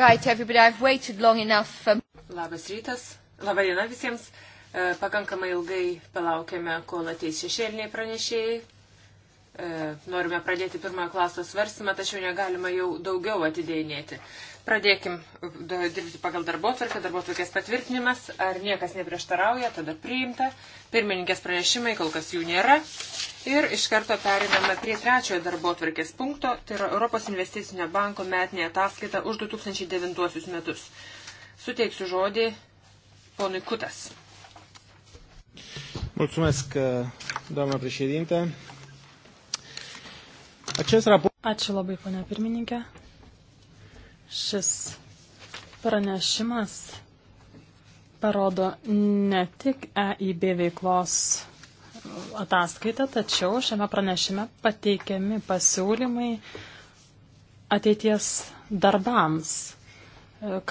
Right, everybody, I've waited long enough. For... Labas rytas, laba diena visiems. E, pakankamai ilgai palaukėme, kol ateis šešėliniai pranešėjai. E, norime pradėti pirmojo klaso svarstymą, tačiau negalima jau daugiau atidėjinėti. Pradėkim dirbti pagal darbotvarkę, darbotvarkės patvirtinimas, ar niekas neprieštarauja, tada priimta, pirmininkės pranešimai, kol kas jų nėra. Ir iš karto periname prie trečiojo darbotvarkės punkto, tai yra Europos investicinio banko metinė ataskaita už 2009 metus. Suteiksiu žodį ponui Kutas. Mulțumesc, doamna președinte. Ačiū labai, ponia pirmininkė. Šis pranešimas parodo ne tik EIB veiklos ataskaitą, tačiau šiame pranešime pateikiami pasiūlymai ateities darbams.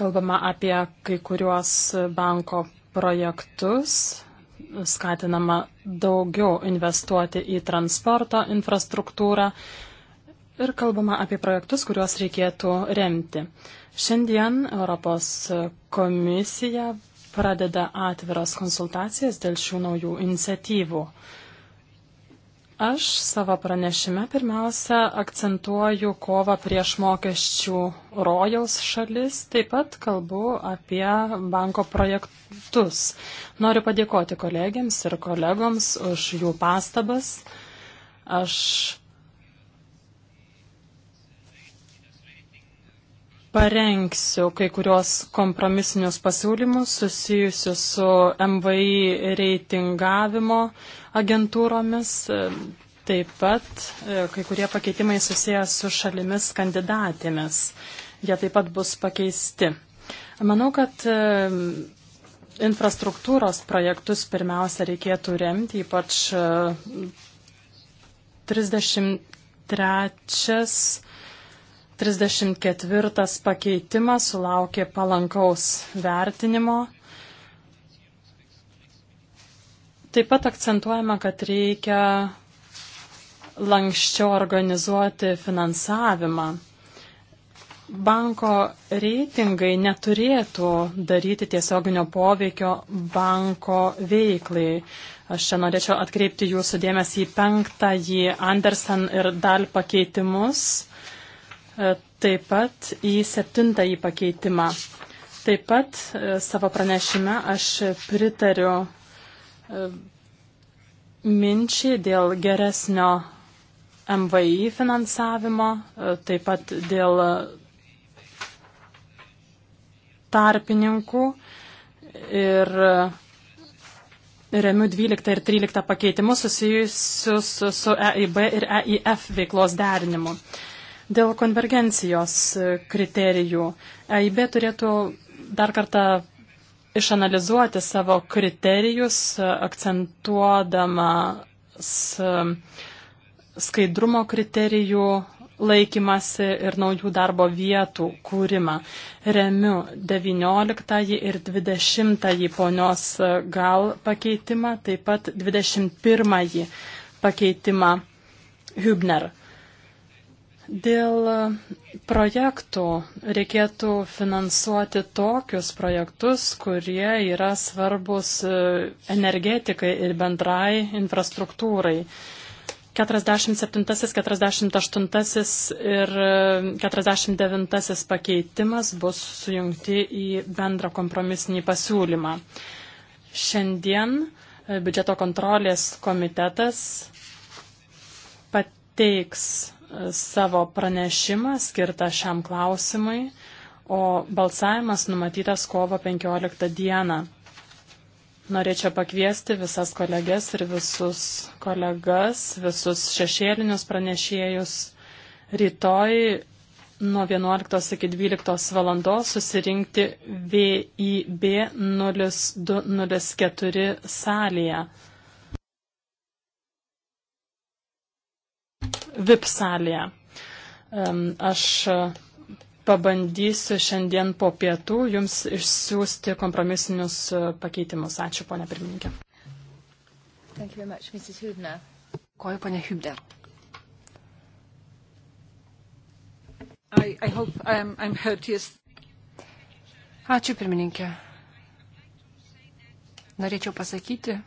Kalbama apie kai kuriuos banko projektus, skatinama daugiau investuoti į transporto infrastruktūrą, ir kalbama apie projektus, kuriuos reikėtų remti. Šiandien Europos komisija pradeda atviras konsultacijas dėl šių naujų iniciatyvų. Aš savo pranešime pirmiausia akcentuoju kovą prieš mokesčių rojaus šalis, taip pat kalbu apie banko projektus. Noriu padėkoti kolegiams ir kolegoms už jų pastabas. Aš Parengsiu kai kuriuos kompromisinius pasiūlymus susijusius su MVI reitingavimo agentūromis. Taip pat e, kai kurie pakeitimai susijęs su šalimis kandidatėmis. Jie taip pat bus pakeisti. Manau, kad e, infrastruktūros projektus pirmiausia reikėtų remti, ypač 33 e, 34 pakeitimas sulaukė palankaus vertinimo. Taip pat akcentuojama, kad reikia lankščiau organizuoti finansavimą. Banko reitingai neturėtų daryti tiesioginio poveikio banko veiklai. Aš čia norėčiau atkreipti jūsų dėmesį į penktąjį Andersen ir dal pakeitimus E, taip pat į septintąjį pakeitimą. Taip pat e, savo pranešime aš pritariu e, minčiai dėl geresnio MVI finansavimo, taip pat dėl tarpininkų ir remiu 12 ir 13 pakeitimus susijusius su EIB ir EIF veiklos derinimu. Dėl konvergencijos e, kriterijų EIB turėtų dar kartą išanalizuoti savo kriterijus, e, akcentuodamas skaidrumo kriterijų laikymasi ir naujų darbo vietų kūrimą. Remiu 19 ir 20 ponios e, gal pakeitimą, taip pat 21 pakeitimą Hübner. Dėl projektų reikėtų finansuoti tokius projektus, kurie yra svarbus e, energetikai ir bendrai infrastruktūrai. 47, 48 ir 49 e, pakeitimas bus sujungti į bendrą kompromisinį pasiūlymą. Šiandien e, biudžeto kontrolės komitetas pateiks savo pranešimą skirtą šiam klausimui, o balsavimas numatytas kovo 15 dieną. Norėčiau pakviesti visas kolegės ir visus kolegas, visus šešėlinius pranešėjus rytoj nuo 11 iki 12 valandos susirinkti VIB 0204 salėje. VIP salėje. Aš e, pabandysiu šiandien po pietų jums išsiųsti kompromisinius e, pakeitimus. Ačiū, ponė pirmininkė. Koju, ponė Hübner. I, I hope I'm, I'm heard, yes. Ačiū, pirmininkė. Norėčiau pasakyti,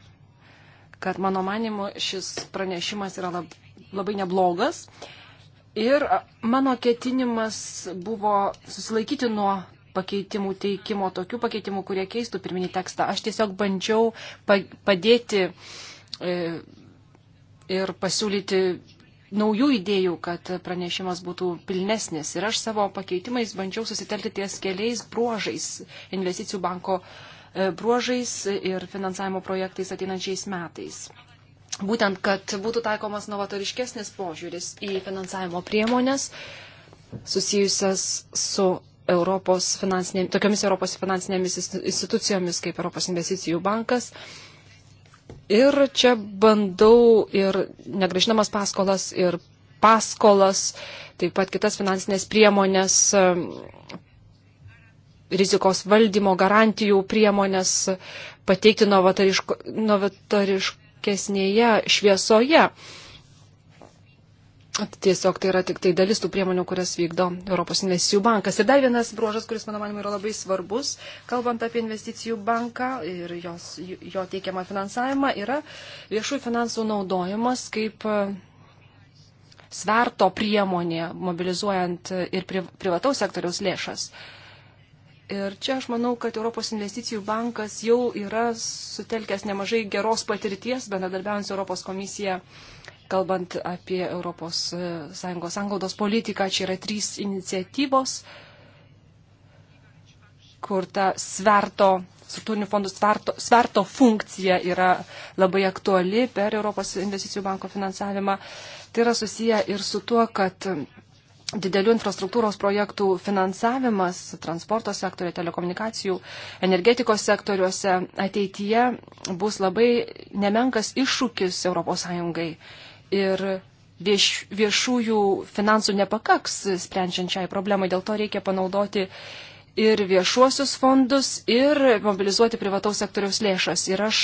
kad mano manimu šis pranešimas yra lab, labai neblogas. Ir mano ketinimas buvo susilaikyti nuo pakeitimų teikimo, tokių pakeitimų, kurie keistų pirminį tekstą. Aš tiesiog bandžiau pa padėti e, ir pasiūlyti naujų idėjų, kad pranešimas būtų pilnesnis. Ir aš savo pakeitimais bandžiau susitelti ties keliais bruožais investicijų banko e, bruožais ir finansavimo projektais ateinančiais metais būtent, kad būtų taikomas novatoriškesnis požiūris į finansavimo priemonės susijusias su Europos finansinė, tokiomis Europos finansinėmis institucijomis kaip Europos investicijų bankas. Ir čia bandau ir negražinamas paskolas, ir paskolas, taip pat kitas finansinės priemonės, rizikos valdymo garantijų priemonės pateikti novatariško, novatariško ryškesnėje šviesoje. Tiesiog tai yra tik tai dalis tų priemonių, kurias vykdo Europos investicijų bankas. Ir dar vienas bruožas, kuris, mano manimo, yra labai svarbus, kalbant apie investicijų banką ir jos, jo teikiamą finansavimą, yra viešųjų finansų naudojimas kaip e, sverto priemonė, mobilizuojant ir privataus sektoriaus lėšas. Uh, Ir čia aš manau, kad Europos investicijų bankas jau yra sutelkęs nemažai geros patirties, bendradarbiaujant su Europos komisija, kalbant apie ES e, anglodos politiką. Čia yra trys iniciatyvos, kur ta sverto, struktūrinių fondų sverto, sverto funkcija yra labai aktuali per Europos investicijų banko finansavimą. Tai yra susiję ir su tuo, kad didelių infrastruktūros projektų finansavimas transporto sektorė, telekomunikacijų, energetikos sektoriuose ateityje bus labai nemenkas iššūkis ES. Ir vieš, viešųjų finansų nepakaks sprendžiančiai problemai, dėl to reikia panaudoti ir viešuosius fondus, ir mobilizuoti privataus sektoriaus lėšas. Ir aš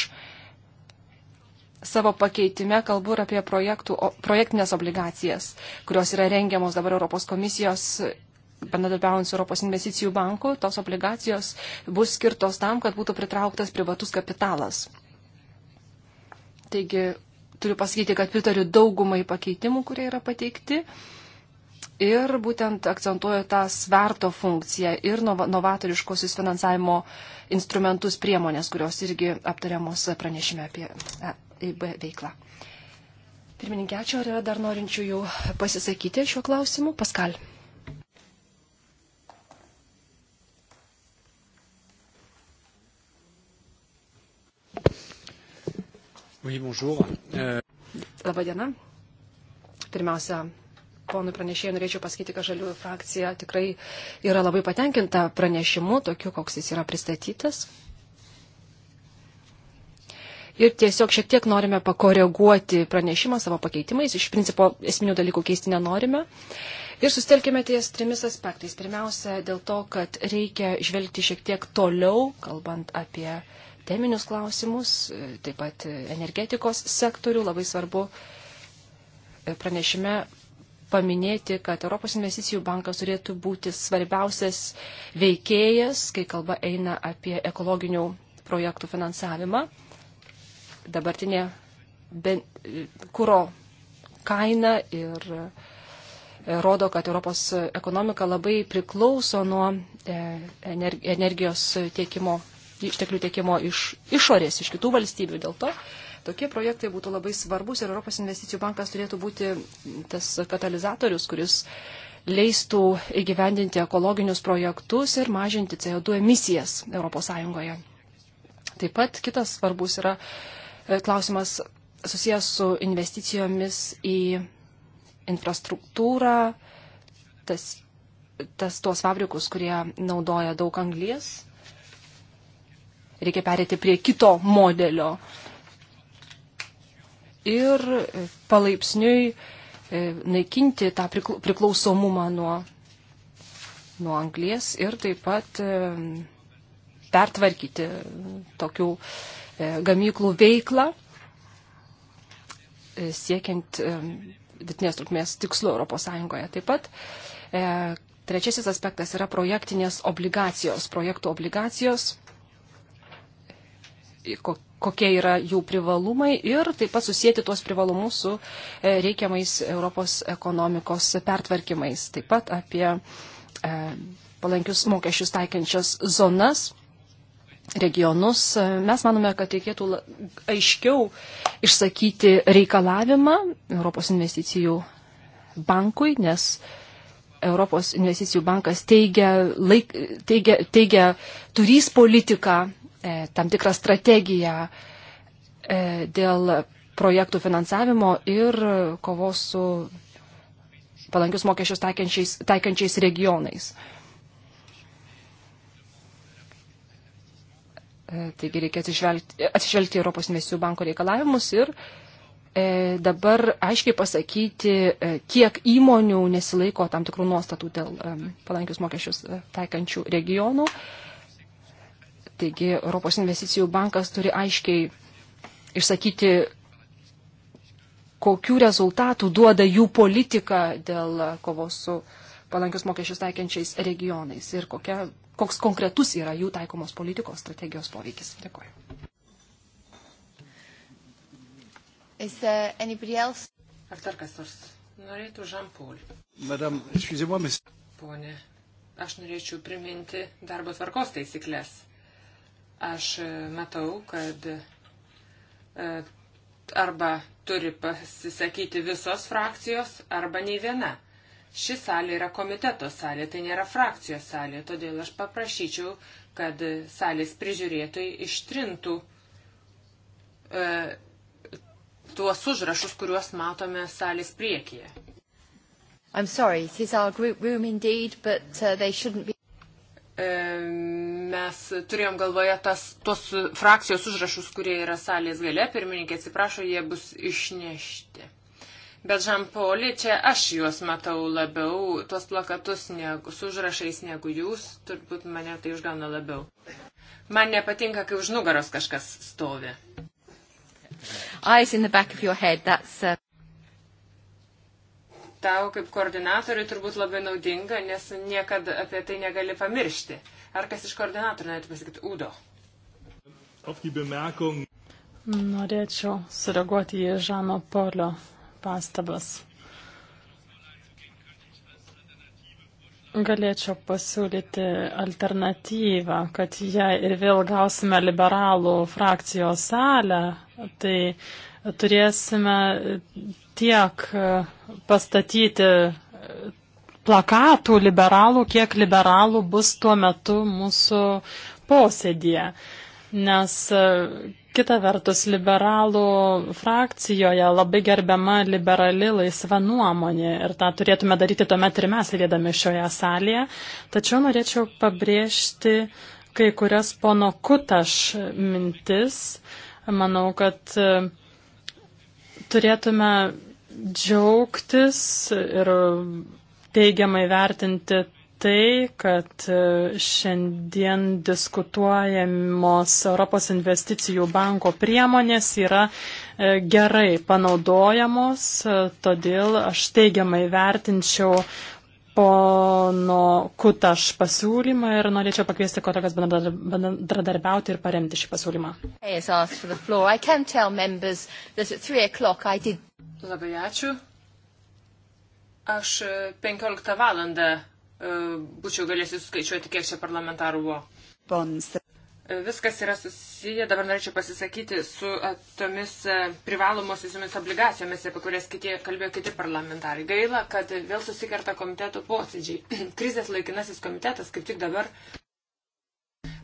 savo pakeitime kalbu ir apie projektų, projektinės obligacijas, kurios yra rengiamos dabar Europos komisijos bendradarbiaujant su Europos investicijų banku. Tos obligacijos bus skirtos tam, kad būtų pritrauktas privatus kapitalas. Taigi turiu pasakyti, kad pritariu daugumai pakeitimų, kurie yra pateikti. Ir būtent akcentuoju tą sverto funkciją ir novatoriškosius finansavimo instrumentus priemonės, kurios irgi aptariamos pranešime apie EIB veiklą. Pirmininkė, ačiū, ar yra dar norinčių jau pasisakyti šiuo klausimu? Paskal. Oui, bonjour. Euh... Labą dieną. Pirmiausia, ponui pranešėjai norėčiau pasakyti, kad žaliųjų frakcija tikrai yra labai patenkinta pranešimu, tokiu, koks jis yra pristatytas ir tiesiog šiek tiek norime pakoreguoti pranešimą savo pakeitimais. Iš principo esminių dalykų keisti nenorime. Ir sustelkime ties trimis aspektais. Pirmiausia, dėl to, kad reikia žvelgti šiek tiek toliau, kalbant apie teminius klausimus, taip pat energetikos sektorių. Labai svarbu e, pranešime paminėti, kad Europos investicijų bankas turėtų būti svarbiausias veikėjas, kai kalba eina apie ekologinių projektų finansavimą dabartinė ben, kūro kaina ir e, rodo, kad Europos ekonomika labai priklauso nuo e, energijos tiekimo, išteklių tiekimo iš išorės, iš kitų valstybių. Dėl to tokie projektai būtų labai svarbus ir Europos investicijų bankas turėtų būti tas katalizatorius, kuris leistų įgyvendinti ekologinius projektus ir mažinti CO2 emisijas ES. Taip pat kitas svarbus yra E, klausimas susijęs su investicijomis į infrastruktūrą, tas, tas tuos fabrikus, kurie naudoja daug anglies. Reikia perėti prie kito modelio. Ir palaipsniui e, naikinti tą priklausomumą nuo, nuo anglies ir taip pat e, pertvarkyti tokių E, gamyklų veiklą, e, siekiant e, vidutinės trukmės tikslų ES. Taip pat e, trečiasis aspektas yra projektinės obligacijos, projektų obligacijos, kokie yra jų privalumai ir taip pat susijęti tuos privalumus su reikiamais Europos ekonomikos pertvarkymais. Taip pat apie e, palankius mokesčius taikiančias zonas regionus. Mes manome, kad reikėtų aiškiau išsakyti reikalavimą Europos investicijų bankui, nes Europos investicijų bankas teigia, laik, teigia, teigia turys politiką, e, tam tikrą strategiją e, dėl projektų finansavimo ir kovos su palankius mokesčius taikančiais, taikančiais regionais. E, taigi reikia atsižvelgti, atsižvelgti Europos investicijų banko reikalavimus ir e, dabar aiškiai pasakyti, e, kiek įmonių nesilaiko tam tikrų nuostatų dėl palankius mokesčius taikančių regionų. Taigi Europos investicijų bankas turi aiškiai išsakyti, kokių rezultatų duoda jų politika dėl kovos su palankius mokesčius taikiančiais regionais ir kokia koks konkretus yra jų taikomos politikos strategijos poveikis. Dėkuoju. Uh, Ar dar kas nors norėtų Žampolį? Madam, iškizimuomis. Pone, aš norėčiau priminti darbo tvarkos taisyklės. Aš e, matau, kad e, arba turi pasisakyti visos frakcijos, arba nei viena. Ši salė yra komiteto salė, tai nėra frakcijos salė, todėl aš paprašyčiau, kad salės prižiūrėtojai ištrintų e, tuos užrašus, kuriuos matome salės priekyje. I'm sorry, this is our group room indeed, but uh, they shouldn't be. E, mes turėjom galvoje tas, tos frakcijos užrašus, kurie yra salės gale. Pirmininkė atsiprašo, jie bus išnešti. Bet Žampolį, čia aš juos matau labiau, tuos plakatus negu, su užrašais negu jūs, turbūt mane tai užgauna labiau. Man nepatinka, kai už nugaros kažkas stovi. Eyes in the back of your head, that's... Uh... Tau kaip koordinatoriui turbūt labai naudinga, nes niekada apie tai negali pamiršti. Ar kas iš koordinatorių norėtų pasakyti Udo? Norėčiau sureaguoti į Žano Polio pastabas. Galėčiau pasiūlyti alternatyvą, kad jei ir vėl gausime liberalų frakcijos salę, tai turėsime tiek e, pastatyti e, plakatų liberalų, kiek liberalų bus tuo metu mūsų posėdėje. Nes e, Kita vertus, liberalų frakcijoje labai gerbiama liberali laisva nuomonė ir tą turėtume daryti tuomet ir mes sėdėdami šioje salėje. Tačiau norėčiau pabrėžti kai kurias pono Kutaš mintis. Manau, kad e, turėtume džiaugtis ir teigiamai vertinti tai, kad e, šiandien diskutuojamos Europos investicijų banko priemonės yra e, gerai panaudojamos, e, todėl aš teigiamai vertinčiau pono Kutaš pasiūlymą ir norėčiau pakviesti kolegas bendradarbiauti ir paremti šį pasiūlymą. Labai ačiū. Aš 15 valandą E, būčiau galėsiu skaičiuoti, kiek čia parlamentarų buvo. Pons. E, viskas yra susiję, dabar norėčiau pasisakyti, su e, tomis privalomosiamis obligacijomis, apie kurias kiti, kalbėjo kiti parlamentarai. Gaila, kad vėl susikerta komitetų posėdžiai. Krizės laikinasis komitetas kaip tik dabar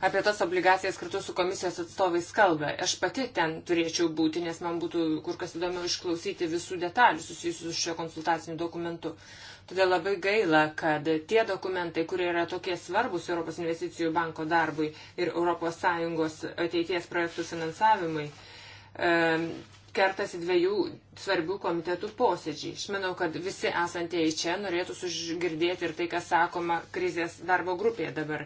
apie tas obligacijas kartu su komisijos atstovais kalba. Aš pati ten turėčiau būti, nes man būtų kur kas įdomiau išklausyti visų detalių susijusių su šio konsultaciniu dokumentu. Uh, Todėl labai gaila, kad tie dokumentai, kurie yra tokie svarbus Europos investicijų banko darbui ir ES ateities projektų finansavimui, kertasi dviejų svarbių komitetų posėdžiai. Aš manau, kad visi esantieji čia norėtų sužgirdėti ir tai, kas sakoma krizės darbo grupėje dabar.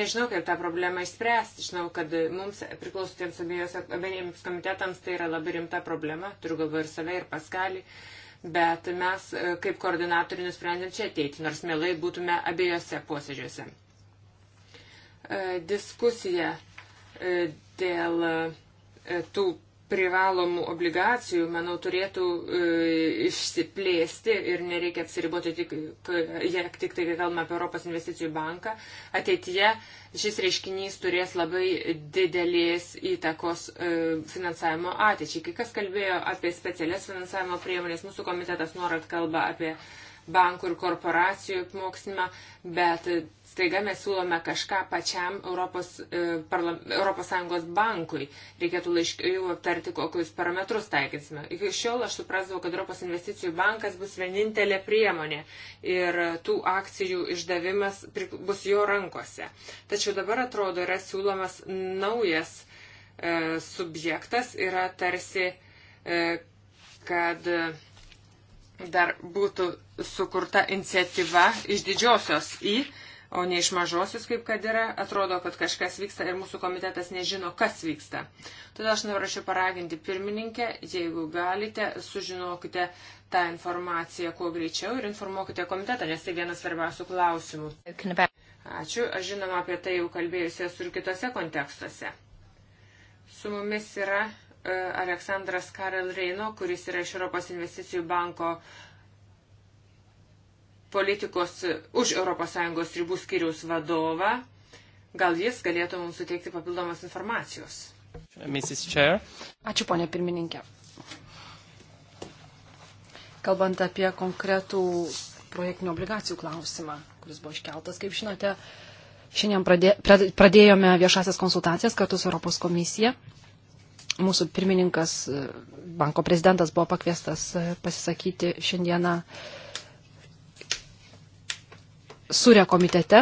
Nežinau, kaip tą problemą išspręsti. Žinau, kad mums priklausotiems abiejams komitetams tai yra labai rimta problema. Turiu galvoje ir save, ir paskalį. Uh, bet mes e, kaip koordinatoriai nusprendėm čia ateiti, nors mielai būtume abiejose posėdžiuose. E, diskusija e, dėl tų privalomų obligacijų, manau, turėtų e, išsiplėsti ir nereikia apsiriboti tik, ja, tik tai, kai kalbame apie Europos investicijų banką. Ateityje šis reiškinys turės labai didelės įtakos e, finansavimo ateičiai. Kai kas kalbėjo apie specialias finansavimo priemonės, mūsų komitetas nuorat kalba apie bankų ir korporacijų apmokslimą, bet Staiga mes siūlome kažką pačiam Europos, e, parla, Europos Sąjungos bankui. Reikėtų laiškiau aptarti, kokius parametrus taikysime. Iki šiol aš suprasdavau, kad Europos investicijų bankas bus vienintelė priemonė ir tų akcijų išdavimas bus jo rankose. Tačiau dabar atrodo yra siūlomas naujas e, subjektas, yra tarsi, e, kad dar būtų sukurta iniciatyva iš didžiosios į o ne iš mažosius, kaip kad yra, atrodo, kad kažkas vyksta ir mūsų komitetas nežino, kas vyksta. Todėl aš norėčiau paraginti pirmininkę, jeigu galite, sužinokite tą informaciją kuo greičiau ir informuokite komitetą, nes tai vienas svarbiausių klausimų. Ačiū, aš žinoma apie tai jau kalbėjusi esu ir kitose kontekstuose. Su mumis yra e, Aleksandras Karel Reino, kuris yra iš Europos investicijų banko uh, politikos už ES ribų skiriaus vadovą. Gal jis galėtų mums suteikti papildomos informacijos? Ačiū, ponė pirmininkė. Kalbant apie konkretų projektinių obligacijų klausimą, kuris buvo iškeltas, kaip žinote, šiandien pradė, pradėjome viešasias konsultacijas kartu su Europos komisija. Mūsų pirmininkas, banko prezidentas buvo pakviestas pasisakyti šiandieną uh, surė komitete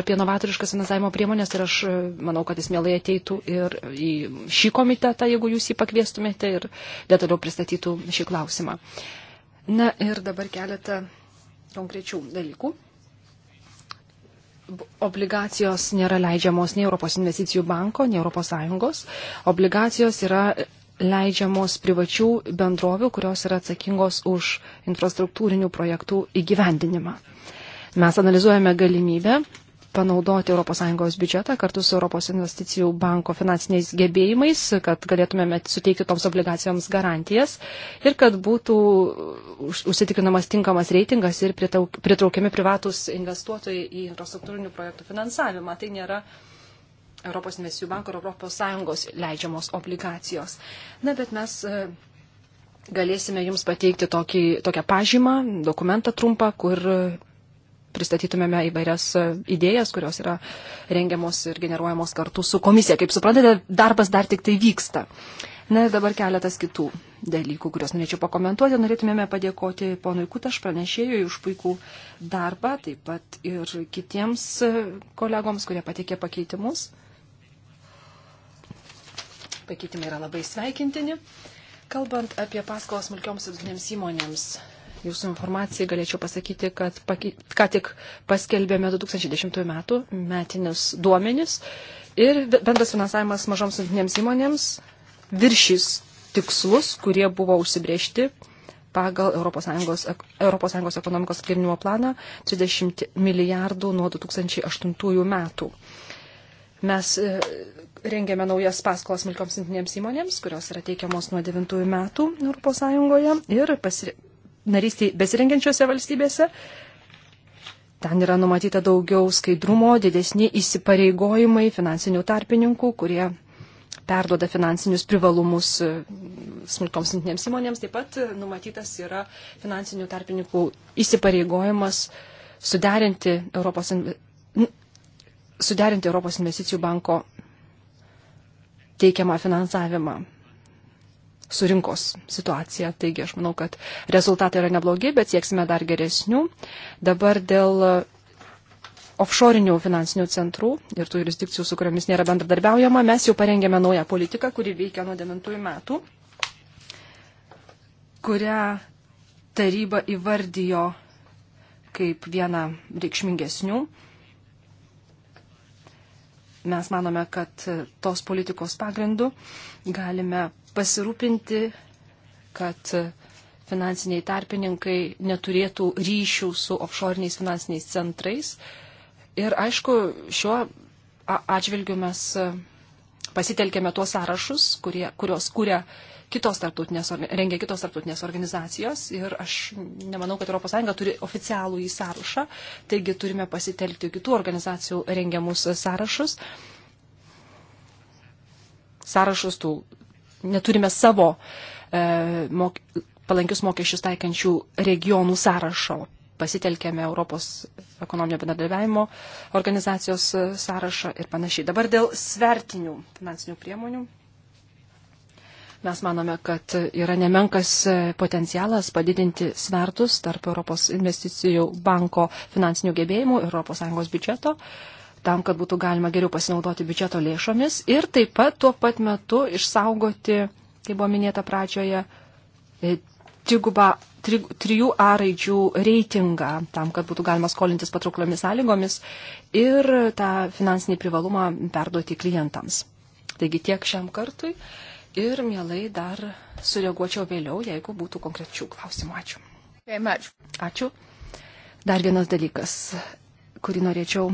apie novatoriškas finansavimo priemonės ir aš e, manau, kad jis mielai ateitų ir į šį komitetą, jeigu jūs jį pakviestumėte ir detaliau pristatytų šį klausimą. Na ir dabar keletą konkrečių dalykų. Obligacijos nėra leidžiamos nei Europos investicijų banko, nei Europos Sąjungos. Obligacijos yra leidžiamos privačių bendrovių, kurios yra atsakingos už infrastruktūrinių projektų įgyvendinimą. Uh, Mes analizuojame galimybę panaudoti ES biudžetą kartu su ES investicijų banko finansiniais gebėjimais, kad galėtumėme suteikti toms obligacijoms garantijas ir kad būtų užsitikrinamas tinkamas reitingas ir pritraukiami privatus investuotojai į infrastruktūrinių projektų finansavimą. Tai nėra Europos investicijų banko ir ES leidžiamos obligacijos. Na, bet mes e, galėsime jums pateikti tokį, tokią pažymą, dokumentą trumpą, kur pristatytumėme įvairias e, idėjas, kurios yra rengiamos ir generuojamos kartu su komisija. Kaip suprantate, darbas dar tik tai vyksta. Na ir dabar keletas kitų dalykų, kuriuos norėčiau pakomentuoti. Norėtumėme padėkoti ponui Kutaš pranešėjui už puikų darbą, taip pat ir kitiems e, kolegoms, kurie patikė pakeitimus. Pakeitimai yra labai sveikintini. Kalbant apie paskolą smulkioms vidutinėms įmonėms, jūsų informacijai galėčiau pasakyti, kad paki, ką tik paskelbėme 2010 metų metinius duomenis ir bendras finansavimas mažoms antinėms įmonėms viršys tikslus, kurie buvo užsibriežti pagal ES, ES ekonomikos atgaivinimo planą 30 milijardų nuo 2008 metų. Mes e, rengiame naujas paskolas smulkioms centrinėms įmonėms, kurios yra teikiamos nuo 9 metų ES ir narystiai besirengiančiose valstybėse. Ten yra numatyta daugiau skaidrumo, didesni įsipareigojimai finansinių tarpininkų, kurie perdoda finansinius privalumus e, smulkoms intinėms įmonėms. Taip pat e, numatytas yra finansinių tarpininkų įsipareigojimas suderinti Europos, suderinti Europos investicijų banko teikiamą finansavimą su rinkos situacija. Taigi aš manau, kad rezultatai yra neblogi, bet sieksime dar geresnių. Dabar dėl offshorinių finansinių centrų ir tų jurisdikcijų, su kuriamis nėra bendradarbiaujama, mes jau parengėme naują politiką, kuri veikia nuo 9 metų, kurią taryba įvardijo kaip vieną reikšmingesnių Mes manome, kad tos politikos pagrindu galime pasirūpinti, kad finansiniai tarpininkai neturėtų ryšių su offshoriniais finansiniais centrais. Ir aišku, šiuo atžvilgiu mes pasitelkėme tuos sąrašus, kurie, kurios kūrė kuria kitos tarptautinės, rengia kitos tarptautinės organizacijos ir aš nemanau, kad ES turi oficialų į sąrašą, taigi turime pasitelkti kitų organizacijų rengiamus sąrašus. Sąrašus tų neturime savo e, mok, palankius mokesčius taikančių regionų sąrašo. Pasitelkėme Europos ekonominio bendradarbiavimo organizacijos e, sąrašą ir panašiai. Dabar dėl svertinių finansinių priemonių Mes manome, kad yra nemenkas e, potencialas padidinti svertus tarp Europos investicijų banko finansinių gebėjimų ir ES biudžeto tam, kad būtų galima geriau pasinaudoti biudžeto lėšomis ir taip pat tuo pat metu išsaugoti, kaip buvo minėta pradžioje, e, trigubą, tri, trijų A raidžių reitingą, tam, kad būtų galima skolintis patraukliomis sąlygomis ir tą finansinį privalumą perduoti klientams. Taigi tiek šiam kartui ir mielai dar sureaguočiau vėliau, jeigu būtų konkrečių klausimų. Ačiū. Ačiū. Dar vienas dalykas, kurį norėčiau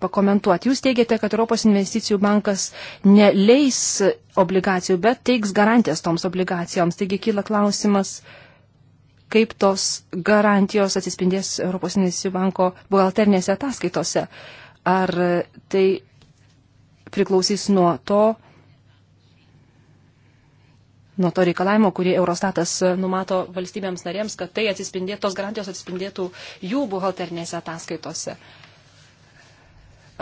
pakomentuoti. Jūs teigiate, kad Europos investicijų bankas neleis obligacijų, bet teiks garantijas toms obligacijoms. Taigi kyla klausimas, kaip tos garantijos atsispindės Europos investicijų banko buhalternėse ataskaitose. Ar tai priklausys nuo to, nuo to reikalavimo, kurį Eurostatas numato valstybėms narėms, kad tai atsispindėtų, tos garantijos atsispindėtų jų buhalternėse ataskaitose.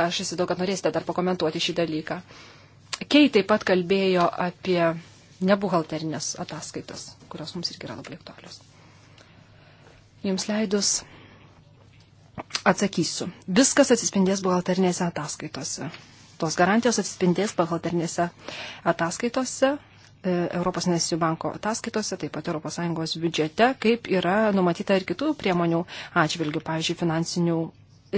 Aš įsidau, kad norėsite dar pakomentuoti šį dalyką. Kei taip pat kalbėjo apie nebuhalternės ataskaitas, kurios mums irgi yra labai aktualios. Jums leidus atsakysiu. Viskas atsispindės buhalternėse ataskaitose. Tos garantijos atsispindės buhalternėse ataskaitose E, Europos Nesijų banko ataskaitose, taip pat ES biudžete, kaip yra numatyta ir kitų priemonių atžvilgių, pavyzdžiui, finansinių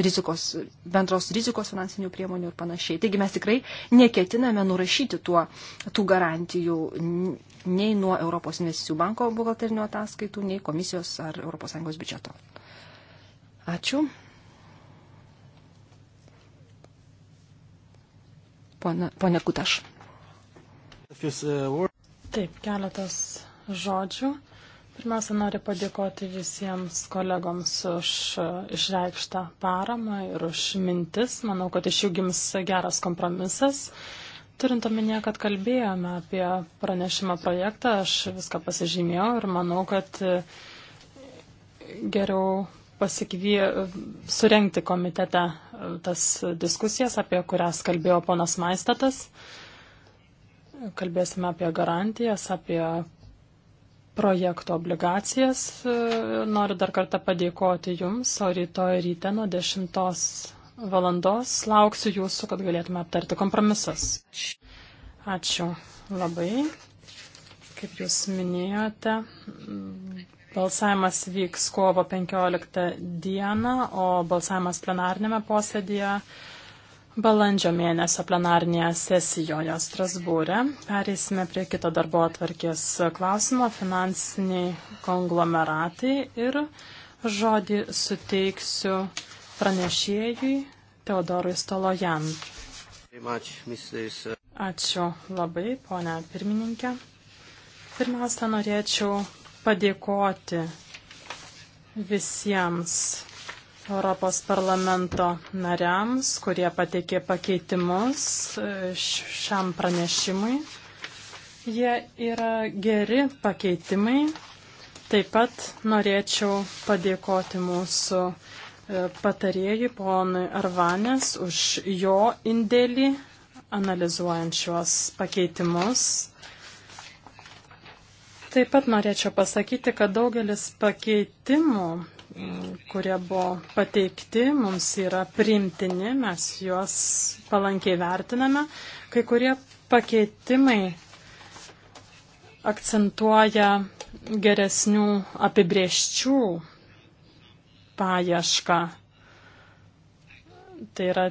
rizikos, bendros rizikos finansinių priemonių ir panašiai. Taigi mes tikrai neketiname nurašyti tuo, tų garantijų nei nuo Europos Investicijų banko buhalterinių ataskaitų, nei komisijos ar ES biudžeto. Ačiū. Pone, pone Kutaš. Taip, keletas žodžių. Pirmiausia, noriu padėkoti visiems kolegoms už e, išreikštą paramą ir už mintis. Manau, kad iš jų gims geras kompromisas. Turint omenyje, kad kalbėjome apie pranešimo projektą, aš viską pasižymėjau ir manau, kad e, geriau pasikvie, surenkti komitete e, tas diskusijas, apie kurias kalbėjo ponas Maistatas. Uh, kalbėsime apie garantijas, apie projekto obligacijas. Noriu dar kartą padėkoti Jums, o rytoj ryte nuo 10 valandos lauksiu Jūsų, kad galėtume aptarti kompromisas. Ačiū labai. Kaip Jūs minėjote, balsavimas vyks kovo 15 dieną, o balsavimas plenarnėme posėdėje Balandžio mėnesio plenarnėje sesijoje Strasbūrė pereisime prie kito darbo atvarkės klausimo - finansiniai konglomeratai ir žodį suteiksiu pranešėjui Teodorui Stolojan. Ačiū labai, ponia pirmininkė. Pirmiausia, norėčiau padėkoti visiems Europos parlamento nariams, kurie pateikė pakeitimus e, šiam pranešimui. Jie yra geri pakeitimai. Taip pat norėčiau padėkoti mūsų e, patarėjui ponui Arvanės už jo indėlį analizuojant šiuos pakeitimus. Taip pat norėčiau pasakyti, kad daugelis pakeitimų kurie buvo pateikti, mums yra primtini, mes juos palankiai vertiname. Kai kurie pakeitimai akcentuoja geresnių apibrieščių paiešką. Tai yra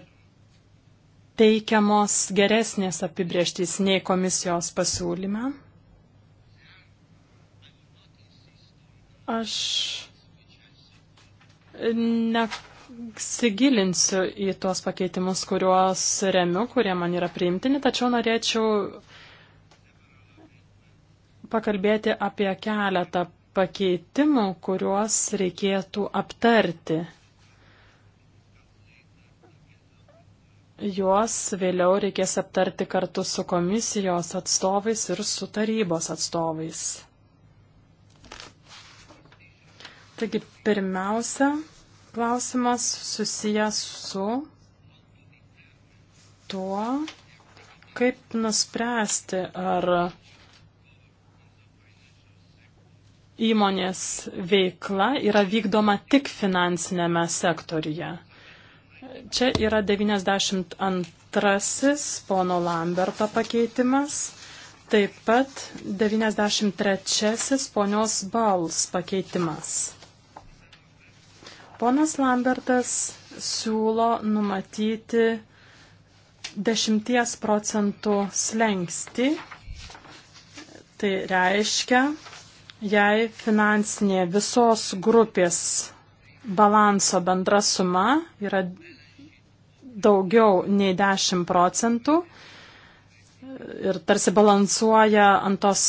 teikiamos geresnės apibrieštys nei komisijos pasiūlyme. Aš Nesigilinsiu į tuos pakeitimus, kuriuos remiu, kurie man yra priimtini, tačiau norėčiau pakalbėti apie keletą pakeitimų, kuriuos reikėtų aptarti. Juos vėliau reikės aptarti kartu su komisijos atstovais ir su tarybos atstovais. Taigi pirmiausia, klausimas susijęs su tuo, kaip nuspręsti, ar įmonės veikla yra vykdoma tik finansinėme sektoriuje. Čia yra 92 pono Lamberto pakeitimas, taip pat 93 ponios Bals pakeitimas. Ponas Lambertas siūlo numatyti 10 procentų slengsti. Tai reiškia, jei finansinė visos grupės balanso bendra suma yra daugiau nei 10 procentų, ir tarsi balansuoja ant tos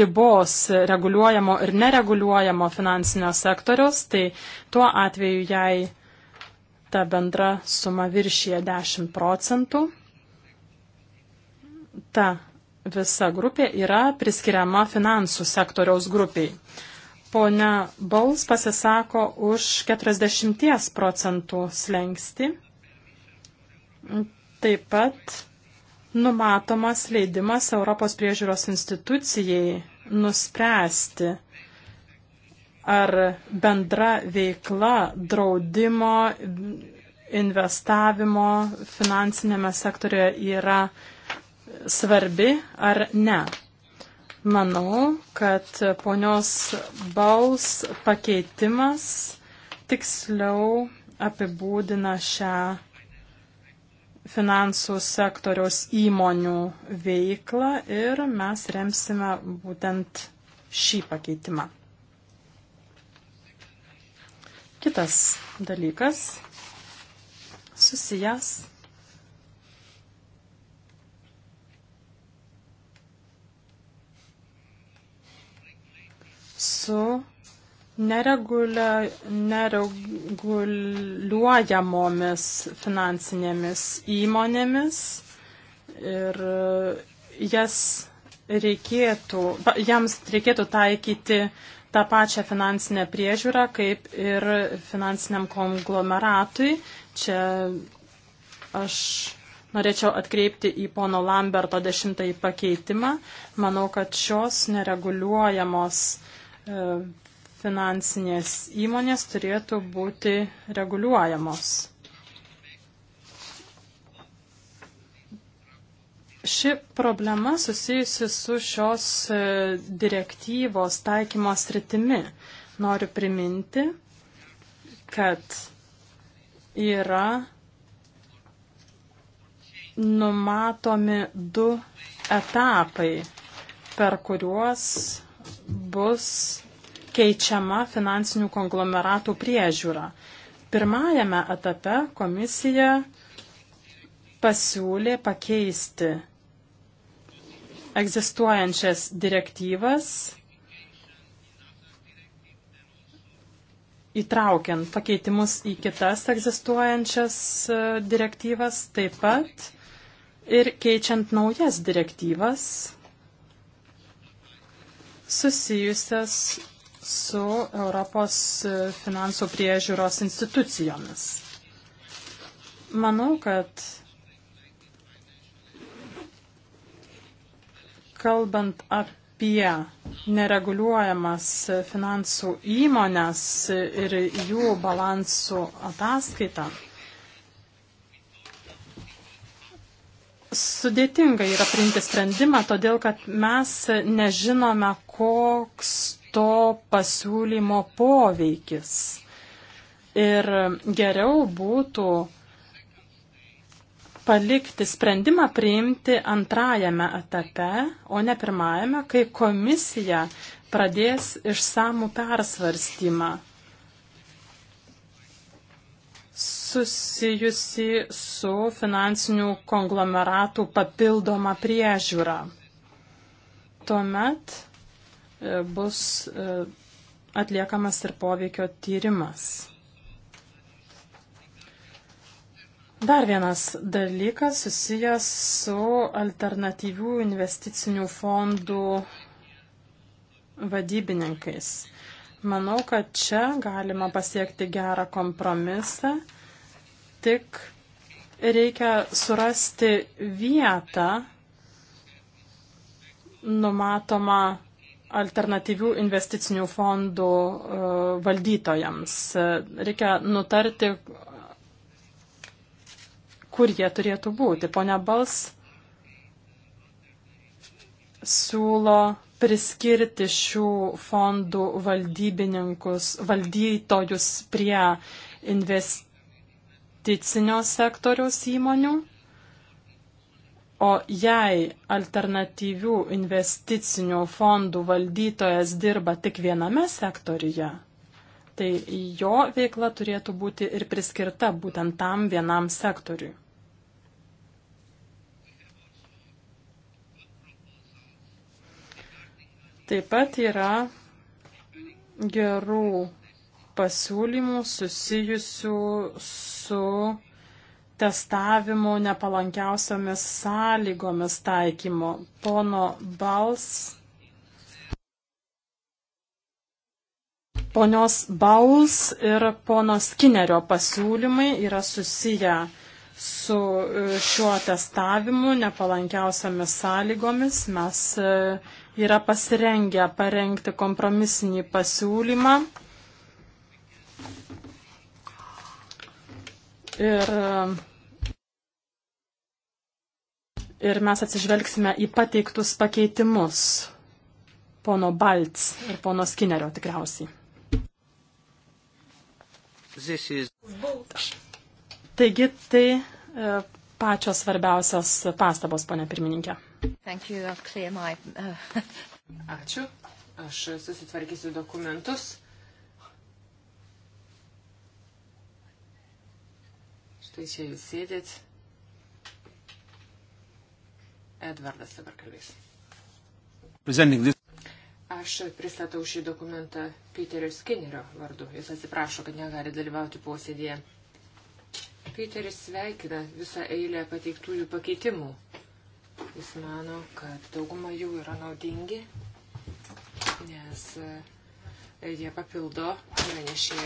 ribos reguliuojamo ir nereguliuojamo finansinio sektoriaus, tai tuo atveju jai ta bendra suma viršyje 10 procentų, ta visa grupė yra priskiriama finansų sektoriaus grupiai. Pone Bauls pasisako už 40 procentų slengsti. Taip pat numatomas leidimas Europos priežiūros institucijai nuspręsti, ar bendra veikla draudimo, investavimo finansinėme sektorioje yra svarbi ar ne. Manau, kad ponios baus pakeitimas tiksliau apibūdina šią finansų sektoriaus įmonių veiklą ir mes remsime būtent šį pakeitimą. Kitas dalykas susijęs su neregulia, nereguliuojamomis finansinėmis įmonėmis ir e, jas reikėtų, jams reikėtų taikyti tą pačią finansinę priežiūrą kaip ir finansiniam konglomeratui. Čia aš Norėčiau atkreipti į pono Lamberto dešimtąjį pakeitimą. Manau, kad šios nereguliuojamos e, finansinės įmonės turėtų būti reguliuojamos. Ši problema susijusi su šios e, direktyvos taikymo sritimi. Noriu priminti, kad yra numatomi du etapai, per kuriuos bus keičiama finansinių konglomeratų priežiūra. Pirmajame etape komisija pasiūlė pakeisti egzistuojančias direktyvas, įtraukiant pakeitimus į kitas egzistuojančias e, direktyvas, taip pat ir keičiant naujas direktyvas susijusias su Europos finansų priežiūros institucijomis. Manau, kad kalbant apie nereguliuojamas finansų įmonės ir jų balansų ataskaitą, sudėtinga yra priimti sprendimą, todėl kad mes nežinome, koks to pasiūlymo poveikis. Ir geriau būtų palikti sprendimą priimti antrajame etape, o ne pirmajame, kai komisija pradės išsamų persvarstymą susijusi su finansinių konglomeratų papildoma priežiūra. Tuomet E, bus e, atliekamas ir poveikio tyrimas. Dar vienas dalykas susijęs su alternatyvių investicinių fondų vadybininkais. Manau, kad čia galima pasiekti gerą kompromisą, tik reikia surasti vietą numatomą alternatyvių investicinių fondų e, valdytojams. E, reikia nutarti, kur jie turėtų būti. Pone Bals siūlo priskirti šių fondų valdybininkus, valdytojus prie investicinio sektoriaus įmonių. O jei alternatyvių investicinių fondų valdytojas dirba tik viename sektoriuje, tai jo veikla turėtų būti ir priskirta būtent tam vienam sektoriui. Taip pat yra gerų pasiūlymų susijusių su testavimo nepalankiausiamis sąlygomis taikymo. Pono Bals. Ponios Bauls ir pono Skinerio pasiūlymai yra susiję su e, šiuo testavimu nepalankiausiamis sąlygomis. Mes e, yra pasirengę parengti kompromisinį pasiūlymą. Ir ir mes atsižvelgsime į pateiktus pakeitimus pono Balts ir pono Skinerio tikriausiai. Is... Taigi tai e, pačios svarbiausios pastabos, ponė pirmininkė. My... Uh, Ačiū. Aš susitvarkysiu dokumentus. Štai čia jūs sėdėt. Edvardas dabar kalbės. Aš pristatau šį dokumentą Peterio Skinnerio vardu. Jis atsiprašo, kad negali dalyvauti posėdėje. Peteris sveikina visą eilę pateiktųjų pakeitimų. Jis mano, kad dauguma jų yra naudingi, nes e, jie papildo, pranešė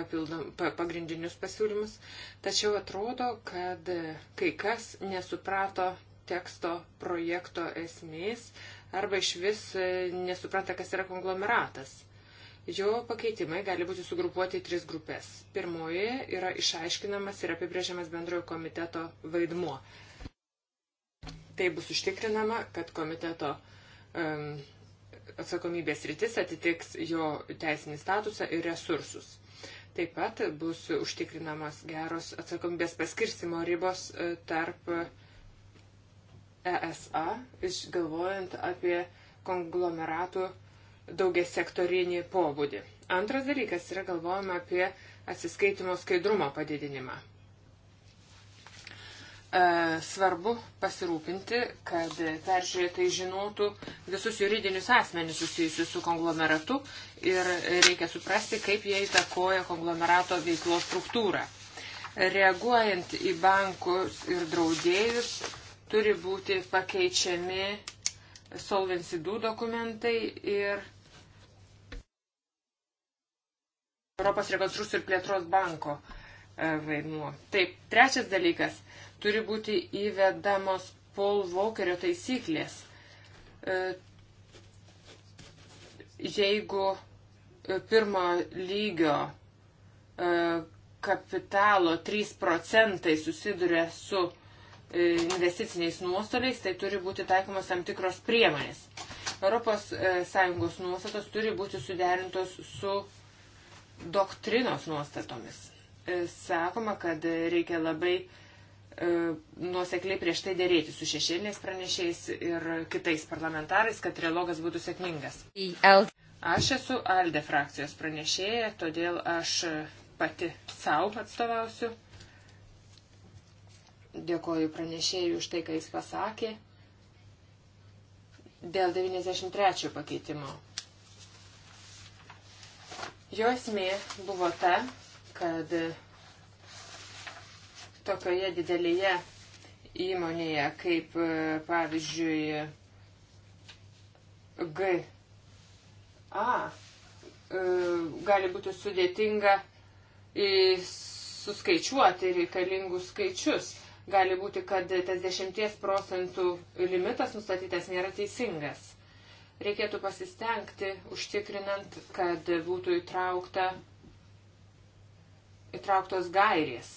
papildom, pa, pagrindinius pasiūlymus. Tačiau atrodo, kad e, kai kas nesuprato teksto projekto esmės arba iš vis e, nesupranta, kas yra konglomeratas. Jo pakeitimai gali būti sugrupuoti į tris grupės. Pirmoji yra išaiškinamas ir apibrėžiamas bendrojo komiteto vaidmuo. Tai bus užtikrinama, kad komiteto um, atsakomybės rytis atitiks jo teisinį statusą ir resursus. Taip pat bus užtikrinamos geros atsakomybės paskirstimo ribos e, tarp uh, ESA, išgalvojant apie konglomeratų daugia sektorinį pobūdį. Antras dalykas yra galvojama apie atsiskaitimo skaidrumo padidinimą. E, svarbu pasirūpinti, kad peržiūrėtai žinotų visus juridinius asmenys susijusius su konglomeratu ir reikia suprasti, kaip jie įtakoja konglomerato veiklos struktūrą. Reaguojant į bankus ir draudėjus, turi būti pakeičiami Solvency 2 dokumentai ir Europos rekonstrukcijų ir plėtros banko e, vaidmuo. Taip, trečias dalykas - turi būti įvedamos Paul Walkerio taisyklės. E, jeigu e, pirmo lygio kapitalo 3 procentai susiduria su E, investiciniais nuostoliais, tai turi būti taikomos tam tikros priemonės. ES e, nuostatos turi būti suderintos su doktrinos nuostatomis. E, sakoma, kad reikia labai nuosekliai prieš tai dėrėti su šešėliniais pranešėjais ir kitais parlamentarais, kad trilogas būtų sėkmingas. Aš esu Alde frakcijos pranešėja, todėl aš pati savo atstovausiu Dėkoju pranešėjui už tai, ką jis pasakė. Dėl 93 pakeitimo. Jo esmė buvo ta, kad tokioje didelėje įmonėje, kaip e, pavyzdžiui GA, e, gali būti sudėtinga suskaičiuoti reikalingus skaičius. Gali būti, kad tas 10 procentų limitas nustatytas nėra teisingas. Reikėtų pasistengti, užtikrinant, kad būtų įtraukta, įtrauktos gairės,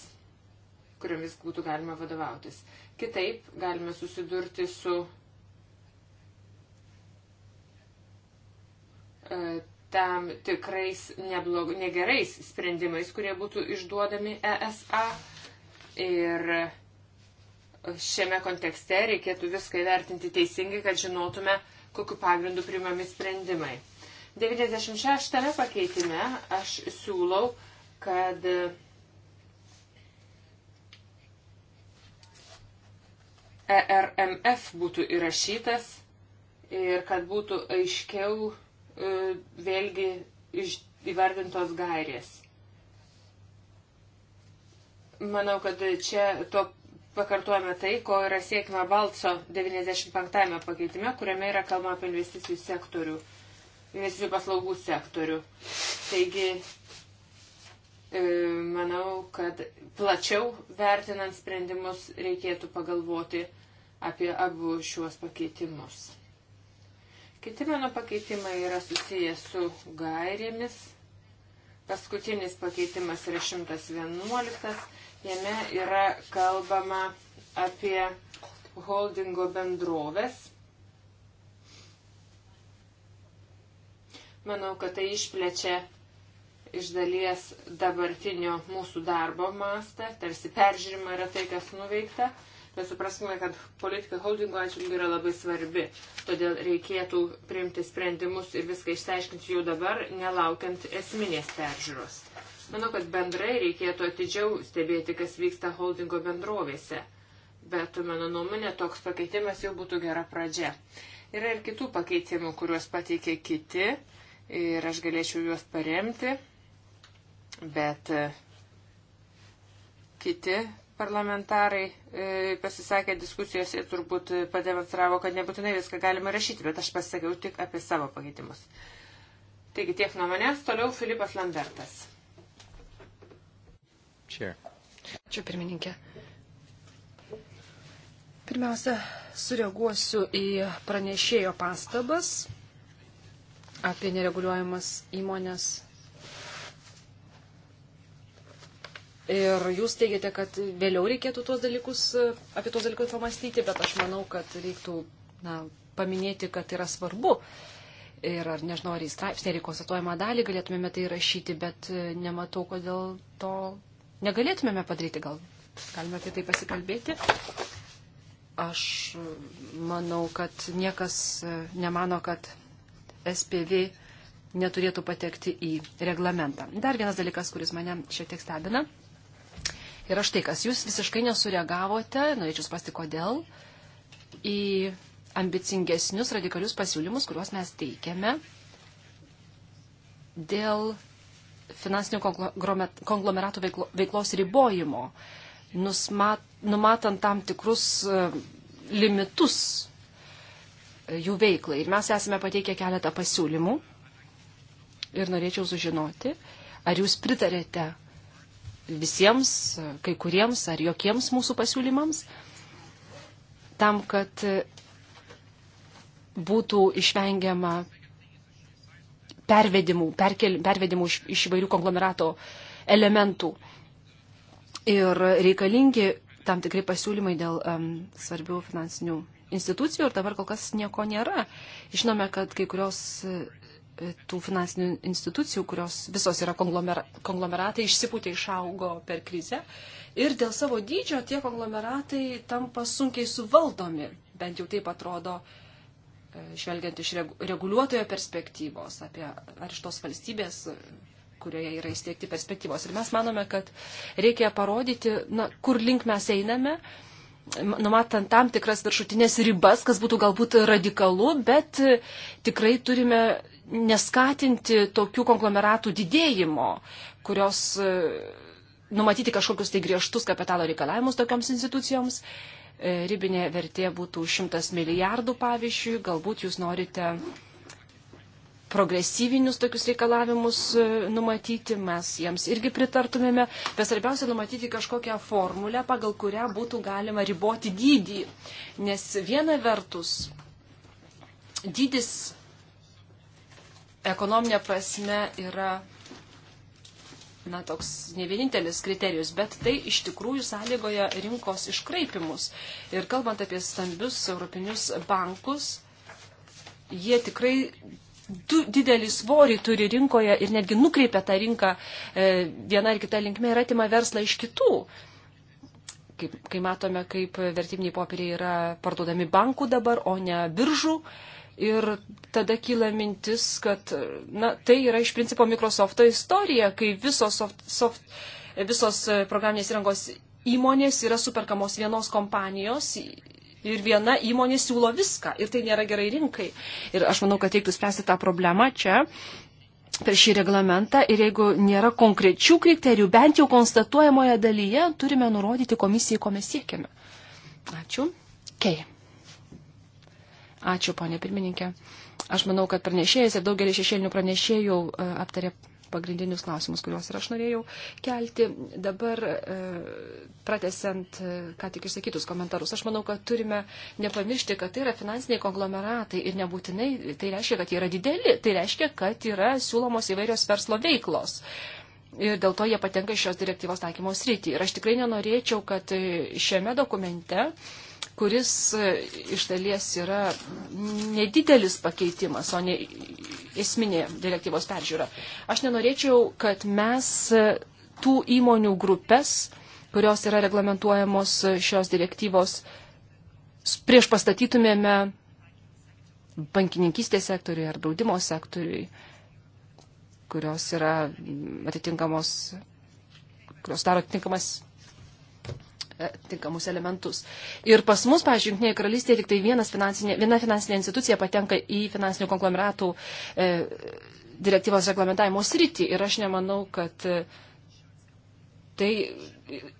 kuriomis būtų galima vadovautis. Kitaip galime susidurti su e, tam tikrais neblog, negerais sprendimais, kurie būtų išduodami ESA. Ir šiame kontekste reikėtų viską įvertinti teisingai, kad žinotume, kokiu pagrindu primami sprendimai. 96 pakeitime aš siūlau, kad ERMF būtų įrašytas ir kad būtų aiškiau e, vėlgi įvardintos gairės. Manau, kad čia to pakartojame tai, ko yra siekima Balco 95 pakeitime, kuriame yra kalbama apie investicijų sektorių, investicijų paslaugų sektorių. Taigi, e, manau, kad plačiau vertinant sprendimus reikėtų pagalvoti apie abu šiuos pakeitimus. Kiti mano pakeitimai yra susijęs su gairėmis. Paskutinis pakeitimas yra 111 Jame yra kalbama apie holdingo bendrovės. Manau, kad tai išplečia iš dalies dabartinio mūsų darbo mastą, tarsi peržiūrima yra tai, kas nuveikta, bet supraskime, kad politika holdingo atžvilgių yra labai svarbi, todėl reikėtų priimti sprendimus ir viską išsiaiškinti jau dabar, nelaukiant esminės peržiūros. Manau, kad bendrai reikėtų atidžiau stebėti, kas vyksta holdingo bendrovėse. Bet, mano nuomonė, toks pakeitimas jau būtų gera pradžia. Yra ir kitų pakeitimų, kuriuos pateikė kiti ir aš galėčiau juos paremti, bet e, kiti parlamentarai e, pasisakė diskusijose ir turbūt pademonstravo, kad nebūtinai viską galima rašyti, bet aš pasakiau tik apie savo pakeitimus. Taigi tiek nuo manęs, toliau Filipas Lambertas. Chair. Ačiū pirmininkė. Pirmiausia, sureaguosiu į pranešėjo pastabas apie nereguliuojamas įmonės. Ir jūs teigiate, kad vėliau reikėtų tuos dalykus, apie tuos dalykus pamastyti, bet aš manau, kad reiktų na, paminėti, kad yra svarbu. Ir ar nežinau, ar į straipsnį, ar į konstatuojamą dalį galėtumėme tai rašyti, bet nematau, kodėl to negalėtumėme padaryti, gal galime apie tai pasikalbėti. Aš manau, kad niekas e, nemano, kad SPV neturėtų patekti į reglamentą. Dar vienas dalykas, kuris mane šiek tiek stebina. Ir aš tai, kas jūs visiškai nesureagavote, norėčiau spasti kodėl, į ambicingesnius radikalius pasiūlymus, kuriuos mes teikiame dėl finansinių konglomeratų veiklos ribojimo, nusmat, numatant tam tikrus e, limitus e, jų veiklai. Ir mes esame pateikę keletą pasiūlymų ir norėčiau sužinoti, ar jūs pritarėte visiems, kai kuriems ar jokiems mūsų pasiūlymams, tam, kad e, būtų išvengiama pervedimų, perkel, pervedimų iš, iš įvairių konglomerato elementų. Ir reikalingi tam tikrai pasiūlymai dėl um, svarbių finansinių institucijų ir dabar kol kas nieko nėra. Žinome, kad kai kurios e, tų finansinių institucijų, kurios visos yra konglomera, konglomeratai, išsipūtė išaugo per krizę. Ir dėl savo dydžio tie konglomeratai tampa sunkiai suvaldomi, bent jau taip atrodo uh, žvelgiant iš reguliuotojo perspektyvos, apie ar iš tos valstybės, kurioje yra įsteigti perspektyvos. Ir mes manome, kad reikia parodyti, na, kur link mes einame, numatant tam tikras viršutinės ribas, kas būtų galbūt radikalu, bet tikrai turime neskatinti tokių konglomeratų didėjimo, kurios numatyti kažkokius tai griežtus kapitalo reikalavimus tokioms institucijoms E, ribinė vertė būtų 100 milijardų, pavyzdžiui, galbūt jūs norite progresyvinius tokius reikalavimus e, numatyti, mes jiems irgi pritartumėme, bet svarbiausia numatyti kažkokią formulę, pagal kurią būtų galima riboti dydį. Nes viena vertus, dydis ekonominė prasme yra na, toks ne vienintelis kriterijus, bet tai iš tikrųjų sąlygoja rinkos iškraipimus. Ir kalbant apie stambius europinius bankus, jie tikrai du, didelį svorį turi rinkoje ir netgi nukreipia tą rinką e, vieną ar kitą linkmę ir atima verslą iš kitų. Kaip, kai matome, kaip vertybiniai popieriai yra parduodami bankų dabar, o ne biržų. E, Ir tada kyla mintis, kad na, tai yra iš principo Microsofto istorija, kai visos, soft, soft, visos e, programinės įrangos įmonės yra superkamos vienos kompanijos. Ir viena įmonė siūlo viską. Ir tai nėra gerai rinkai. Ir aš manau, kad reiktų spręsti tą problemą čia per šį reglamentą ir jeigu nėra konkrečių kriterijų, bent jau konstatuojamoje dalyje turime nurodyti komisijai, ko mes siekiame. Ačiū. Kei. Ačiū, ponė pirmininkė. Aš manau, kad pranešėjas ir daugelis šešėlinių pranešėjų e, aptarė pagrindinius klausimus, kuriuos ir aš norėjau kelti. Dabar, e, pratesiant, e, ką tik išsakytus komentarus, aš manau, kad turime nepamiršti, kad tai yra finansiniai konglomeratai ir nebūtinai tai reiškia, kad jie yra dideli, tai reiškia, kad yra siūlomos įvairios verslo veiklos. Ir dėl to jie patenka šios direktyvos taikymo sritį. Ir aš tikrai nenorėčiau, kad šiame dokumente uh, kuris e, iš dalies yra nedidelis pakeitimas, o ne esminė direktyvos peržiūra. Aš nenorėčiau, kad mes e, tų įmonių grupės, kurios yra reglamentuojamos e, šios direktyvos, prieš pastatytumėme bankininkystės sektoriui ar draudimo sektoriui, kurios yra atitinkamos, kurios daro atitinkamas E, tinkamus elementus. Ir pas mus, pavyzdžiui, Junktinėje karalystėje tik tai finansinė, viena finansinė institucija patenka į finansinių konglomeratų e, direktyvos reglamentavimo sritį. Ir aš nemanau, kad e, tai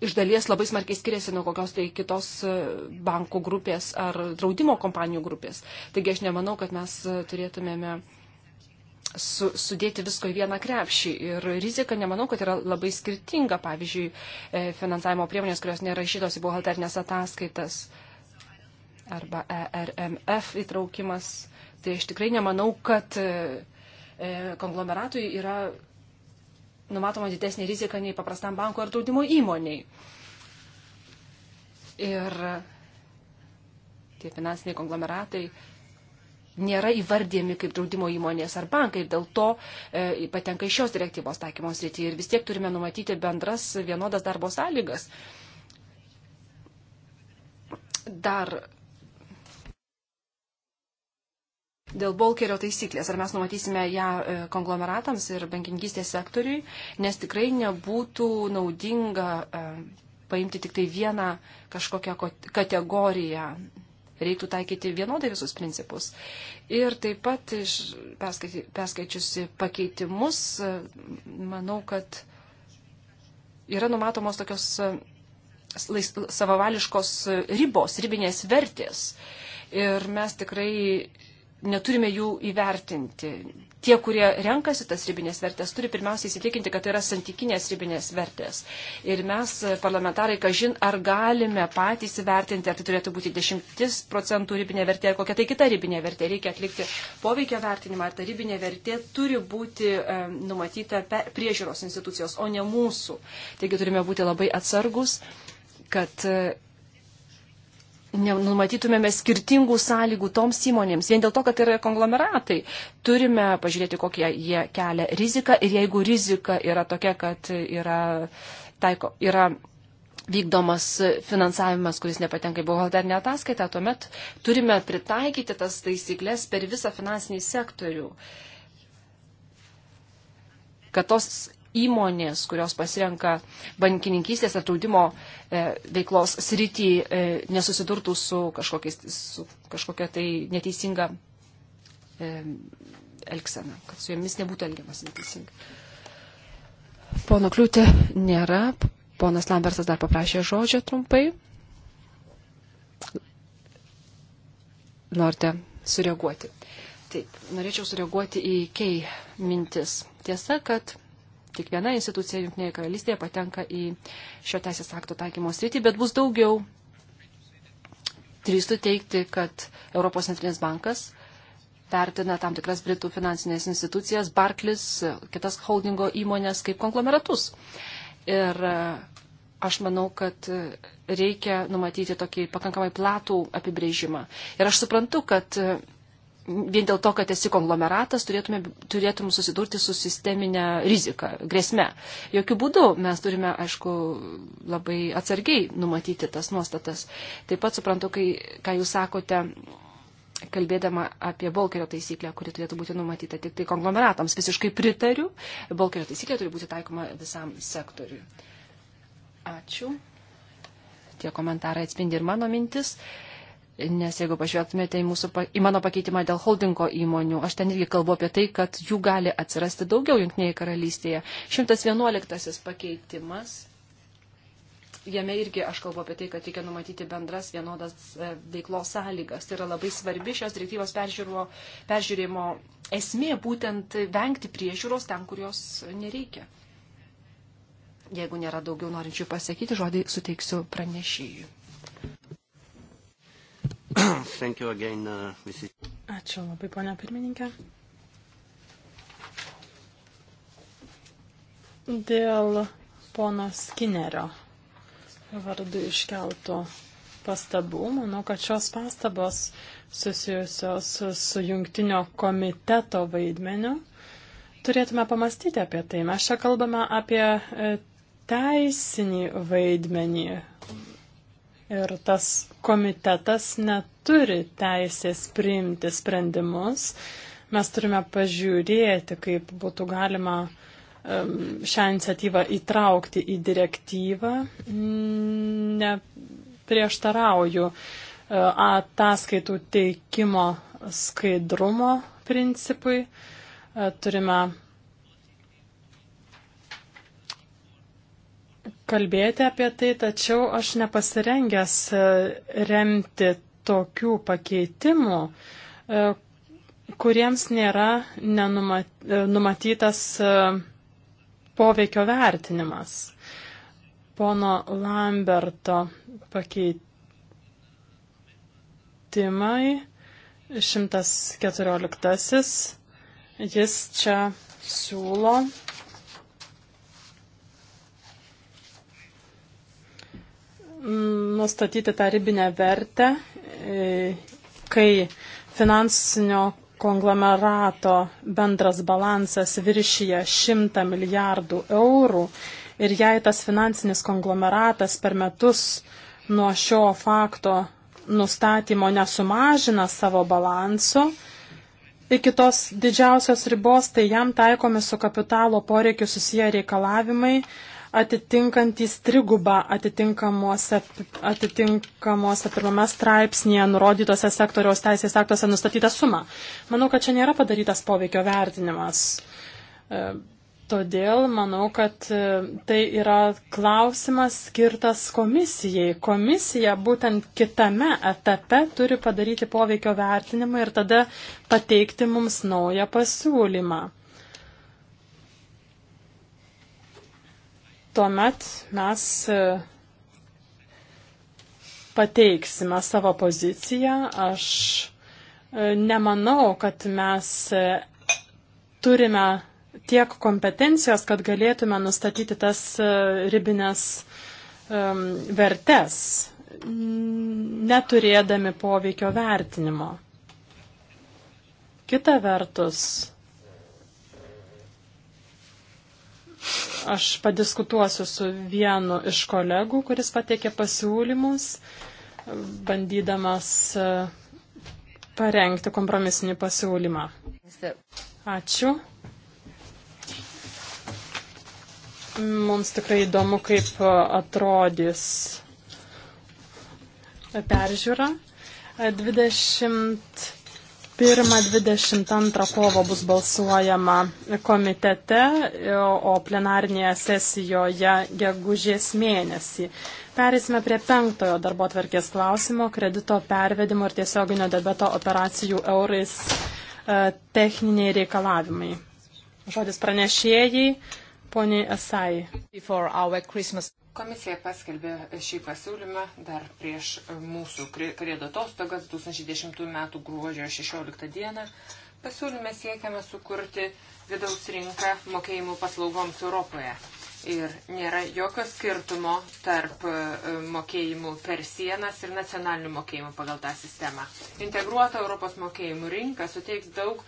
iš dalies labai smarkiai skiriasi nuo kokios tai kitos e, bankų grupės ar draudimo kompanijų grupės. Taigi aš nemanau, kad mes e, turėtumėme. E, su, sudėti visko į vieną krepšį. Ir rizika, nemanau, kad yra labai skirtinga, pavyzdžiui, e, finansavimo priemonės, kurios nerašytos į buhalternės ataskaitas arba ERMF įtraukimas. Tai aš tikrai nemanau, kad e, e, konglomeratui yra numatoma didesnė rizika nei paprastam banko ar draudimo įmoniai. Ir tie finansiniai konglomeratai nėra įvardėmi kaip draudimo įmonės ar bankai, dėl to e, patenka iš šios direktyvos taikymos rytį ir vis tiek turime numatyti bendras vienodas darbo sąlygas. Dar dėl Bolkerio taisyklės, ar mes numatysime ją e, konglomeratams ir bankininkystės sektoriui, nes tikrai nebūtų naudinga e, paimti tik tai vieną kažkokią kategoriją reiktų taikyti vienodai visus principus. Ir taip pat iš perskaičiusi pakeitimus, manau, kad yra numatomos tokios lais, savavališkos ribos, ribinės vertės. Ir mes tikrai neturime jų įvertinti. Tie, kurie renkasi tas ribinės vertės, turi pirmiausiai įsitikinti, kad tai yra santykinės ribinės vertės. Ir mes, parlamentarai, kažin, ar galime patys įvertinti, ar tai turėtų būti 10 procentų ribinė vertė, ar kokia tai kita ribinė vertė. Reikia atlikti poveikio vertinimą, ar ta ribinė vertė turi būti e, numatyta priežiūros institucijos, o ne mūsų. Taigi turime būti labai atsargus, kad. E, nenumatytumėme skirtingų sąlygų toms įmonėms, vien dėl to, kad tai yra konglomeratai. Turime pažiūrėti, kokie jie kelia riziką ir jeigu rizika yra tokia, kad yra, taiko, yra vykdomas finansavimas, kuris nepatenka į buhalterinę ataskaitą, tuomet turime pritaikyti tas taisyklės per visą finansinį sektorių kad tos įmonės, kurios pasirenka bankininkystės ar draudimo e, veiklos srity, e, nesusidurtų su, su kažkokia tai neteisinga e, elgsena, kad su jomis nebūtų elgiamas neteisingai. Pono kliūtė nėra. Ponas Lambertas dar paprašė žodžio trumpai. Norite sureaguoti. Taip, norėčiau sureaguoti į Kei mintis. Tiesa, kad kiekviena institucija Junktinėje karalystėje patenka į šio teisės akto taikymo sritį, bet bus daugiau. Drįstu teikti, kad Europos centrinis bankas vertina tam tikras Britų finansinės institucijas, Barclays, kitas holdingo įmonės kaip konglomeratus. Ir e, aš manau, kad e, reikia numatyti tokį pakankamai platų apibrėžimą. Ir aš suprantu, kad e, vien dėl to, kad esi konglomeratas, turėtume, turėtum susidurti su sisteminė rizika, grėsme. Jokių būdų mes turime, aišku, labai atsargiai numatyti tas nuostatas. Taip pat suprantu, kai, ką jūs sakote, kalbėdama apie Bolkerio taisyklę, kuri turėtų būti numatyta tik tai konglomeratams. Visiškai pritariu, Bolkerio taisyklė turi būti taikoma visam sektoriui. Ačiū. Tie komentarai atspindi ir mano mintis. Uh, Nes jeigu pažvelgtumėte į, mūsų, į mano pakeitimą dėl holdingo įmonių, aš ten irgi kalbu apie tai, kad jų gali atsirasti daugiau Junktinėje karalystėje. 111 pakeitimas. Jame irgi aš kalbu apie tai, kad reikia numatyti bendras vienodas e, veiklos sąlygas. Tai yra labai svarbi šios direktyvos peržiūrėjimo esmė būtent vengti priežiūros ten, kur jos nereikia. Jeigu nėra daugiau norinčių pasakyti, žodį suteiksiu pranešėjui. Thank you again, uh, Mrs. Ačiū labai, ponia pirmininkė. Dėl pono Skinerio vardu iškeltų pastabų, manau, kad šios pastabos susijusios su jungtinio komiteto vaidmeniu turėtume pamastyti apie tai. Mes čia kalbame apie e, teisinį vaidmenį Ir tas komitetas neturi teisės priimti sprendimus. Mes turime pažiūrėti, kaip būtų galima šią iniciatyvą įtraukti į direktyvą. Neprieštarauju e, ataskaitų teikimo skaidrumo principui. E, turime kalbėti apie tai, tačiau aš nepasirengęs e, remti tokių pakeitimų, e, kuriems nėra nenumatytas e, poveikio vertinimas. Pono Lamberto pakeitimai 114. Jis čia siūlo nustatyti tą ribinę vertę, e, kai finansinio konglomerato bendras balansas viršyje 100 milijardų eurų ir jei tas finansinis konglomeratas per metus nuo šio fakto nustatymo nesumažina savo balanso, Iki tos didžiausios ribos tai jam taikomi su kapitalo poreikiu susiję reikalavimai, atitinkantys trigubą atitinkamuose, atitinkamuose pirmame straipsnėje nurodytose sektoriaus teisės aktuose nustatytą sumą. Manau, kad čia nėra padarytas poveikio vertinimas. E, todėl manau, kad e, tai yra klausimas skirtas komisijai. Komisija būtent kitame etape turi padaryti poveikio vertinimą ir tada pateikti mums naują pasiūlymą. tuomet mes e, pateiksime savo poziciją. Aš e, nemanau, kad mes e, turime tiek kompetencijos, kad galėtume nustatyti tas ribinės vertes, neturėdami poveikio vertinimo. Kita vertus, Aš padiskutuosiu su vienu iš kolegų, kuris pateikė pasiūlymus, bandydamas e, parengti kompromisinį pasiūlymą. Ačiū. Mums tikrai įdomu, kaip atrodys peržiūra. 20 e, 21-22 kovo bus balsuojama komitete, o plenarnėje sesijoje gegužės mėnesį. Perėsime prie penktojo darbo tvarkės klausimo - kredito pervedimo ir tiesioginio debeto operacijų eurais e, techniniai reikalavimai. Žodis pranešėjai, poniai Esai. Komisija paskelbė šį pasiūlymą dar prieš mūsų kredo atostogas 2010 m. gruodžio 16 d. Pasiūlyme siekiama sukurti vidaus rinką mokėjimų paslaugoms Europoje. Ir nėra jokio skirtumo tarp e, mokėjimų per sienas ir nacionalinių mokėjimų pagal tą sistemą. Integruota Europos mokėjimų rinka suteiks daug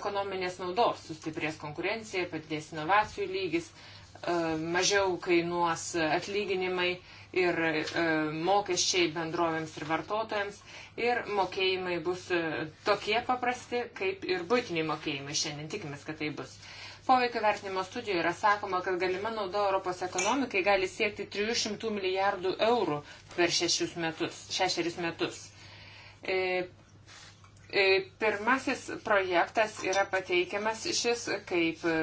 ekonominės naudos, sustiprės konkurencija, padidės inovacijų lygis E, mažiau kainuos atlyginimai ir e, mokesčiai bendrovėms ir vartotojams ir mokėjimai bus e, tokie paprasti, kaip ir būtiniai mokėjimai. Šiandien tikimės, kad tai bus. Poveikio vertinimo studijoje yra sakoma, kad galima nauda Europos ekonomikai gali siekti 300 milijardų eurų per šešius metus, šešerius metus. E, e, pirmasis projektas yra pateikiamas šis kaip e,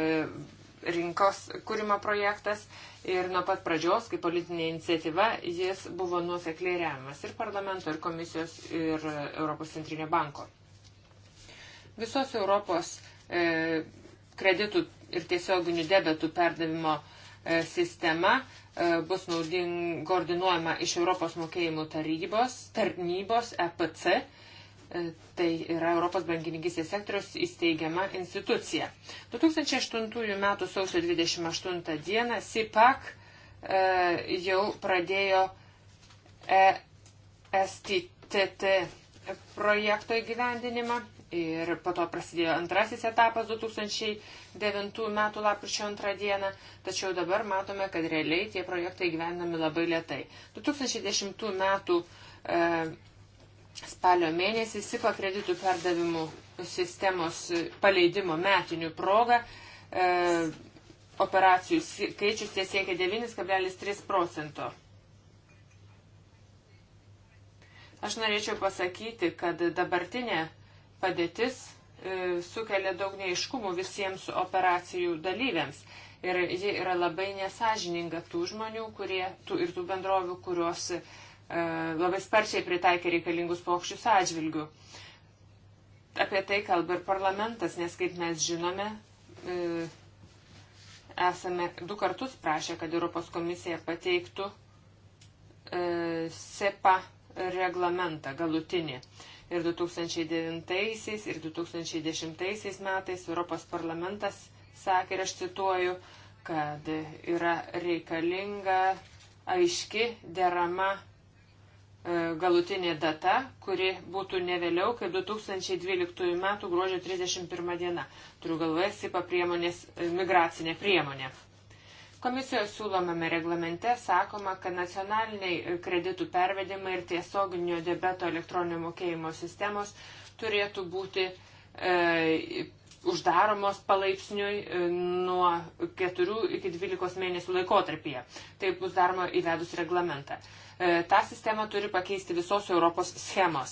rinkos kūrimo projektas ir nuo pat pradžios, kaip politinė iniciatyva, jis buvo nuosekliai remiamas ir parlamento, ir komisijos, ir Europos centrinio banko. Visos Europos e, kreditų ir tiesioginių debetų perdavimo e, sistema e, bus naudin, koordinuojama iš Europos mokėjimų tarybos, tarnybos EPC Tai yra Europos bankininkistės sektoriaus įsteigiama institucija. 2008 m. sausio 28 d. SIPAC jau pradėjo e STTT projekto įgyvendinimą ir po to prasidėjo antrasis etapas 2009 m. lapkričio 2 d. Tačiau dabar matome, kad realiai tie projektai gyvenami labai lietai. 2010 m. Spalio mėnesį SIPA kreditų perdavimų sistemos paleidimo metinių progą e, operacijų skaičius siekia 9,3 procento. Aš norėčiau pasakyti, kad dabartinė padėtis e, sukelia daug neiškumų visiems operacijų dalyviams. Ir ji yra labai nesažininga tų žmonių kurie, tų, ir tų bendrovių, kurios E, labai sparčiai pritaikė reikalingus paukščius atžvilgių. Apie tai kalba ir parlamentas, nes kaip mes žinome, e, esame du kartus prašę, kad Europos komisija pateiktų e, SEPA reglamentą galutinį. Ir 2009 ir 2010 metais Europos parlamentas sakė, ir aš cituoju, kad yra reikalinga aiški derama E, galutinė data, kuri būtų ne vėliau kaip 2012 m. gruodžio 31 diena. Turiu galvoje SIPA priemonės e, migracinė priemonė. Komisijos siūlomame reglamente sakoma, kad nacionaliniai e, kreditų pervedimai ir tiesioginio debeto elektroninio mokėjimo sistemos turėtų būti e, uždaromos palaipsniui e, nuo 4 iki 12 mėnesių laikotarpyje. Taip bus daroma įvedus reglamentą. E, Ta sistema turi pakeisti visos Europos schemos.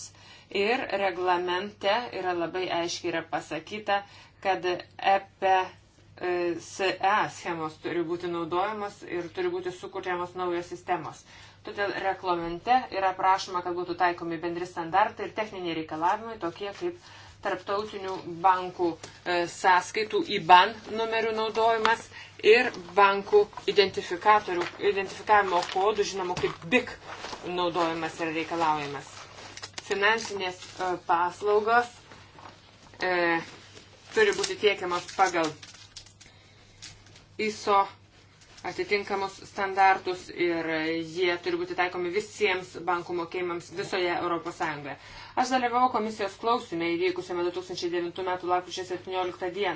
Ir reglamente yra labai aiškiai yra pasakyta, kad EPSE e schemos turi būti naudojamos ir turi būti sukūriamos naujos sistemos. Todėl reglamente yra prašoma, kad būtų taikomi bendri standartai ir techniniai reikalavimai, tokie kaip tarptautinių bankų e, sąskaitų IBAN numerių naudojimas ir bankų identifikavimo kodų, žinomų kaip BIC, naudojimas yra reikalaujamas. Finansinės e, paslaugos e, turi būti tiekiamas pagal ISO atitinkamus standartus ir jie turi būti taikomi visiems bankų mokėjimams visoje ES. Aš dalyvavau komisijos klausime įvykusiame 2009 m. lapkričio 17 d.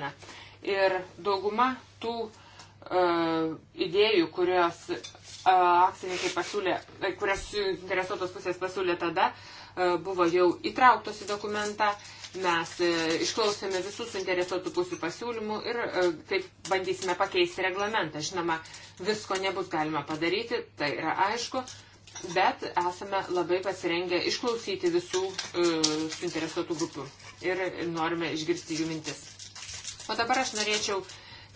Ir dauguma tų uh, idėjų, kurios uh, akcininkai pasiūlė, e, kurias suinteresuotos pusės pasiūlė tada, uh, buvo jau įtrauktos į dokumentą. Uh, Mes e, išklausėme visų suinteresuotų pusių pasiūlymų ir e, taip bandysime pakeisti reglamentą. Žinoma, visko nebus galima padaryti, tai yra aišku, bet esame labai pasirengę išklausyti visų e, suinteresuotų grupių ir norime išgirsti jų mintis. O dabar aš norėčiau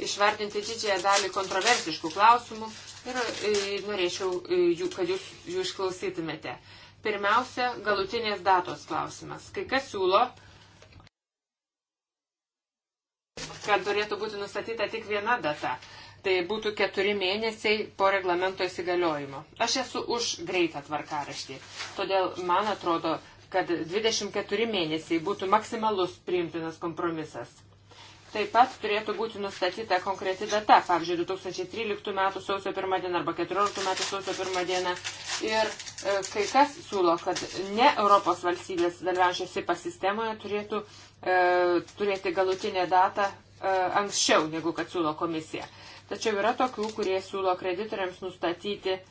išvardinti didžiąją dalį kontroversiškų klausimų ir norėčiau, jų, kad jūs jų išklausytumėte. Pirmiausia, galutinės datos klausimas. Kai kas siūlo, kad turėtų būti nustatyta tik viena data. Tai būtų keturi mėnesiai po reglamento įsigaliojimo. Aš esu už greitą tvarkaraštį. Todėl man atrodo, kad 24 mėnesiai būtų maksimalus priimtinas kompromisas. Taip pat turėtų būti nustatyta konkreti data, pavyzdžiui, 2013 m. sausio 1 diena arba 2014 m. sausio 1 diena. Ir e, kai kas siūlo, kad ne Europos valstybės dalyvaujančios SIPA sistemoje turėtų e, turėti galutinę datą E, anksčiau, negu kad siūlo komisija. Tačiau yra tokių, kurie siūlo kreditoriams nustatyti e,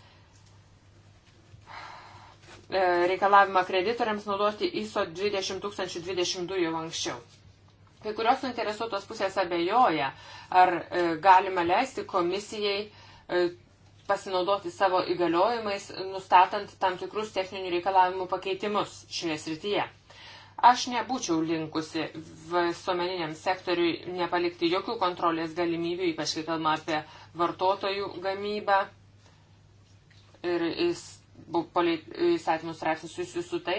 reikalavimą kreditoriams naudoti ISO 20022 jau anksčiau. Kai kurios suinteresuotos pusės abejoja, ar e, galima leisti komisijai pasinaudoti savo įgaliojimais, nustatant tam tikrus techninių reikalavimų pakeitimus šioje srityje. Aš nebūčiau linkusi visuomeniniam sektoriui nepalikti jokių kontrolės galimybių, ypač kai kalbama apie vartotojų gamybą ir įstatymų straipsnius susijusius su tai.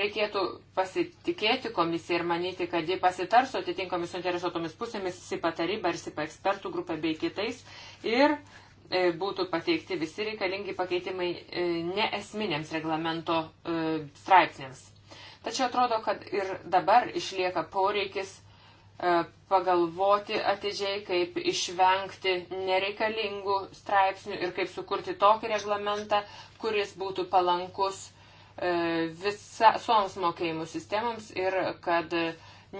Reikėtų pasitikėti komisiją ir manyti, kad ji pasitars su atitinkomis suinteresuotomis pusėmis, SIPA taryba ir SIPA ekspertų grupė bei kitais ir e, būtų pateikti visi reikalingi pakeitimai e, neesminiams reglamento e, straipsniams. Tačiau atrodo, kad ir dabar išlieka poreikis e, pagalvoti atidžiai, kaip išvengti nereikalingų straipsnių ir kaip sukurti tokį reglamentą, kuris būtų palankus e, visoms mokėjimų sistemoms ir kad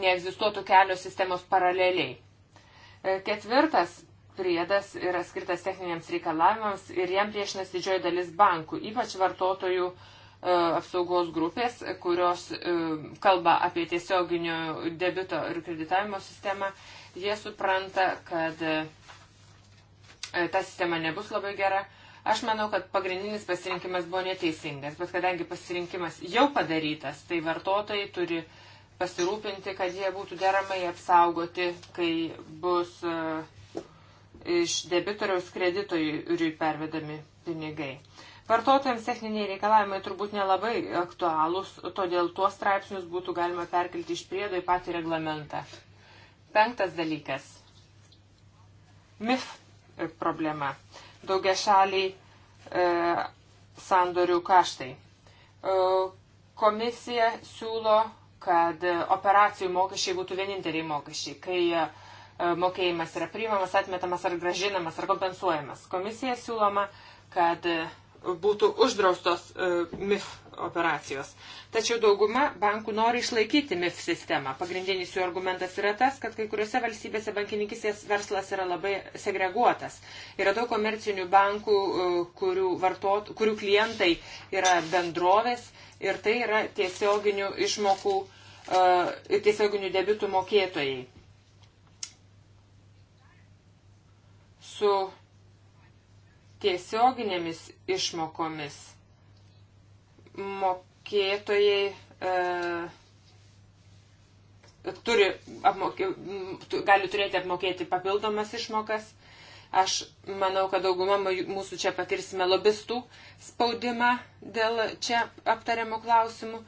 neegzistuotų kelios sistemos paraleliai. E, ketvirtas priedas yra skirtas techniniams reikalavimams ir jam priešinas didžioji dalis bankų, ypač vartotojų uh, apsaugos grupės, kurios e, kalba apie tiesioginio debito ir kreditavimo sistemą, jie supranta, kad e, ta sistema nebus labai gera. Aš manau, kad pagrindinis pasirinkimas buvo neteisingas, bet kadangi pasirinkimas jau padarytas, tai vartotojai turi pasirūpinti, kad jie būtų deramai apsaugoti, kai bus e, iš debitoriaus kreditoriui pervedami pinigai. Uh, Vartotojams techniniai reikalavimai turbūt nelabai aktualūs, todėl tuos straipsnius būtų galima perkelti iš priedo į patį reglamentą. Penktas dalykas. MIF problema. Daugia šaliai e, sandorių kaštai. E, komisija siūlo, kad operacijų mokesčiai būtų vieninteliai mokesčiai, kai e, mokėjimas yra priimamas, atmetamas ar gražinamas ar kompensuojamas. Komisija siūloma, kad būtų uždraustos e, MIF operacijos. Tačiau dauguma bankų nori išlaikyti MIF sistemą. Pagrindinis jų argumentas yra tas, kad kai kuriuose valstybėse bankininkisės verslas yra labai segreguotas. Yra daug komercinių bankų, e, kurių, vartot, kurių klientai yra bendrovės ir tai yra tiesioginių išmokų e, ir tiesioginių debitų mokėtojai. Su tiesioginėmis išmokomis mokėtojai e, turi apmokė, gali turėti apmokėti papildomas išmokas. Aš manau, kad dauguma mūsų čia patirsime lobistų spaudimą dėl čia aptariamų klausimų.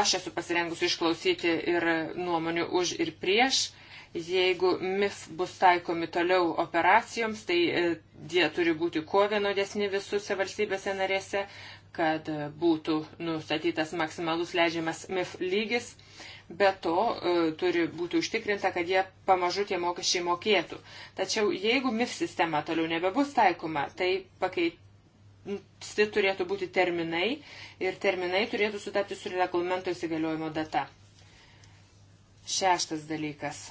Aš esu pasirengusi išklausyti ir nuomonių už ir prieš. E, Jeigu MIF bus taikomi toliau operacijoms, tai e, jie turi būti kuo vienodesni visose valstybėse narėse, kad e, būtų nustatytas maksimalus leidžiamas MIF lygis. Be to e, turi būti užtikrinta, kad jie pamažu tie mokesčiai mokėtų. Tačiau jeigu MIF sistema toliau nebebus taikoma, tai pakeit, tai turėtų būti terminai ir terminai turėtų sutapti su reglamento įsigaliojimo data. Šeštas dalykas.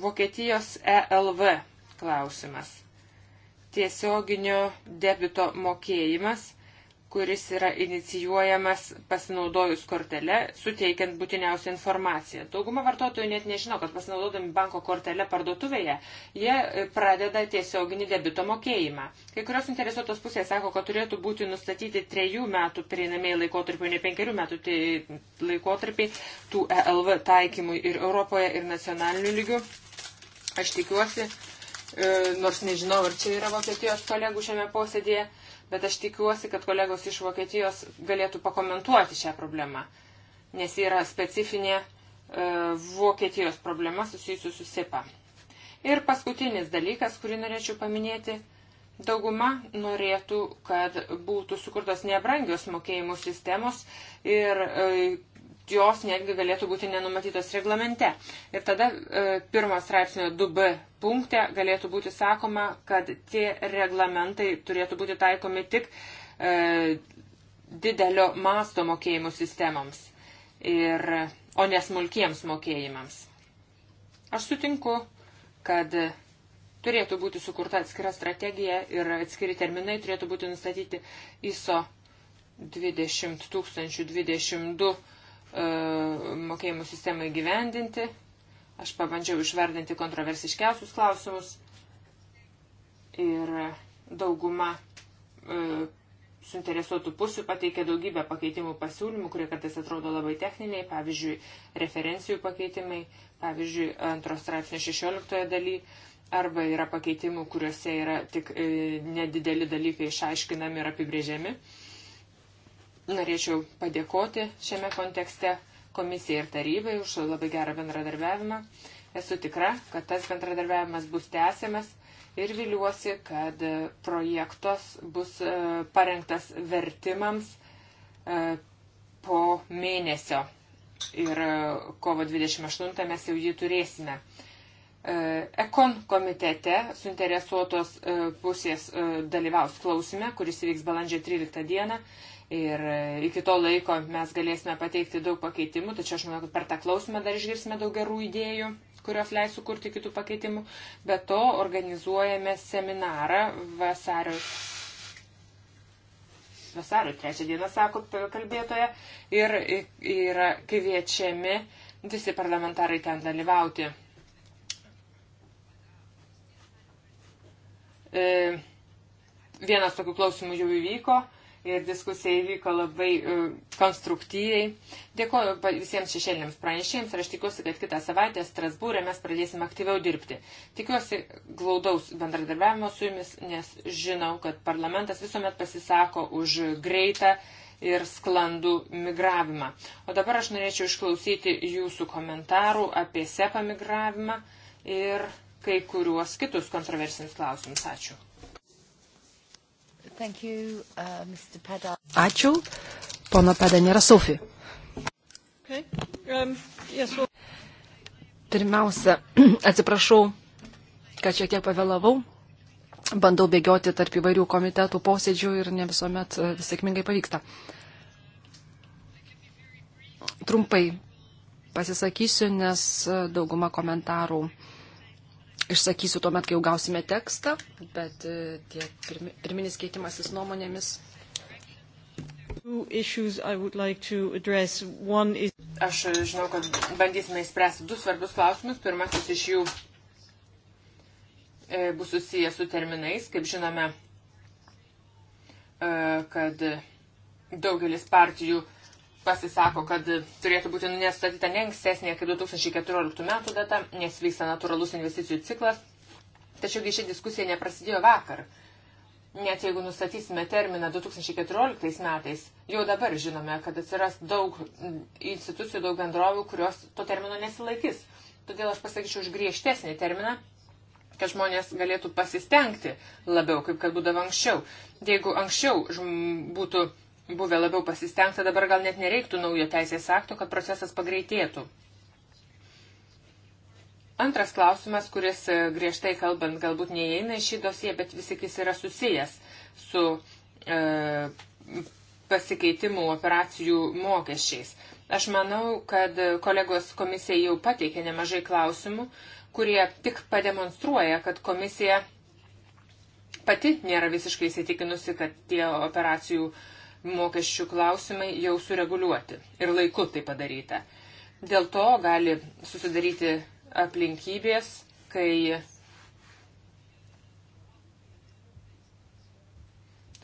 Vokietijos ELV klausimas. Tiesioginio debito mokėjimas, kuris yra inicijuojamas pasinaudojus kortelę, suteikiant būtiniausią informaciją. Dauguma vartotojų net nežino, kad pasinaudodami banko kortelę parduotuvėje, jie pradeda tiesioginį debito mokėjimą. Kai kurios interesuotos pusės sako, kad turėtų būti nustatyti trejų metų prieinamieji laikotarpiai, ne penkerių metų tai laikotarpiai tų ELV taikymui ir Europoje, ir nacionaliniu lygiu Aš tikiuosi, e, nors nežinau, ar čia yra Vokietijos kolegų šiame posėdėje, bet aš tikiuosi, kad kolegos iš Vokietijos galėtų pakomentuoti šią problemą, nes yra specifinė e, Vokietijos problema susijusi su SIPA. Ir paskutinis dalykas, kurį norėčiau paminėti, dauguma norėtų, kad būtų sukurtos nebrangios mokėjimų sistemos ir e, jos netgi galėtų būti nenumatytos reglamente. Ir tada e, pirmo straipsnio 2b punkte galėtų būti sakoma, kad tie reglamentai turėtų būti taikomi tik e, didelio masto mokėjimų sistemoms, ir, o nesmulkiems mokėjimams. Aš sutinku, kad turėtų būti sukurta atskira strategija ir atskiri terminai turėtų būti nustatyti ISO 20 022 E, mokėjimų sistemai gyvendinti. Aš pabandžiau išvardinti kontroversiškiausius klausimus ir dauguma e, suinteresuotų pusių pateikė daugybę pakeitimų pasiūlymų, kurie kartais atrodo labai techniniai, pavyzdžiui, referencijų pakeitimai, pavyzdžiui, antros straipsnio 16 daly, arba yra pakeitimų, kuriuose yra tik e, nedideli dalykai išaiškinami ir apibrėžiami. E, Norėčiau padėkoti šiame kontekste komisijai ir tarybai už labai gerą bendradarbiavimą. Esu tikra, kad tas bendradarbiavimas bus tęsiamas ir viliuosi, kad projektos bus e, parengtas vertimams e, po mėnesio. Ir e, kovo 28 mes jau jį turėsime. Ekon komitete suinteresuotos pusės dalyvaus klausime, kuris vyks balandžio 13 dieną. Ir e, iki to laiko mes galėsime pateikti daug pakeitimų, tačiau aš manau, kad per tą klausimą dar išgirsime daug gerų idėjų, kurios leis sukurti kitų pakeitimų. Be to organizuojame seminarą vasario. Vasario trečią dieną, sako kalbėtoja, ir yra kviečiami visi parlamentarai ten dalyvauti. E, vienas tokių klausimų jau įvyko ir diskusija įvyko labai e, konstruktyviai. Dėkoju visiems šešėliniams pranešėjams ir aš tikiuosi, kad kitą savaitę Strasbūrė mes pradėsime aktyviau dirbti. Tikiuosi glaudaus bendradarbiavimo su jumis, nes žinau, kad parlamentas visuomet pasisako už greitą ir sklandų migravimą. O dabar aš norėčiau išklausyti jūsų komentarų apie SEPA migravimą ir kai kuriuos kitus kontroversinius klausimus. Ačiū. You, uh, Ačiū. Pono Peda nėra Sofi. Okay. Um, yes, well... Pirmiausia, atsiprašau, kad šiek tiek pavėlavau. Bandau bėgioti tarp įvairių komitetų posėdžių ir ne visuomet uh, sėkmingai pavyksta. Trumpai pasisakysiu, nes uh, dauguma komentarų uh, išsakysiu tuomet, kai jau gausime tekstą, bet e, tie pirminis keitimasis nuomonėmis. Aš e, žinau, kad bandysime įspręsti du svarbius klausimus. Pirmasis iš jų e, bus susijęs su terminais. Kaip žinome, kad daugelis partijų pasisako, kad turėtų būti nu, nestatyta ne ankstesnė kaip 2014 metų data, nes vyksta natūralus investicijų ciklas. Tačiau ši diskusija neprasidėjo vakar. Net jeigu nustatysime terminą 2014 metais, jau dabar žinome, kad atsiras daug institucijų, daug bendrovių, kurios to termino nesilaikys. Todėl aš pasakyčiau už griežtesnį terminą, kad žmonės galėtų pasistengti labiau, kaip kad būdavo anksčiau. Jeigu anksčiau būtų buvę labiau pasistengta, dabar gal net nereiktų naujo teisės akto, kad procesas pagreitėtų. Antras klausimas, kuris e, griežtai kalbant galbūt neįeina į šį dosiją, bet vis tik jis yra susijęs su e, pasikeitimų operacijų mokesčiais. Aš manau, kad kolegos komisija jau pateikė nemažai klausimų, kurie tik pademonstruoja, kad komisija pati nėra visiškai įsitikinusi, kad tie operacijų mokesčiai mokesčių klausimai jau sureguliuoti ir laiku tai padaryta. Dėl to gali susidaryti aplinkybės, kai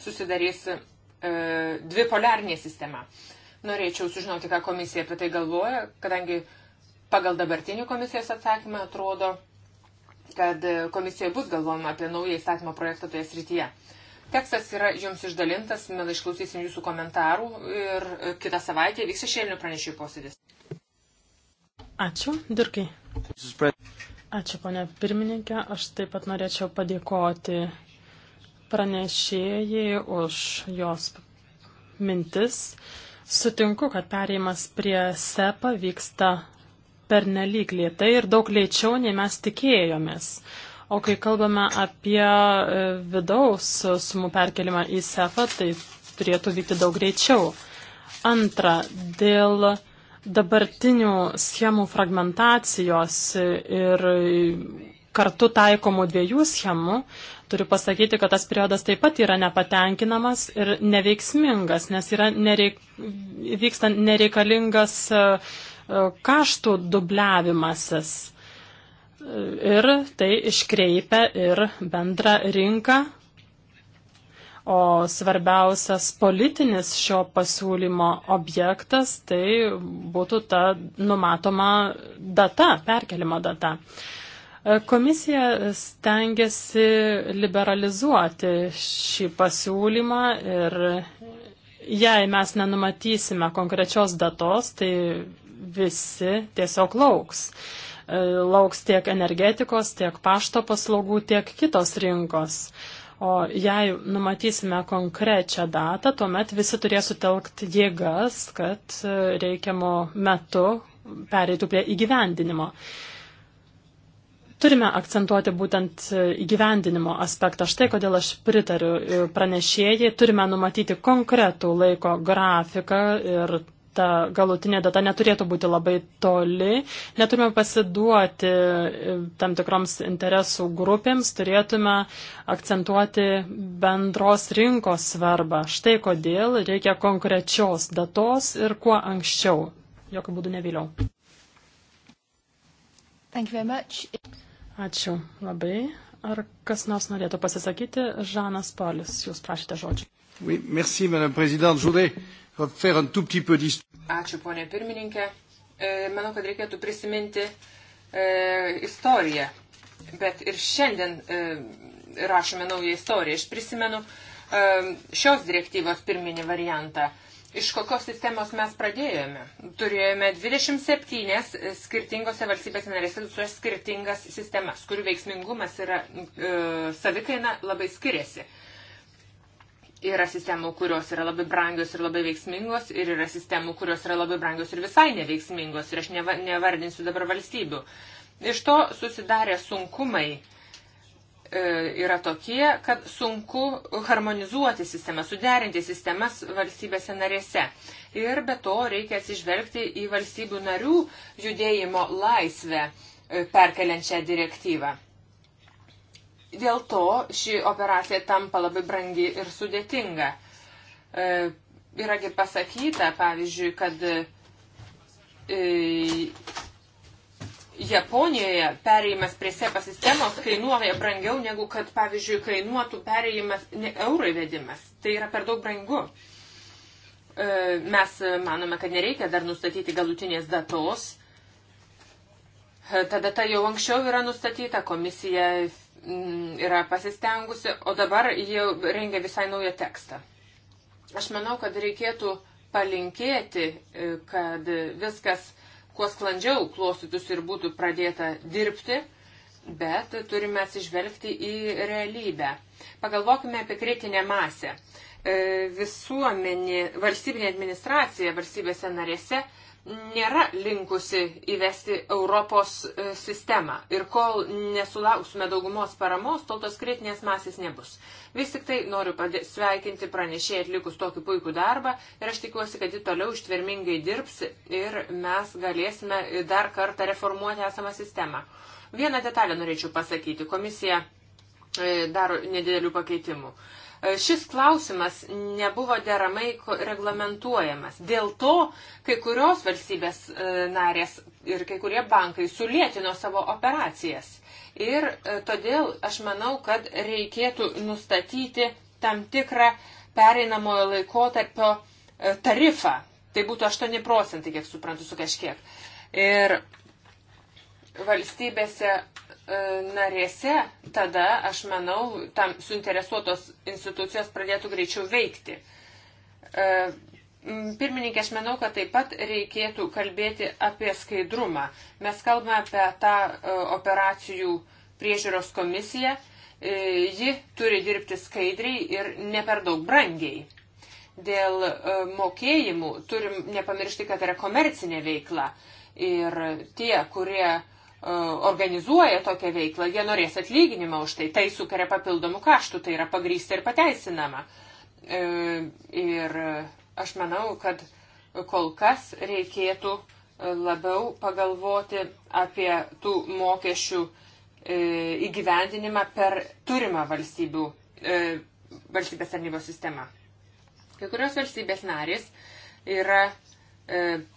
susidarys e, dvi poliarnė sistema. Norėčiau sužinoti, ką komisija apie tai galvoja, kadangi pagal dabartinį komisijos atsakymą atrodo, kad e, komisija bus galvojama apie naują įstatymo projektą toje srityje. E, Tekstas yra jums išdalintas, mielai išklausysim jūsų komentarų ir e, kitą savaitę vyks šešėlinių pranešėjų posėdis. Ačiū, Dirkai. Ačiū, ponė pirmininkė. Aš taip pat norėčiau padėkoti pranešėjai už jos mintis. Sutinku, kad pereimas prie SEPA vyksta pernelyg lietai ir daug lėčiau, nei mes tikėjomės. O kai kalbame apie e, vidaus sumų perkelimą į SEFą, tai turėtų vykti daug greičiau. Antra, dėl dabartinių schemų fragmentacijos ir kartu taikomų dviejų schemų, turiu pasakyti, kad tas periodas taip pat yra nepatenkinamas ir neveiksmingas, nes yra nereik, vyksta nereikalingas e, kaštų dubliavimasis ir tai iškreipia ir bendrą rinką. O svarbiausias politinis šio pasiūlymo objektas tai būtų ta numatoma data, perkelimo data. Komisija stengiasi liberalizuoti šį pasiūlymą ir jei mes nenumatysime konkrečios datos, tai visi tiesiog lauks. Uh, E, lauks tiek energetikos, tiek pašto paslaugų, tiek kitos rinkos. O jei numatysime konkrečią datą, tuomet visi turės sutelkti jėgas, kad e, reikiamo metu pereitų prie įgyvendinimo. Turime akcentuoti būtent e, įgyvendinimo aspektą. Štai kodėl aš pritariu pranešėjai. Turime numatyti konkretų laiko grafiką ir ta galutinė data neturėtų būti labai toli. Neturime pasiduoti e, tam tikroms interesų grupėms, turėtume akcentuoti bendros rinkos svarbą. Štai kodėl reikia konkrečios datos ir kuo anksčiau, jokių būdų ne vėliau. Ačiū labai. Ar kas nors norėtų pasisakyti? Žanas Polis, jūs prašėte žodžių. Oui, merci, Madame Présidente. Je voudrais Ačiū, ponė pirmininkė. E, manau, kad reikėtų prisiminti e, istoriją. Bet ir šiandien e, rašome naują istoriją. Aš prisimenu šios direktyvos pirminį variantą. Iš kokios sistemos mes pradėjome? Turėjome 27 skirtingose valstybės narėse skirtingas sistemas, kurių veiksmingumas yra e, savikaina labai skiriasi. E, Yra sistemų, kurios yra labai brangios ir labai veiksmingos, ir yra sistemų, kurios yra labai brangios ir visai neveiksmingos, ir aš neva, nevardinsiu dabar valstybių. Iš to susidarė sunkumai e, yra tokie, kad sunku harmonizuoti sistemą, suderinti sistemas valstybėse narėse. Ir be to reikia atsižvelgti į valstybių narių judėjimo laisvę e, perkeliant šią direktyvą. Dėl to ši operacija tampa labai brangi ir sudėtinga. E, yragi pasakyta, pavyzdžiui, kad e, Japonijoje perėjimas prie SEPA sistemos kainuoja brangiau negu kad, pavyzdžiui, kainuotų perėjimas ne, euro įvedimas. Tai yra per daug brangu. E, mes manome, kad nereikia dar nustatyti galutinės datos. E, tada ta jau anksčiau yra nustatyta, komisija Mm, yra pasistengusi, o dabar jie rengia visai naują tekstą. Aš manau, kad reikėtų palinkėti, e, kad viskas kuo sklandžiau klostytųsi ir būtų pradėta dirbti, bet turime atsižvelgti į realybę. Pagalvokime apie kritinę masę. E, visuomenė, valstybinė administracija valstybėse narėse nėra linkusi įvesti Europos e, sistemą. Ir kol nesulauksime daugumos paramos, tol tos kritinės masės nebus. Vis tik tai noriu sveikinti pranešėjai atlikus tokį puikų darbą ir aš tikiuosi, kad ji toliau ištvermingai dirbs ir mes galėsime dar kartą reformuoti esamą sistemą. Vieną detalę norėčiau pasakyti. Komisija e, daro nedidelių pakeitimų. Šis klausimas nebuvo deramai reglamentuojamas. Dėl to kai kurios valstybės e, narės ir kai kurie bankai sulėtino savo operacijas. Ir e, todėl aš manau, kad reikėtų nustatyti tam tikrą pereinamojo laikotarpio e, tarifą. Tai būtų 8 procentai, kiek suprantu, su kažkiek. Ir valstybėse E, narėse, tada, aš manau, tam suinteresuotos institucijos pradėtų greičiau veikti. E, pirmininkė, aš manau, kad taip pat reikėtų kalbėti apie skaidrumą. Mes kalbame apie tą e, operacijų priežiūros komisiją. Ji turi dirbti skaidriai ir ne per daug brangiai. Dėl mokėjimų turim nepamiršti, kad yra komercinė veikla. Ir tie, kurie uh, Uh, organizuoja tokią veiklą, jie norės atlyginimą už tai. Tai sukeria papildomų kaštų, tai yra pagrysta ir pateisinama. Uh, ir aš manau, kad kol kas reikėtų uh, labiau pagalvoti apie tų mokesčių įgyvendinimą per turimą valstybių, valstybės tarnybos sistemą. Kai kurios valstybės narės yra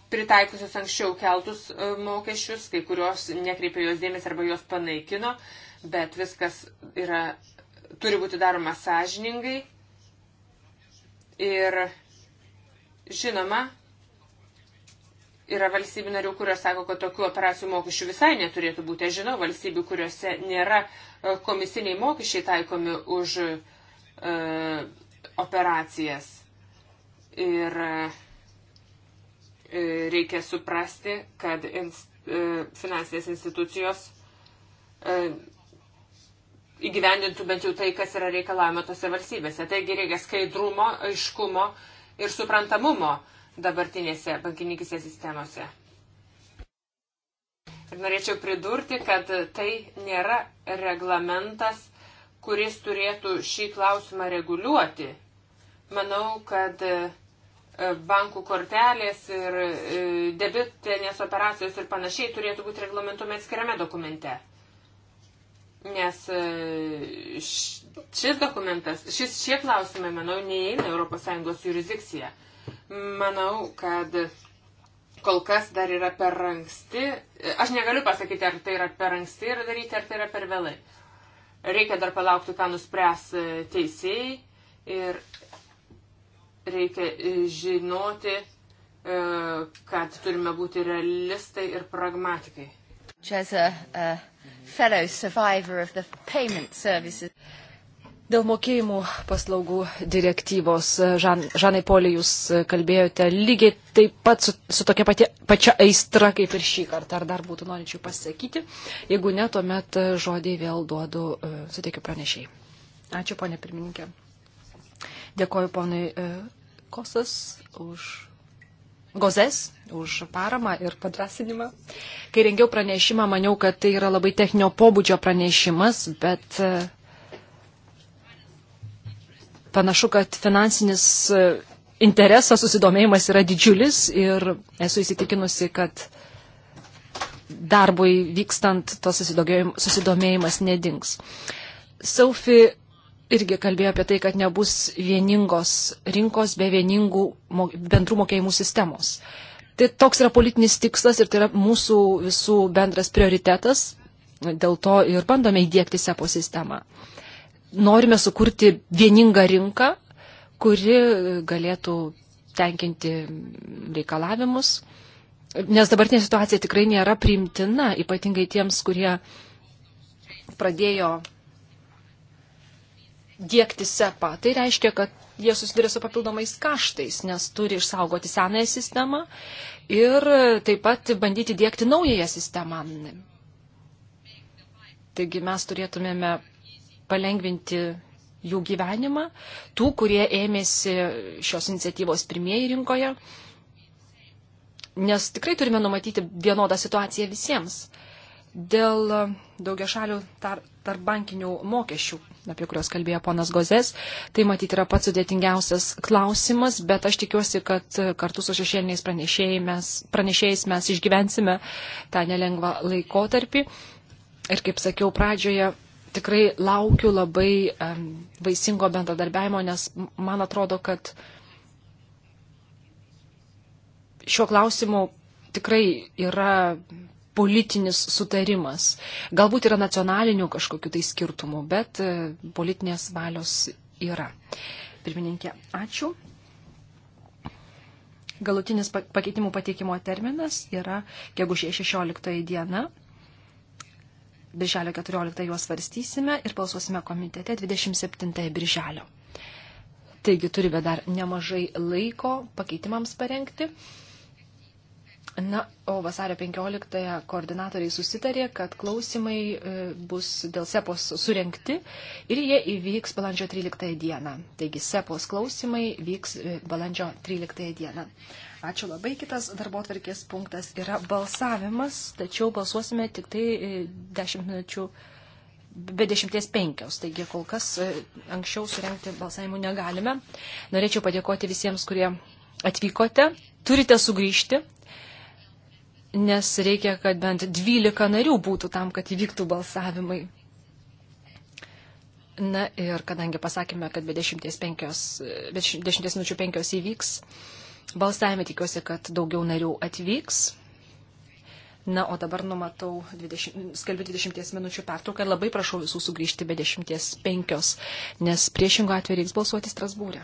pritaikusios anksčiau keltus e, mokesčius, kai kurios nekreipė jos dėmesį arba jos panaikino, bet viskas yra, turi būti daroma sąžiningai. Ir žinoma, yra valstybių narių, kurios sako, kad tokių operacijų mokesčių visai neturėtų būti. Aš žinau valstybių, kuriuose nėra e, komisiniai mokesčiai taikomi už e, operacijas. Ir e, E, reikia suprasti, kad inst, e, finansinės institucijos e, įgyvendintų bent jau tai, kas yra reikalavimo tose valstybėse. Taigi reikia skaidrumo, aiškumo ir suprantamumo dabartinėse bankininkise sistemose. Ir norėčiau pridurti, kad tai nėra reglamentas, kuris turėtų šį klausimą reguliuoti. Manau, kad E, bankų kortelės ir e, debitinės operacijos ir panašiai turėtų būti reglamentuojami atskiriame dokumente. Nes e, šis dokumentas, šis, šie klausimai, manau, neįeina ES jurisdikciją. Manau, kad kol kas dar yra per anksti. Aš negaliu pasakyti, ar tai yra per anksti ir daryti, ar tai yra per vėlai. Reikia dar palaukti, ką nuspręs teisėjai. Ir reikia e, žinoti, e, kad turime būti realistai ir pragmatikai. Dėl mokėjimų paslaugų direktyvos, e, Žan, Žanai Polė, jūs kalbėjote lygiai taip pat su, su tokia pati, pačia aistra kaip ir šį kartą. Ar dar būtų norinčių pasakyti? Jeigu ne, tuomet žodį vėl duodu, suteikiu pranešiai. Ačiū, ponė pirmininkė. Dėkoju ponui e, Kosas už. Gozes už paramą ir padrasinimą. Kai rengiau pranešimą, maniau, kad tai yra labai techninio pobūdžio pranešimas, bet e, panašu, kad finansinis e, interesas, susidomėjimas yra didžiulis ir esu įsitikinusi, kad darbui vykstant tos susidomėjimas nedings. Saufi irgi kalbėjo apie tai, kad nebus vieningos rinkos be vieningų bendrų mokėjimų sistemos. Tai toks yra politinis tikslas ir tai yra mūsų visų bendras prioritetas, dėl to ir bandome įdėkti SEPO sistemą. Norime sukurti vieningą rinką, kuri galėtų tenkinti reikalavimus, nes dabartinė situacija tikrai nėra priimtina, ypatingai tiems, kurie pradėjo dėkti SEPA. Tai reiškia, kad jie susiduria su papildomais kaštais, nes turi išsaugoti senąją sistemą ir taip pat bandyti dėkti naująją sistemą. Taigi mes turėtumėme palengvinti jų gyvenimą, tų, kurie ėmėsi šios iniciatyvos pirmieji rinkoje, nes tikrai turime numatyti vienodą situaciją visiems dėl daugiašalių tar, tarbankinių mokesčių, apie kuriuos kalbėjo ponas Gozės. Tai matyti yra pats sudėtingiausias klausimas, bet aš tikiuosi, kad kartu su šešėliniais pranešėjais mes išgyvensime tą nelengvą laikotarpį. Ir kaip sakiau pradžioje, tikrai laukiu labai um, vaisingo bendradarbiajimo, nes man atrodo, kad šiuo klausimu tikrai yra politinis sutarimas. Galbūt yra nacionalinių kažkokių tai skirtumų, bet e, politinės valios yra. Pirmininkė, ačiū. Galutinis pakeitimų pateikimo terminas yra gegužė 16 diena. Birželio 14 juos svarstysime ir balsuosime komitete 27 birželio. Taigi turime dar nemažai laiko pakeitimams parengti. Na, o vasario 15-ąją koordinatoriai susitarė, kad klausimai e, bus dėl SEPOS surenkti ir jie įvyks balandžio 13 dieną. Taigi SEPOS klausimai vyks e, balandžio 13 dieną. Ačiū labai. Kitas darbo atvarkės punktas yra balsavimas, tačiau balsuosime tik tai 10 e, minučių. Be dešimties penkios, taigi kol kas anksčiau surenkti balsavimų negalime. Norėčiau padėkoti visiems, kurie atvykote. Turite sugrįžti, nes reikia, kad bent 12 narių būtų tam, kad įvyktų balsavimai. Na ir kadangi pasakėme, kad be 10 minučių 5 įvyks, balsavime tikiuosi, kad daugiau narių atvyks. Na, o dabar numatau, 20, skelbiu 20 minučių pertrauką ir labai prašau visų sugrįžti be 10.5, nes priešingų atveju reiks balsuoti Strasbūrė.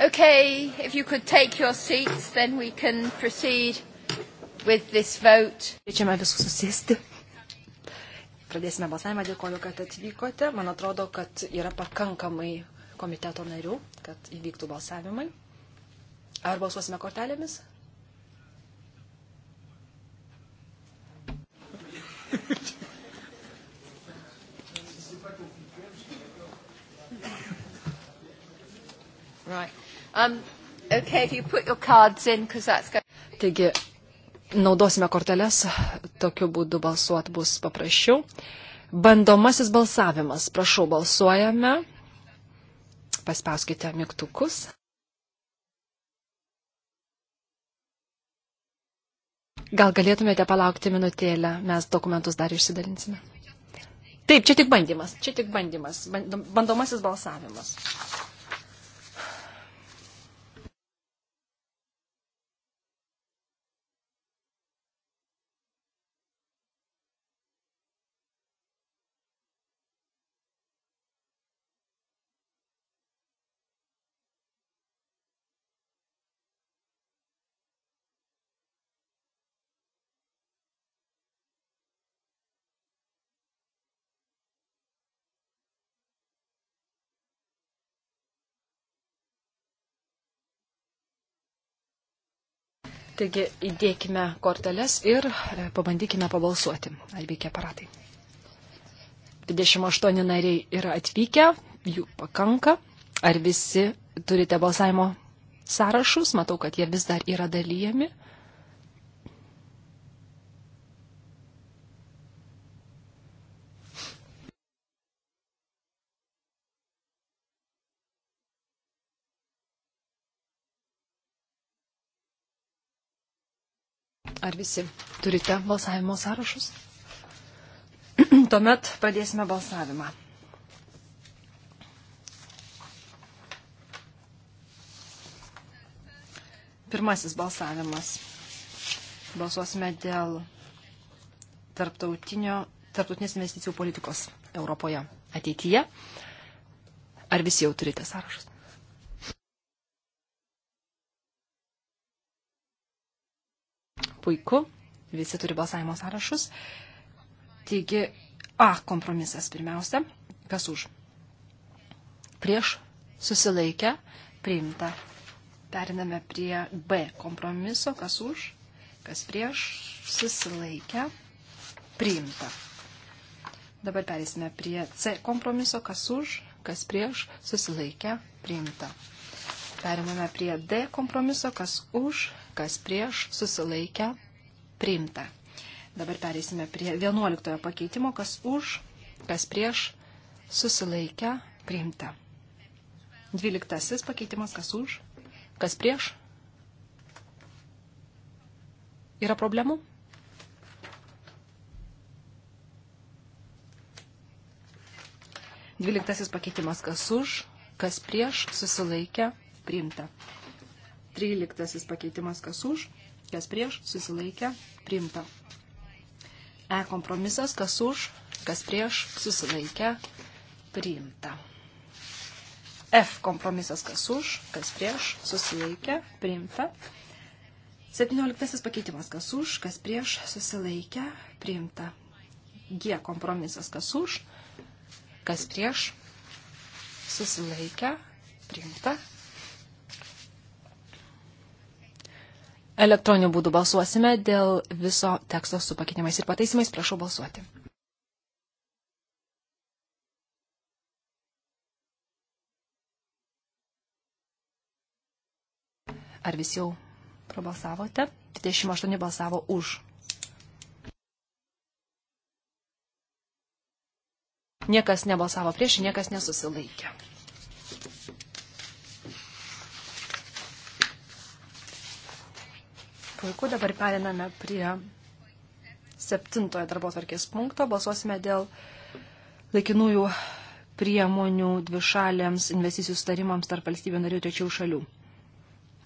Okay, if you could take your seats, then we can proceed with this vote. Kviečiame visus susėsti. Pradėsime balsavimą. Dėkoju, kad atvykote. Man atrodo, kad yra pakankamai komiteto narių, kad įvyktų balsavimai. Ar balsuosime kortelėmis? Okay, if you put your cards in, because that's going... Taigi, naudosime korteles, tokiu būdu balsuot bus paprasčiau. Bandomasis balsavimas. Prašau, balsuojame. Paspauskite mygtukus. Gal galėtumėte palaukti minutėlę, mes dokumentus dar išsidalinsime. Taip, čia tik bandymas, čia tik bandymas, bandomasis balsavimas. Taigi įdėkime korteles ir e, pabandykime pabalsuoti. Ar veikia aparatai? 28 nariai yra atvykę, jų pakanka. Ar visi turite balsavimo sąrašus? Matau, kad jie vis dar yra dalyjami. Ar visi turite balsavimo sąrašus? Tuomet pradėsime balsavimą. Pirmasis balsavimas. Balsuosime dėl tarptautinės investicijų politikos Europoje ateityje. Ar visi jau turite sąrašus? Puiku, visi turi balsavimo sąrašus. Taigi, A kompromisas pirmiausia. Kas už? Prieš susilaikę priimta. Periname prie B kompromiso. Kas už? Kas prieš susilaikę priimta. Dabar perėsime prie C kompromiso. Kas už? Kas prieš susilaikę priimta. Periname prie D kompromiso. Kas už? kas prieš, susilaikę, priimta. Dabar pereisime prie 11 pakeitimo, kas už, kas prieš, susilaikę, priimta. 12 pakeitimas, kas už, kas prieš. Yra problemų? Dvyliktasis pakeitimas, kas už, kas prieš, susilaikę, priimta. 13 pakeitimas kas už, kas prieš, susilaikė, priimta. E kompromisas kas už, kas prieš, susilaikė, priimta. F kompromisas kas už, kas prieš, susilaikė, priimta. 17 pakeitimas kas už, kas prieš, susilaikė, priimta. G kompromisas kas už, kas prieš, susilaikė, priimta. Elektroniniu būdu balsuosime dėl viso teksto su pakeitimais ir pataisimais. Prašau balsuoti. Ar visi jau prabalsavote? 28 balsavo už. Niekas nebalsavo prieš, niekas nesusilaikė. Puiku, dabar periname prie septintojo darbo tvarkės punkto. Balsuosime dėl laikinųjų priemonių dvišalėms investicijų starimams tarp valstybių narių trečių šalių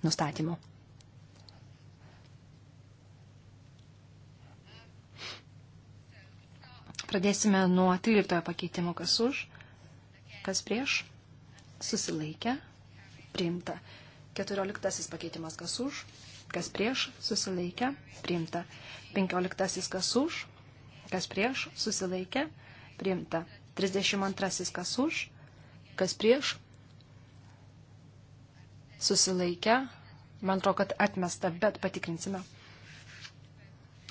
nustatymo. Pradėsime nuo 13 pakeitimo, kas už, kas prieš, susilaikę, priimta. 14 pakeitimas, kas už, kas prieš, susilaikė, priimta. 15 kas už, kas prieš, susilaikė, priimta. 32 kas už, kas prieš, susilaikė, man atrodo, kad atmesta, bet patikrinsime.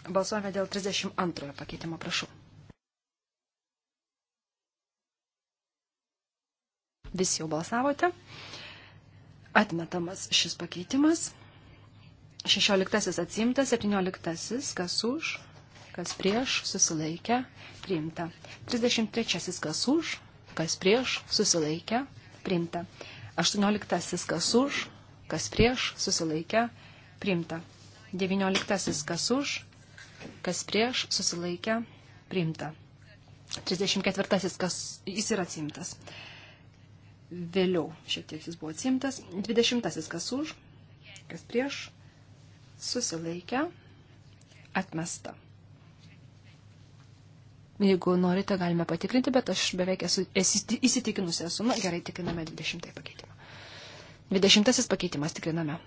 Balsuojame dėl 32 pakeitimo, prašau. Visi jau balsavote. Atmetamas šis pakeitimas. Šešioliktasis atsimtas, septynioliktasis, kas už, kas prieš, susilaikę, priimta. Trisdešimt trečiasis, kas už, kas prieš, susilaikę, priimta. Aštuonioliktasis, kas už, kas prieš, susilaikę, priimta. Devynioliktasis, kas už, kas prieš, susilaikę, priimta. Trisdešimt ketvirtasis, kas jis yra atsimtas. Vėliau šiek tiek jis buvo atsimtas. Dvidešimtasis, kas už, kas prieš, susilaikę, atmesta. Jeigu norite, galime patikrinti, bet aš beveik esu įsitikinusi esu. Na, gerai, tikriname 20 pakeitimą. 20 pakeitimas tikriname.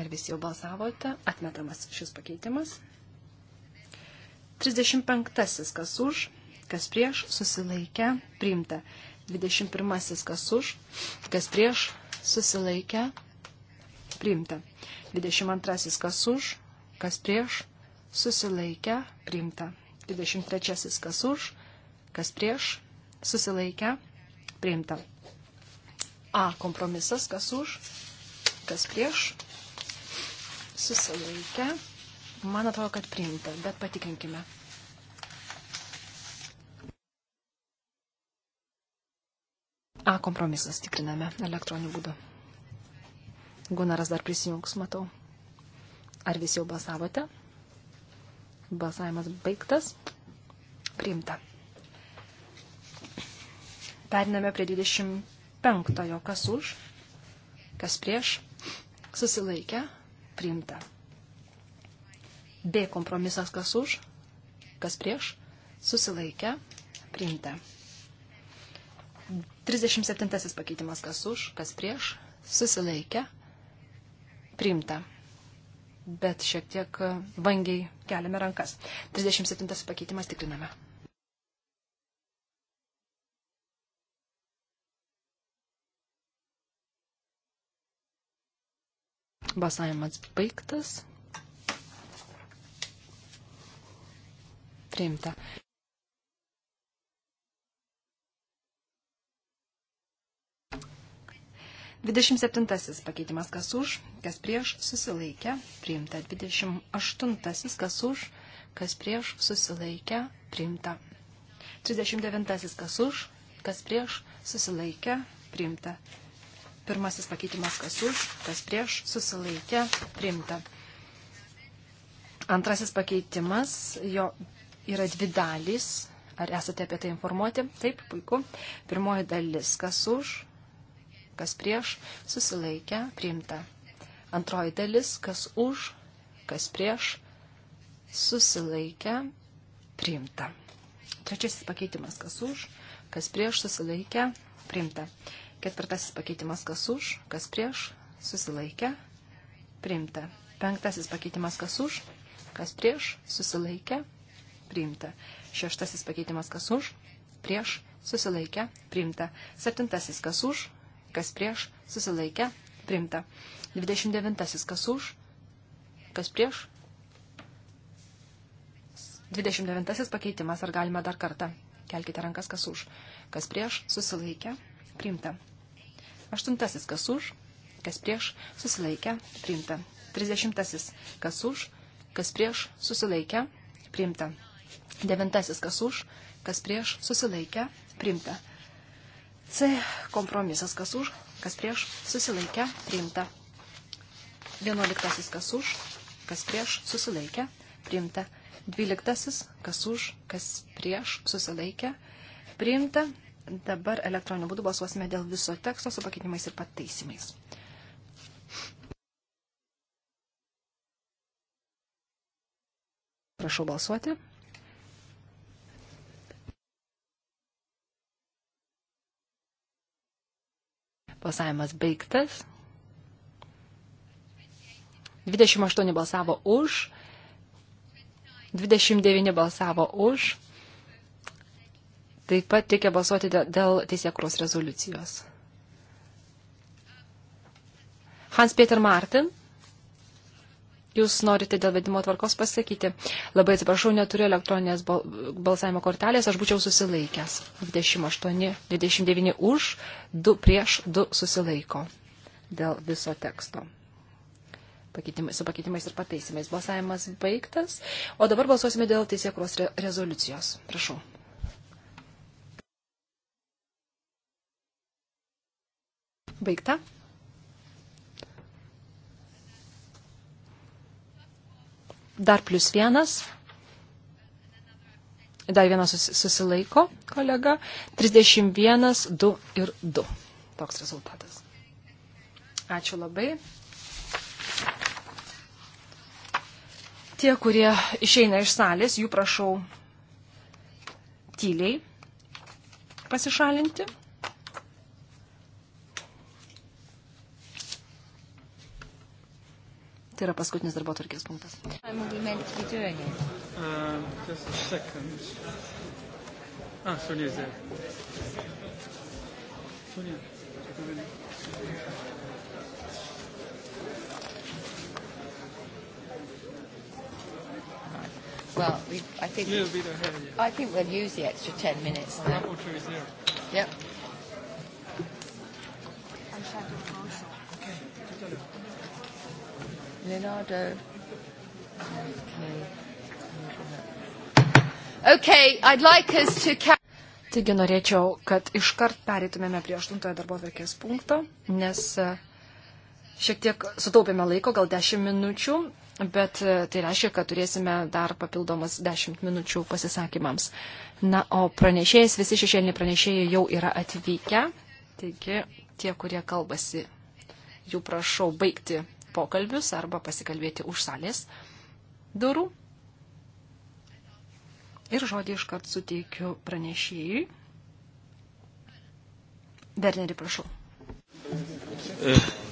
Ar visi jau balsavote? Atmetamas šis pakeitimas. 35. Kas už, kas prieš, susilaikę, priimta. 21. Kas už, kas prieš, susilaikę, priimta priimta. 22 kas už, kas prieš, susilaikę, priimta. 23 kas už, kas prieš, susilaikę, priimta. A kompromisas kas už, kas prieš, susilaikę, man atrodo, kad priimta, bet patikrinkime. A kompromisas tikriname elektroniniu būdu. Gunaras dar prisijungs, matau. Ar visi jau balsavote? Balsavimas baigtas. Priimta. Periname prie 25-ojo. Kas už, kas prieš, susilaikę, priimta. B kompromisas kas už, kas prieš, susilaikę, priimta. 37 pakeitimas kas už, kas prieš, susilaikę, priimta. Bet šiek tiek vangiai keliame rankas. 37 pakeitimas tikriname. Basavimas baigtas. Priimta. 27 pakeitimas kas už, kas prieš susilaikė, priimta. 28 kas už, kas prieš susilaikė, priimta. 39 kas už, kas prieš susilaikė, priimta. Pirmasis pakeitimas kas už, kas prieš susilaikė, priimta. Antrasis pakeitimas, jo yra dvi dalys. Ar esate apie tai informuoti? Taip, puiku. Pirmoji dalis, kas už, kas prieš, susilaikę, priimta. Antroji dalis, kas už, kas prieš, susilaikę, priimta. Trečiasis pakeitimas, kas už, kas prieš, susilaikę, priimta. Ketvirtasis pakeitimas, kas už, kas prieš, susilaikę, priimta. Penktasis pakeitimas, kas už, kas prieš, susilaikę, priimta. Šeštasis pakeitimas, kas už, prieš, susilaikę, priimta. Septintasis, kas už, kas prieš, susilaikė, priimta. 29. kas už, kas prieš. 29. pakeitimas, ar galime dar kartą. Kelkite rankas, kas už, kas prieš, susilaikė, priimta. 8. kas už, kas prieš, susilaikė, priimta. 30. kas už, kas prieš, susilaikė, priimta. 9. kas už, kas prieš, susilaikė, priimta. C kompromisas kas už, kas prieš, susilaikę, priimta. 11 kas už, kas prieš, susilaikę, priimta. 12 kas už, kas prieš, susilaikę, priimta. Dabar elektroniniu būdu balsuosime dėl viso teksto su pakeitimais ir pataisimais. Prašau balsuoti. Balsavimas baigtas. 28 balsavo už, 29 balsavo už. Taip pat reikia balsuoti dėl teisėkūros rezoliucijos. Hans Peter Martin. Jūs norite dėl vedimo tvarkos pasakyti. Labai atsiprašau, neturiu elektroninės bal balsavimo kortelės, aš būčiau susilaikęs. 28, 29 už, 2 prieš, 2 susilaiko dėl viso teksto. Pakeitimai, su pakeitimais ir pataisimais balsavimas baigtas. O dabar balsuosime dėl teisėkros re rezoliucijos. Prašau. Baigta. Dar plus vienas. Dar vienas susilaiko kolega. 31, 2 ir 2. Toks rezultatas. Ačiū labai. Tie, kurie išeina iš salės, jų prašau tyliai pasišalinti. Tai yra paskutinis darbo tvarkės punktas. Well, we, I think a little bit ahead, yeah. I think we'll use the extra ten minutes. Now. Yep. I'm shadow also. Leonardo. Okay, I'd like us to... Taigi norėčiau, kad iškart pereitumėme prie aštuntojo darbo verkės punkto, nes e, šiek tiek sutaupėme laiko, gal dešimt minučių, bet e, tai reiškia, kad turėsime dar papildomas dešimt minučių pasisakymams. Na, o pranešėjas, visi šešėliniai pranešėjai jau yra atvykę, taigi tie, kurie kalbasi, jų prašau baigti pokalbius arba pasikalbėti už salės durų. Ir žodį iškart suteikiu pranešėjui. Berneri, prašau.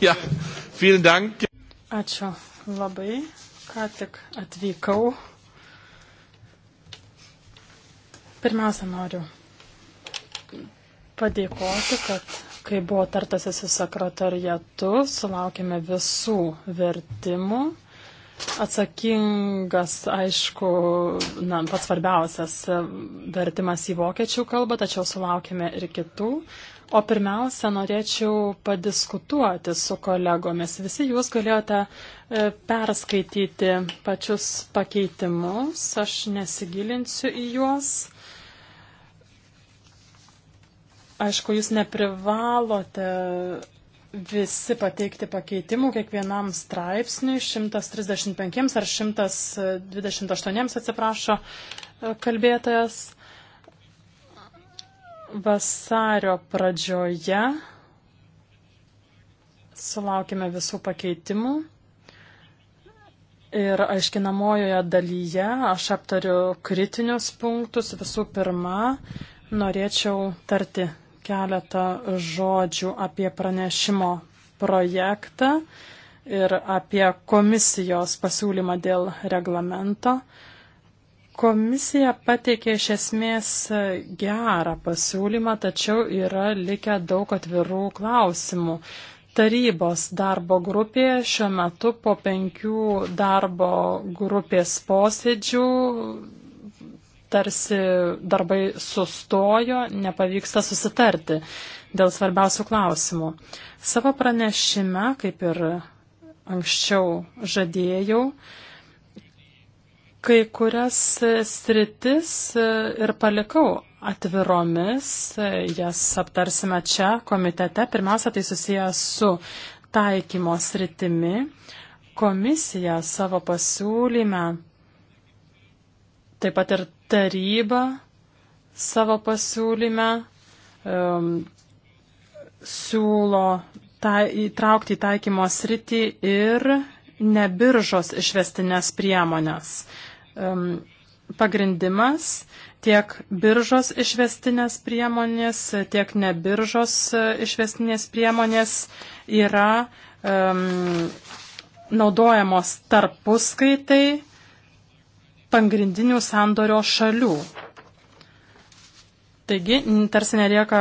Ja, vielen Dank. Ačiū labai, ką tik atvykau. Pirmiausia, noriu padėkoti, kad Kai buvo tartasi su sekretariatu, sulaukėme visų vertimų. Atsakingas, aišku, na, pats svarbiausias vertimas į vokiečių kalbą, tačiau sulaukėme ir kitų. O pirmiausia, norėčiau padiskutuoti su kolegomis. Visi jūs galėjote e, perskaityti pačius pakeitimus, aš nesigilinsiu į juos. Aišku, jūs neprivalote visi pateikti pakeitimų kiekvienam straipsniui 135 ar 128, atsiprašo e, kalbėtojas. Vasario pradžioje sulaukime visų pakeitimų. Ir aiškinamojoje dalyje aš aptariu kritinius punktus. Visų pirma, norėčiau tarti keletą žodžių apie pranešimo projektą ir apie komisijos pasiūlymą dėl reglamento. Komisija pateikė iš esmės gerą pasiūlymą, tačiau yra likę daug atvirų klausimų. Tarybos darbo grupėje šiuo metu po penkių darbo grupės posėdžių tarsi darbai sustojo, nepavyksta susitarti dėl svarbiausių klausimų. Savo pranešime, kaip ir anksčiau žadėjau, kai kurias sritis ir palikau atviromis, jas aptarsime čia komitete. Pirmiausia, tai susijęs su taikymo sritimi. Komisija savo pasiūlyme taip pat ir taryba savo pasiūlyme um, siūlo ta, įtraukti į taikymo sritį ir nebiržos išvestinės priemonės. Um, pagrindimas tiek biržos išvestinės priemonės, tiek nebiržos e, išvestinės priemonės yra um, naudojamos tarpuskaitai pagrindinių sandorio šalių. Taigi, tarsi nelieka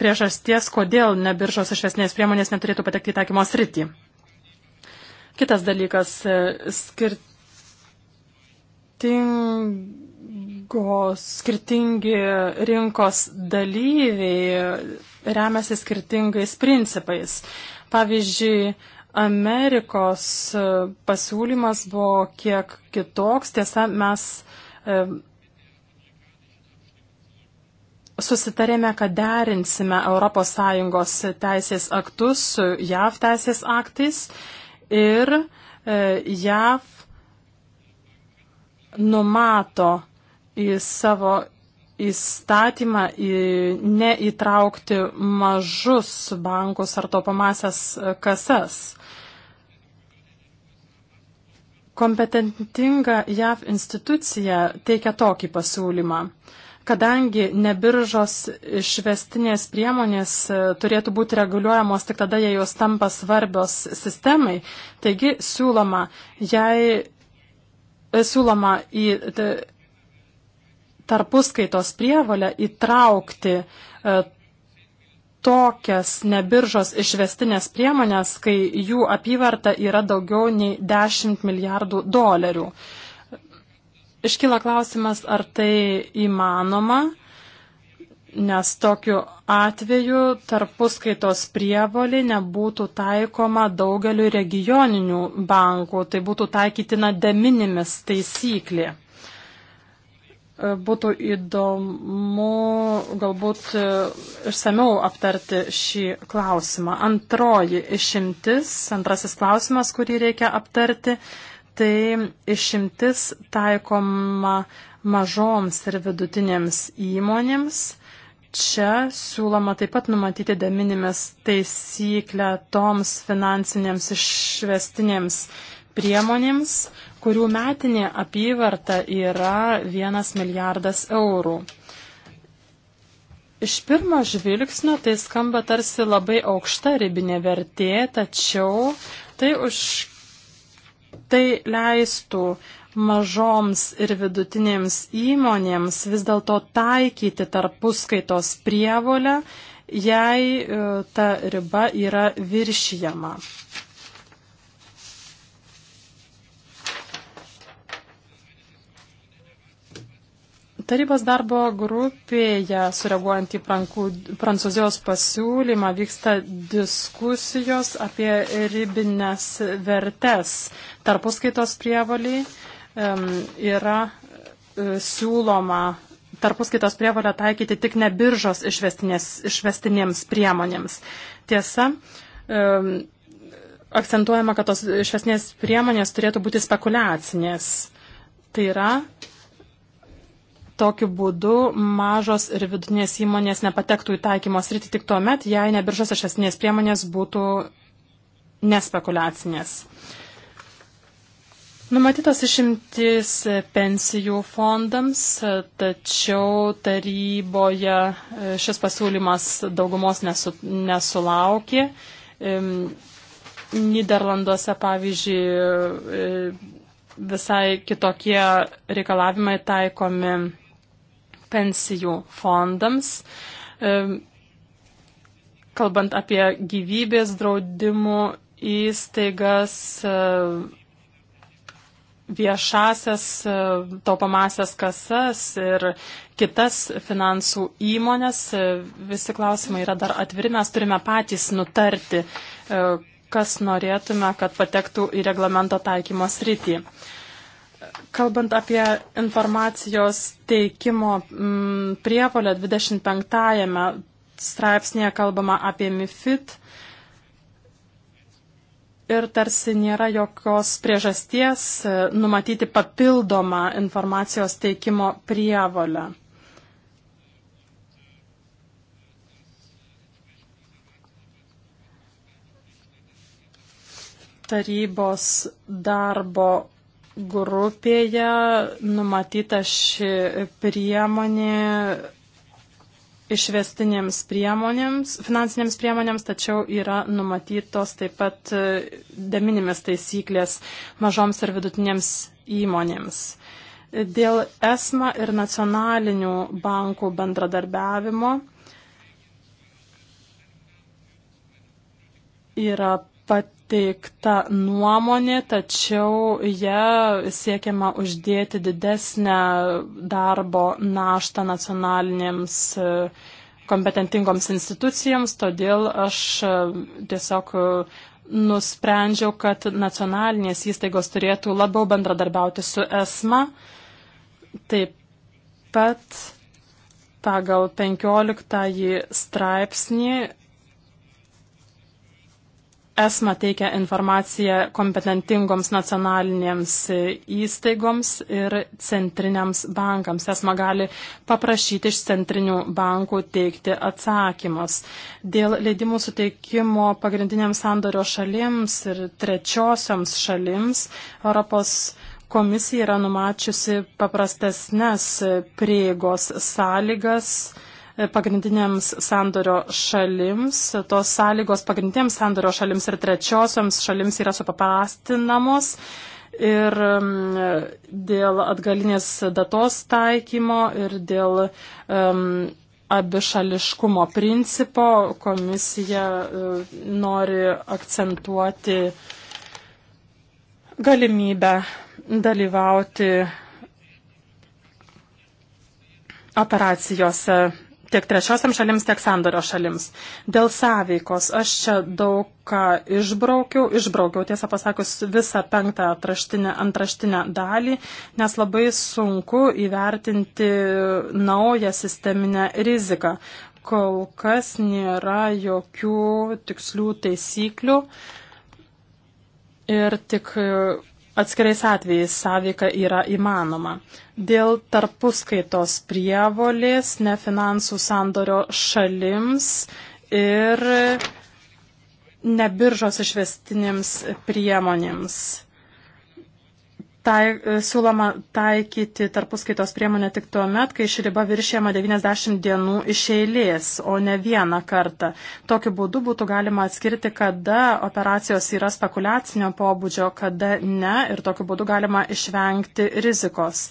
priežasties, kodėl nebiržos išvesnės priemonės neturėtų patekti į taikymo sritį. Kitas dalykas e, - skirtingos, skirtingi rinkos dalyviai remiasi skirtingais principais. Pavyzdžiui, Amerikos e, pasiūlymas buvo kiek kitoks. Tiesa, mes e, susitarėme, kad derinsime ES teisės aktus su JAV teisės aktais ir e, JAV numato į savo įstatymą į neįtraukti mažus bankus ar taupamasias kasas. Kompetentinga JAV institucija teikia tokį pasiūlymą. Kadangi nebiržos išvestinės priemonės e, turėtų būti reguliuojamos tik tada, jei jos tampa svarbios sistemai, taigi siūloma, jei e, siūloma į tarpuskaitos prievalę įtraukti e, tokias nebiržos išvestinės priemonės, kai jų apyvarta yra daugiau nei 10 milijardų dolerių. Iškyla klausimas, ar tai įmanoma, nes tokiu atveju tarpuskaitos prievolė nebūtų taikoma daugeliu regioninių bankų, tai būtų taikytina deminimis taisyklė. E, būtų įdomu galbūt e, išsameu aptarti šį klausimą. Antroji išimtis, antrasis klausimas, kurį reikia aptarti, tai išimtis taikoma mažoms ir vidutinėms įmonėms. Čia siūloma taip pat numatyti deminimis taisyklę toms finansinėms išvestinėms priemonėms, kurių metinė apyvarta yra 1 milijardas eurų. Iš pirmo žvilgsnio tai skamba tarsi labai aukšta ribinė vertė, tačiau tai už tai leistų mažoms ir vidutinėms įmonėms vis dėlto taikyti tarpuskaitos prievolę, jei e, ta riba yra viršijama. Tarybos darbo grupėje, sureaguojant į prankų, prancūzijos pasiūlymą, vyksta diskusijos apie ribinės vertes. Tarpuskaitos prievalį um, yra e, siūloma tarpuskaitos prievalę taikyti tik ne biržos išvestinėms priemonėms. Tiesa, um, akcentuojama, kad tos išvestinės priemonės turėtų būti spekulacinės. Tai yra, Tokiu būdu mažos ir vidutinės įmonės nepatektų į taikymo sritį tik tuo met, jei nebiržos išesnės priemonės būtų nespekulacinės. Numatytos išimtis pensijų fondams, tačiau taryboje e, šis pasiūlymas daugumos nesu, nesulaukė. Niderlanduose, pavyzdžiui, e, visai kitokie reikalavimai taikomi pensijų fondams, kalbant apie gyvybės draudimų įstaigas, viešasias taupamasias kasas ir kitas finansų įmonės. Visi klausimai yra dar atviri, mes turime patys nutarti, kas norėtume, kad patektų į reglamento taikymo sritį. Kalbant apie informacijos teikimo mm, prievolę 25-ame straipsnėje kalbama apie MIFID ir tarsi nėra jokios priežasties e, numatyti papildomą informacijos teikimo prievolę. Tarybos darbo grupėje numatyta ši priemonė išvestinėms priemonėms, finansinėms priemonėms, tačiau yra numatytos taip pat e, deminimis taisyklės mažoms ir vidutinėms įmonėms. Dėl ESMA ir nacionalinių bankų bendradarbiavimo yra pat pateikta nuomonė, tačiau ją siekiama uždėti didesnę darbo naštą nacionalinėms e, kompetentingoms institucijoms, todėl aš e, tiesiog e, nusprendžiau, kad nacionalinės įstaigos turėtų labiau bendradarbiauti su ESMA. Taip pat pagal 15 straipsnį ESMA teikia informaciją kompetentingoms nacionalinėms įstaigoms ir centriniams bankams. ESMA gali paprašyti iš centrinių bankų teikti atsakymus. Dėl leidimų suteikimo pagrindiniams sandorio šalims ir trečiosioms šalims Europos komisija yra numačiusi paprastesnės prieigos sąlygas pagrindinėms sandorio šalims. Tos sąlygos pagrindinėms sandorio šalims ir trečiosioms šalims yra supaprastinamos. Ir um, dėl atgalinės datos taikymo ir dėl um, abišališkumo principo komisija uh, nori akcentuoti galimybę dalyvauti operacijose tiek trečiosiam šalims, tiek sandorio šalims. Dėl sąveikos aš čia daug ką išbraukiau, išbraukiau tiesą pasakius visą penktą antraštinę, antraštinę dalį, nes labai sunku įvertinti naują sisteminę riziką. Kol kas nėra jokių tikslių taisyklių ir tik atskirais atvejais sąveika yra įmanoma. Dėl tarpuskaitos prievolės nefinansų sandorio šalims ir nebiržos išvestinėms priemonėms tai, e, siūloma taikyti tarpuskaitos priemonę tik tuo met, kai ši riba viršėma 90 dienų iš eilės, o ne vieną kartą. Tokiu būdu būtų galima atskirti, kada operacijos yra spekulacinio pobūdžio, kada ne, ir tokiu būdu galima išvengti rizikos.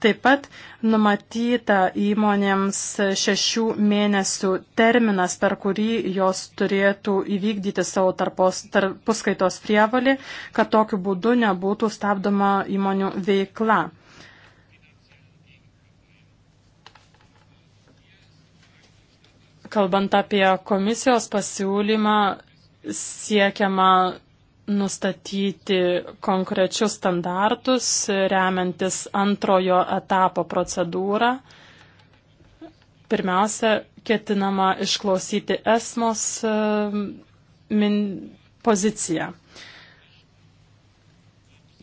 Taip pat numatyta įmonėms šešių mėnesių terminas, per kurį jos turėtų įvykdyti savo tarpos, tarpuskaitos prievalį, kad tokiu būdu nebūtų stabdoma įmonių veikla. Kalbant apie komisijos pasiūlymą, siekiama nustatyti konkrečius standartus, remiantis antrojo etapo procedūrą. Pirmiausia, ketinama išklausyti esmos e, min, poziciją.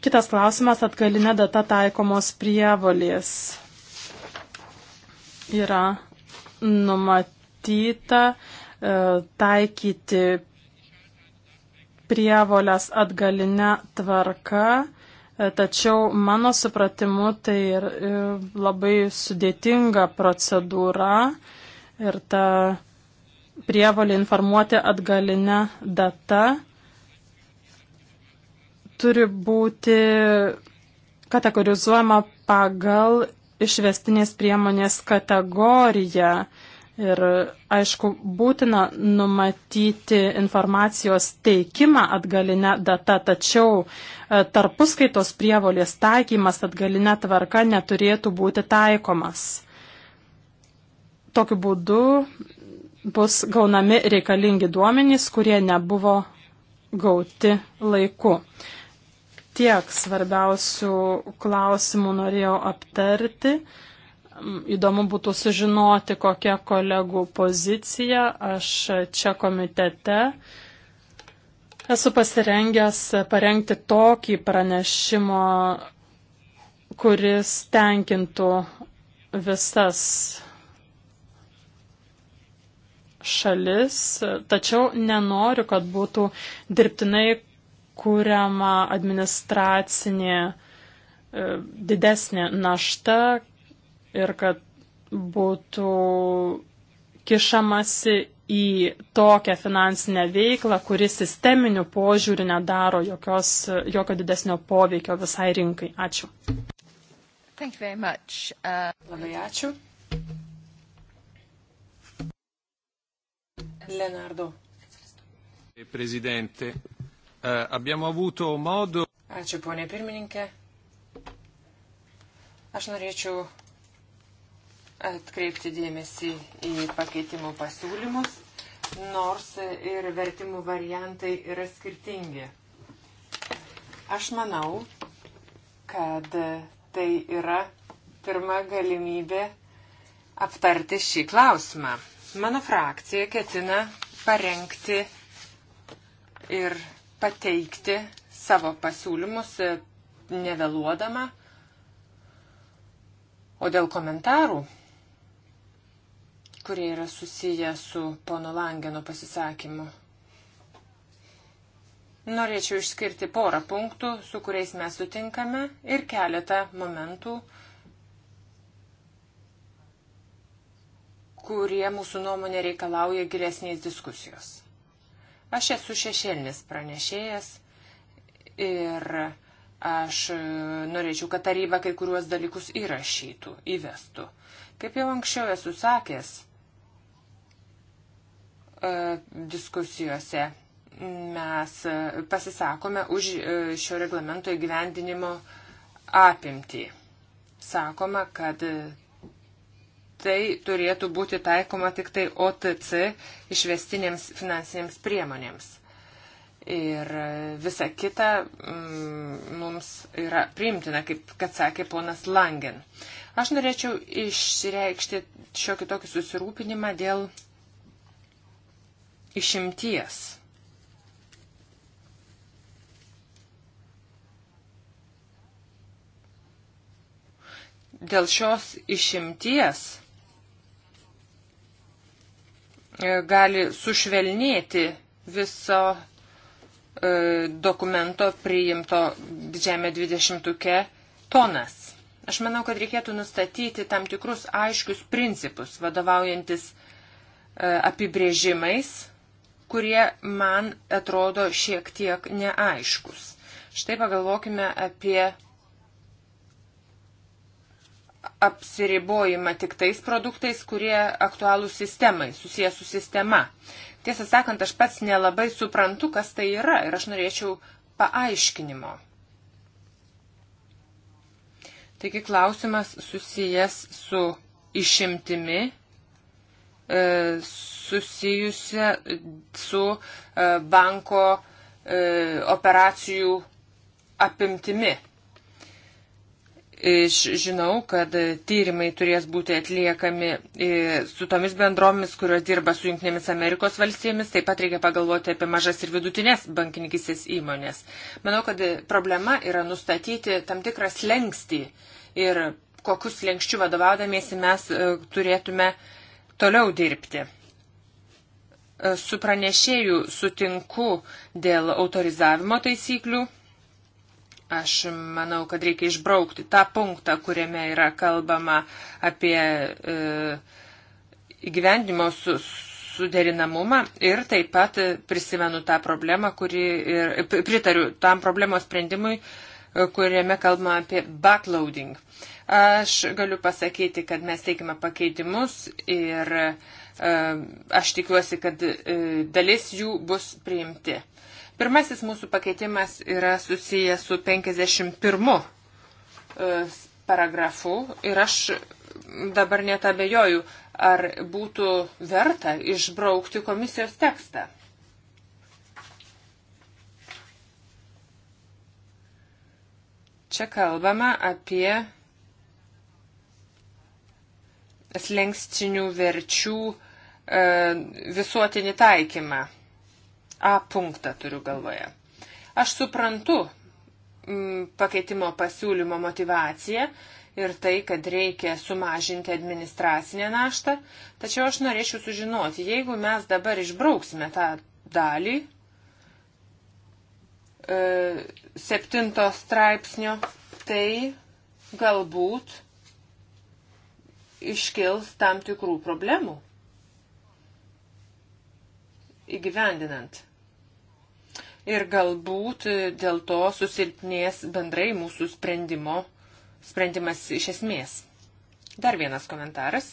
Kitas klausimas - atgalinė data taikomos prievolės yra numatyta e, taikyti prievolės atgalinę tvarką, e, tačiau mano supratimu tai ir e, labai sudėtinga procedūra ir ta prievolė informuoti atgalinę datą turi būti kategorizuojama pagal išvestinės priemonės kategoriją. Ir aišku, būtina numatyti informacijos teikimą atgalinę datą, tačiau e, tarpuskaitos prievolės taikymas atgalinę tvarką neturėtų būti taikomas. Tokiu būdu bus gaunami reikalingi duomenys, kurie nebuvo gauti laiku. Tiek svarbiausių klausimų norėjau aptarti. Įdomu būtų sužinoti, kokia kolegų pozicija. Aš čia komitete esu pasirengęs parengti tokį pranešimo, kuris tenkintų visas šalis, tačiau nenoriu, kad būtų dirbtinai kuriama administracinė e, didesnė našta, ir kad būtų kišamasi į tokią finansinę veiklą, kuri sisteminiu požiūriu nedaro jokios, jokio didesnio poveikio visai rinkai. Ačiū. Uh... Labai ačiū. Leonardo. Prezidente, uh, eh, abbiamo avuto modo. Ačiū, ponė pirmininkė. Aš norėčiau atkreipti dėmesį į pakeitimų pasiūlymus, nors ir vertimų variantai yra skirtingi. Aš manau, kad tai yra pirma galimybė aptarti šį klausimą. Mano frakcija ketina parengti ir pateikti savo pasiūlymus e, nevėluodama. O dėl komentarų kurie yra susiję su pono Langeno pasisakymu. Norėčiau išskirti porą punktų, su kuriais mes sutinkame, ir keletą momentų, kurie mūsų nuomonė reikalauja gilesnės diskusijos. Aš esu šešėlinis pranešėjas ir aš e, norėčiau, kad taryba kai kuriuos dalykus įrašytų, įvestų. Kaip jau anksčiau esu sakęs, E, diskusijose mes e, pasisakome už e, šio reglamento įgyvendinimo apimtį. Sakoma, kad tai turėtų būti taikoma tik tai OTC išvestinėms finansinėms priemonėms. Ir visa kita mm, mums yra priimtina, kaip kad sakė ponas Langen. Aš norėčiau išreikšti šiokį tokį susirūpinimą dėl išimties. Dėl šios išimties e, gali sušvelnėti viso e, dokumento priimto didžiame 20-uke tonas. Aš manau, kad reikėtų nustatyti tam tikrus aiškius principus, vadovaujantis e, apibrėžimais, kurie man atrodo šiek tiek neaiškus. Štai pagalvokime apie apsiribojimą tik tais produktais, kurie aktualūs sistemai, susijęs su sistema. Tiesą sakant, aš pats nelabai suprantu, kas tai yra ir aš norėčiau paaiškinimo. Taigi klausimas susijęs su išimtimi E, susijusi su e, banko e, operacijų apimtimi. Iš žinau, kad tyrimai turės būti atliekami su tomis bendromis, kurios dirba su Junktinėmis Amerikos valstybėmis, taip pat reikia pagalvoti apie mažas ir vidutinės bankininkisės įmonės. Manau, kad problema yra nustatyti tam tikrą slengstį ir kokius slengščių vadovaudamiesi mes turėtume uh, toliau dirbti. E, su pranešėju sutinku dėl autorizavimo taisyklių. Aš manau, kad reikia išbraukti tą punktą, kuriame yra kalbama apie e, įgyvendimo su, suderinamumą ir taip pat prisimenu tą problemą, kuri ir pritariu tam problemos sprendimui, e, kuriame kalbama apie backloading. E, Aš galiu pasakyti, kad mes teikime pakeitimus ir e, aš tikiuosi, kad e, dalis jų bus priimti. Pirmasis mūsų pakeitimas yra susijęs su 51 e, paragrafu ir aš dabar net abejoju, ar būtų verta išbraukti komisijos tekstą. Čia kalbama apie slengstinių verčių e, visuotinį taikymą. A punktą turiu galvoje. Aš suprantu mm, pakeitimo pasiūlymo motivaciją ir tai, kad reikia sumažinti administracinę naštą, tačiau aš norėčiau sužinoti, jeigu mes dabar išbrauksime tą dalį e, septinto straipsnio, tai galbūt iškils tam tikrų problemų įgyvendinant. Ir galbūt dėl to susilpnės bendrai mūsų sprendimo, sprendimas iš esmės. Dar vienas komentaras.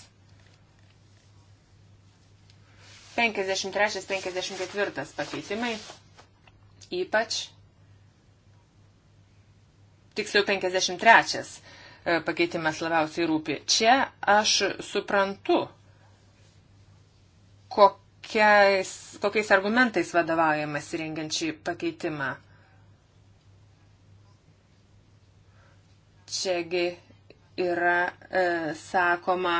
53-54 pakeitimai. Ypač. Tiksliau 53 E, pakeitimas labiausiai rūpi. Čia aš suprantu, kokiais, kokiais argumentais vadovaujamas rengiant šį pakeitimą. Čiagi yra e, sakoma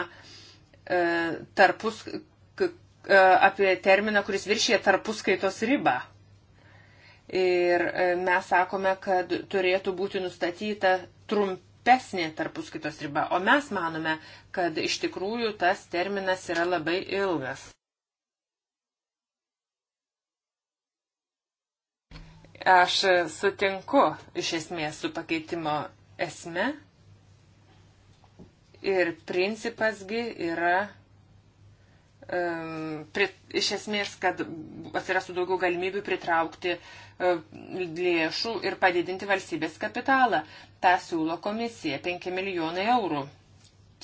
e, tarpus, k, e, apie terminą, kuris viršyje tarpuskaitos ribą. Ir e, mes sakome, kad turėtų būti nustatyta trumpa trumpesnė tarpuskaitos riba, o mes manome, kad iš tikrųjų tas terminas yra labai ilgas. Aš sutinku iš esmės su pakeitimo esme ir principasgi yra prit, iš esmės, kad atsirastų daugiau galimybių pritraukti lėšų ir padidinti valstybės kapitalą. Ta siūlo komisija 5 milijonai eurų.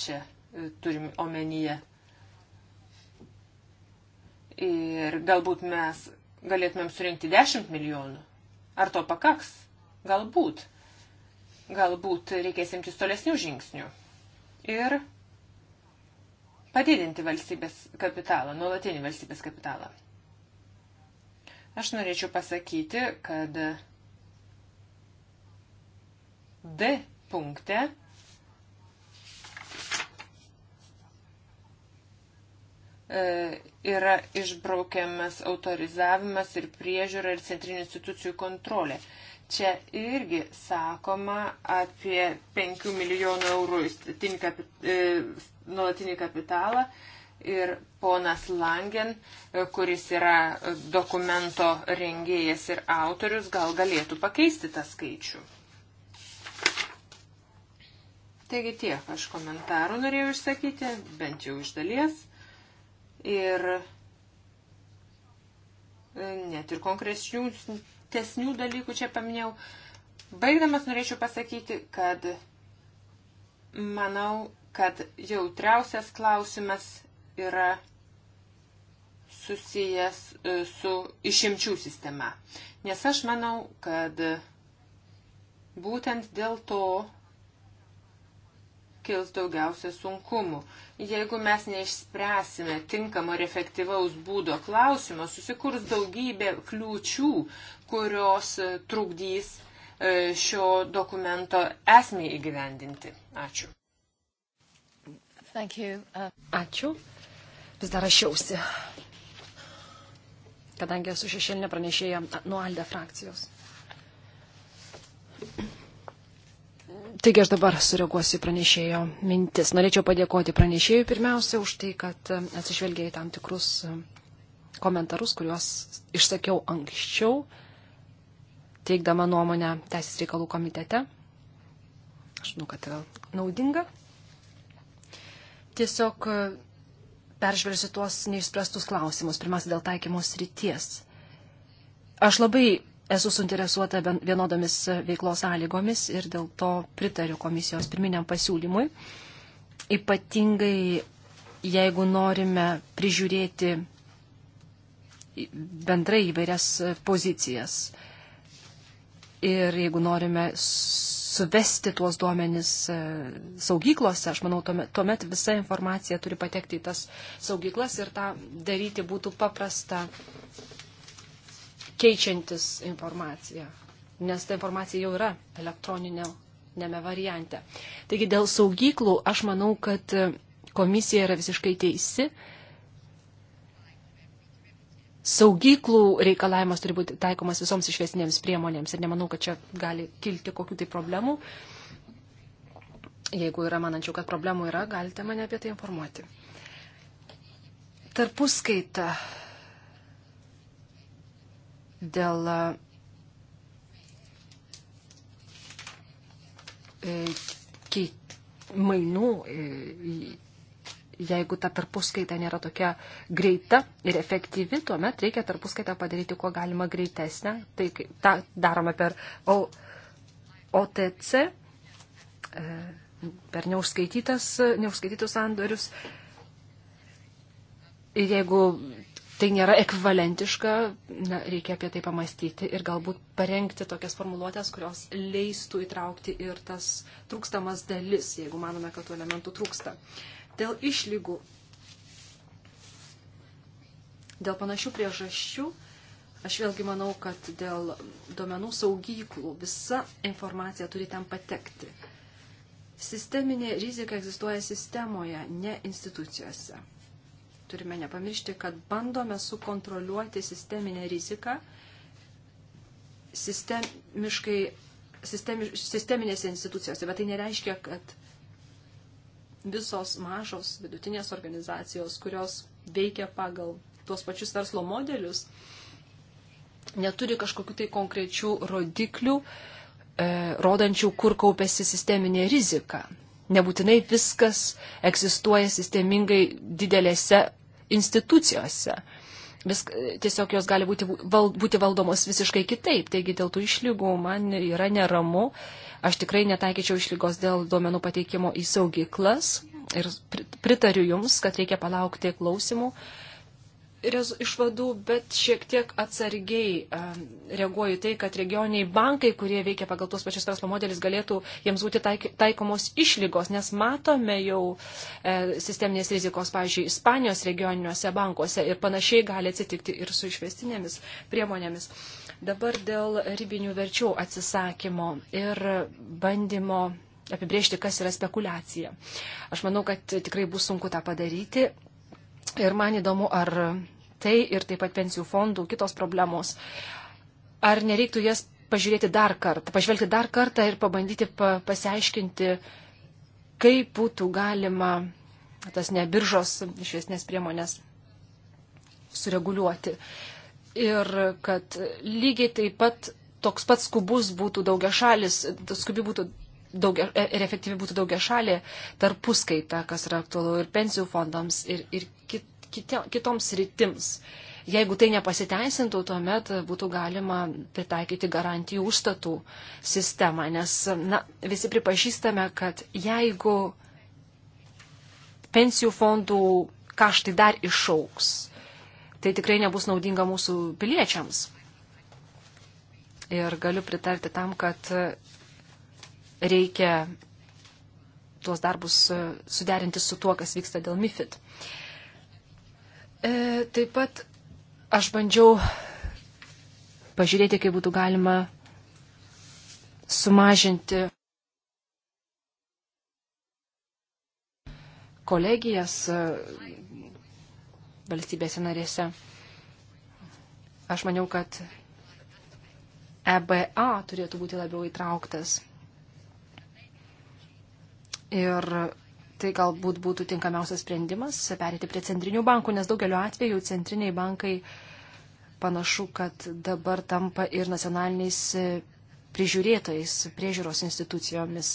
Čia e, turim omenyje. Ir galbūt mes galėtumėm surinkti 10 milijonų. Ar to pakaks? Galbūt. Galbūt reikės imtis tolesnių žingsnių. Ir padidinti valstybės kapitalą, nuolatinį valstybės kapitalą. Aš norėčiau pasakyti, kad D punkte e, yra išbraukiamas autorizavimas ir priežiūra ir centrinių institucijų kontrolė. Čia irgi sakoma apie 5 milijonų eurų e, nuolatinį kapitalą ir ponas Langen, e, kuris yra e, dokumento rengėjas ir autorius, gal galėtų pakeisti tą skaičių. Taigi tiek, aš komentarų norėjau išsakyti, bent jau iš dalies. Ir net ir konkrečių platesnių dalykų čia paminėjau. Baigdamas norėčiau pasakyti, kad manau, kad jautriausias klausimas yra susijęs e, su išimčių sistema. Nes aš manau, kad būtent dėl to kils daugiausia sunkumų. Jeigu mes neišspręsime tinkamo ir efektyvaus būdo klausimo, susikurs daugybė kliūčių, kurios e, trukdys e, šio dokumento esmį įgyvendinti. Ačiū. Uh... Ačiū. Vis dar rašiausi, kadangi esu šešėlinė pranešėja nuo Alde frakcijos. Thank you. Taigi aš dabar sureaguosiu pranešėjo mintis. Norėčiau padėkoti pranešėjui pirmiausia už tai, kad e, atsižvelgė į tam tikrus e, komentarus, kuriuos išsakiau anksčiau, teikdama nuomonę Teisės reikalų komitete. Aš žinau, kad tai yra naudinga. Tiesiog e, peržvelgsiu tuos neišspręstus klausimus, pirmiausia dėl taikymos ryties. Aš labai esu suinteresuota vienodomis e, veiklos sąlygomis ir dėl to pritariu komisijos pirminiam pasiūlymui. Ypatingai jeigu norime prižiūrėti bendrai įvairias e, pozicijas ir jeigu norime suvesti tuos duomenis e, saugyklose, aš manau, tuomet, tuomet visa informacija turi patekti į tas saugyklas ir tą daryti būtų paprasta keičiantis informaciją, nes ta informacija jau yra elektroninėme variante. Taigi dėl saugyklų aš manau, kad komisija yra visiškai teisi. Saugyklų reikalavimas turi būti taikomas visoms išvesnėms priemonėms ir nemanau, kad čia gali kilti kokių tai problemų. Jeigu yra, manančiau, kad problemų yra, galite mane apie tai informuoti. Tarpuskaita dėl e, mainų, e, jeigu ta tarpuskaita nėra tokia greita ir efektyvi, tuomet reikia tarpuskaitą padaryti kuo galima greitesnę. Tai tą darome per OTC, e, per neužskaitytus sandorius. Ir jeigu tai nėra ekvivalentiška, na, reikia apie tai pamastyti ir galbūt parengti tokias formuluotės, kurios leistų įtraukti ir tas trūkstamas dalis, jeigu manome, kad tų elementų trūksta. Dėl išlygų, dėl panašių priežasčių, Aš vėlgi manau, kad dėl duomenų saugyklų visa informacija turi ten patekti. Sisteminė rizika egzistuoja sistemoje, ne institucijose turime nepamiršti, kad bandome sukontroliuoti sisteminę riziką, sistemiškai, sistemi, sisteminės institucijos, bet tai nereiškia, kad visos mažos vidutinės organizacijos, kurios veikia pagal tuos pačius verslo modelius, neturi kažkokiu tai konkrečių rodiklių, e, rodančių, kur kaupėsi sisteminė rizika. Nebūtinai viskas egzistuoja sistemingai didelėse institucijose. Vis, tiesiog jos gali būti, val, būti valdomos visiškai kitaip. Taigi dėl tų išlygų man yra neramu. Aš tikrai netaikyčiau išlygos dėl duomenų pateikimo į saugyklas. Ir pritariu Jums, kad reikia palaukti klausimų išvadų, bet šiek tiek atsargiai e, reaguoju tai, kad regioniniai bankai, kurie veikia pagal tuos pačius verslo modelius, galėtų jiems būti taik, taikomos išlygos, nes matome jau e, sisteminės rizikos, pavyzdžiui, Ispanijos regioniniuose bankuose ir panašiai gali atsitikti ir su išvestinėmis priemonėmis. Dabar dėl ribinių verčių atsisakymo ir bandymo apibriežti, kas yra spekulacija. Aš manau, kad tikrai bus sunku tą padaryti, Ir man įdomu, ar tai ir taip pat pensijų fondų kitos problemos, ar nereiktų jas pažiūrėti dar kartą, pažvelgti dar kartą ir pabandyti pa pasiaiškinti, kaip būtų galima tas nebiržos išvesnės priemonės sureguliuoti. Ir kad lygiai taip pat toks pats skubus būtų daugia šalis, skubi būtų daugia, e, ir efektyvi būtų daugia šalė tarpuskaita, kas yra aktualu ir pensijų fondams, ir, ir kit, kito, kitoms rytims. Jeigu tai nepasiteisintų, tuomet būtų galima pritaikyti garantijų užstatų sistemą, nes na, visi pripažįstame, kad jeigu pensijų fondų kaštai dar išauks, tai tikrai nebus naudinga mūsų piliečiams. Ir galiu pritarti tam, kad reikia tuos darbus e, suderinti su tuo, kas vyksta dėl MIFID. E, taip pat aš bandžiau pažiūrėti, kaip būtų galima sumažinti kolegijas e, valstybėse narėse. Aš maniau, kad EBA turėtų būti labiau įtrauktas Ir tai galbūt būtų tinkamiausias sprendimas perėti prie centrinių bankų, nes daugeliu atveju centriniai bankai panašu, kad dabar tampa ir nacionaliniais prižiūrėtojais, priežiūros institucijomis.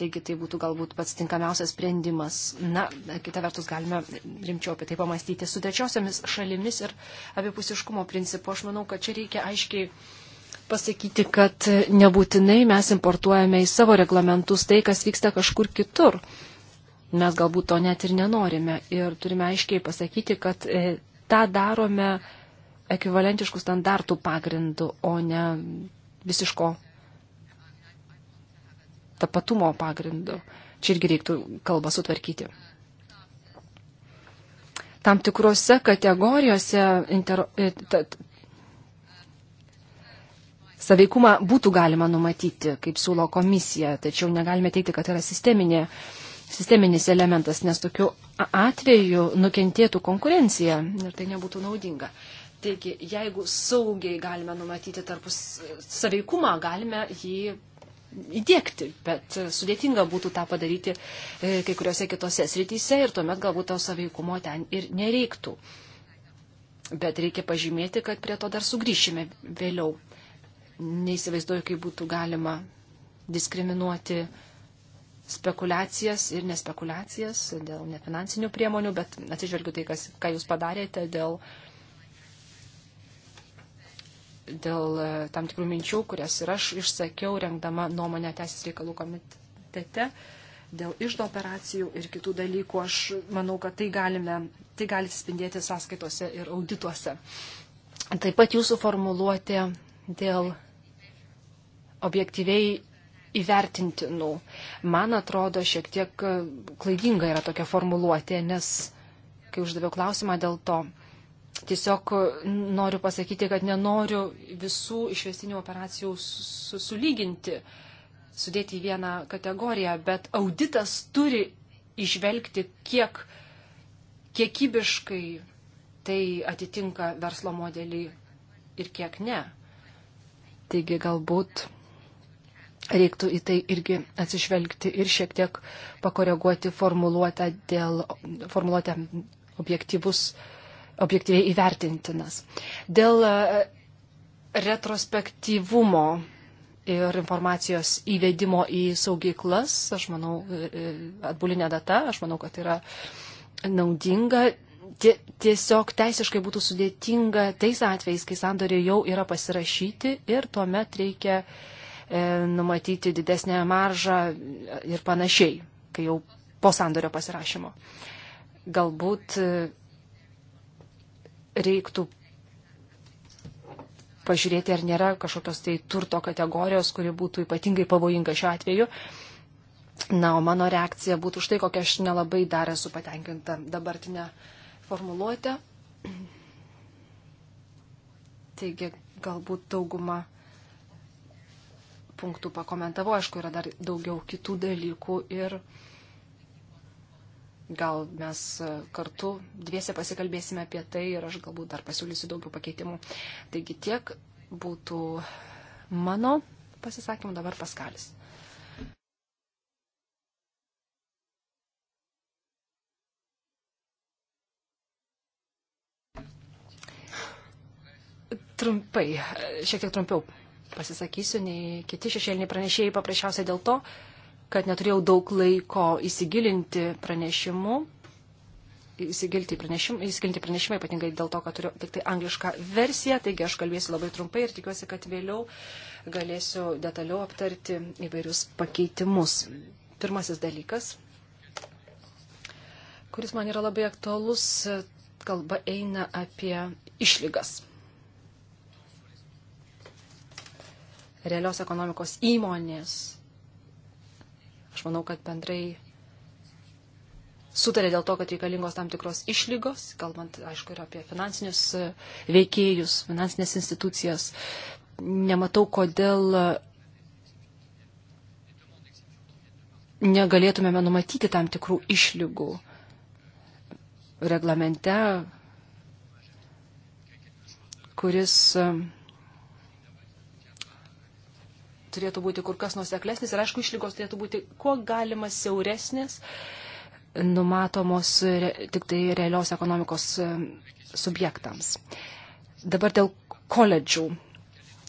Taigi tai būtų galbūt pats tinkamiausias sprendimas. Na, kita vertus galime rimčiau apie tai pamastyti. Su trečiosiamis šalimis ir abipusiškumo principu aš manau, kad čia reikia aiškiai pasakyti, kad nebūtinai mes importuojame į savo reglamentus tai, kas vyksta kažkur kitur. Mes galbūt to net ir nenorime. Ir turime aiškiai pasakyti, kad e, tą darome ekvivalentiškų standartų pagrindų, o ne visiško tapatumo pagrindų. Čia irgi reiktų kalbą sutvarkyti. Tam tikrose kategorijose inter, e, saveikumą būtų galima numatyti, kaip siūlo komisija, tačiau negalime teikti, kad tai yra sisteminė, sisteminis elementas, nes tokiu atveju nukentėtų konkurencija ir tai nebūtų naudinga. Taigi, jeigu saugiai galime numatyti tarpus saveikumą, galime jį įdėkti, bet sudėtinga būtų tą padaryti e, kai kuriuose kitose srityse ir tuomet galbūt to saveikumo ten ir nereiktų. Bet reikia pažymėti, kad prie to dar sugrįšime vėliau neįsivaizduoju, kaip būtų galima diskriminuoti spekulacijas ir nespekulacijas dėl nefinansinių priemonių, bet atsižvelgiu tai, kas, ką jūs padarėte dėl, dėl e, tam tikrų minčių, kurias ir aš išsakiau, rengdama nuomonę Teisės reikalų komitete, dėl išdo operacijų ir kitų dalykų. Aš manau, kad tai, galime, tai gali spindėti sąskaitose ir audituose. Taip pat jūsų formuluotė dėl objektyviai įvertintinų. Man atrodo, šiek tiek e, klaidinga yra tokia formuluotė, nes kai uždaviau klausimą dėl to, tiesiog e, noriu pasakyti, kad nenoriu visų išvestinių operacijų sulyginti, sudėti į vieną kategoriją, bet auditas turi išvelgti, kiek kiekybiškai tai atitinka verslo modelį ir kiek ne. Taigi galbūt reiktų į tai irgi atsižvelgti ir šiek tiek pakoreguoti formuluotę dėl formuluotę objektyvus, objektyviai įvertintinas. Dėl e, retrospektyvumo ir informacijos įvedimo į saugyklas, aš manau, e, e, atbulinė data, aš manau, kad yra naudinga. Tiesiog teisiškai būtų sudėtinga tais atvejais, kai sandoriai jau yra pasirašyti ir tuomet reikia uh, E, numatyti didesnę maržą ir panašiai, kai jau po sandorio pasirašymo. Galbūt e, reiktų pažiūrėti, ar nėra kažkokios tai turto kategorijos, kuri būtų ypatingai pavojinga šiuo atveju. Na, o mano reakcija būtų štai, kokia aš nelabai dar esu patenkinta dabartinę formuluotę. Taigi, galbūt dauguma punktų pakomentavo, aišku, yra dar daugiau kitų dalykų ir gal mes kartu dviese pasikalbėsime apie tai ir aš galbūt dar pasiūlysiu daugiau pakeitimų. Taigi tiek būtų mano pasisakymų dabar paskalis. Trumpai, šiek tiek trumpiau pasisakysiu, nei kiti šešėliniai pranešėjai paprasčiausiai dėl to, kad neturėjau daug laiko įsigilinti pranešimu, įsigilinti pranešimą, įsigilinti pranešimą ypatingai dėl to, kad turiu tik tai anglišką versiją, taigi aš kalbėsiu labai trumpai ir tikiuosi, kad vėliau galėsiu detaliau aptarti įvairius pakeitimus. Pirmasis dalykas, kuris man yra labai aktualus, kalba eina apie išlygas realios ekonomikos įmonės. Aš manau, kad bendrai sutarė dėl to, kad reikalingos tam tikros išlygos, kalbant, aišku, ir apie finansinius e, veikėjus, finansinės institucijas. Nematau, kodėl negalėtumėme numatyti tam tikrų išlygų reglamente, kuris e, turėtų būti kur kas nuseklesnis ir, aišku, išlygos turėtų būti kuo galima siauresnės, numatomos re, tik tai realios ekonomikos e, subjektams. Dabar dėl koledžių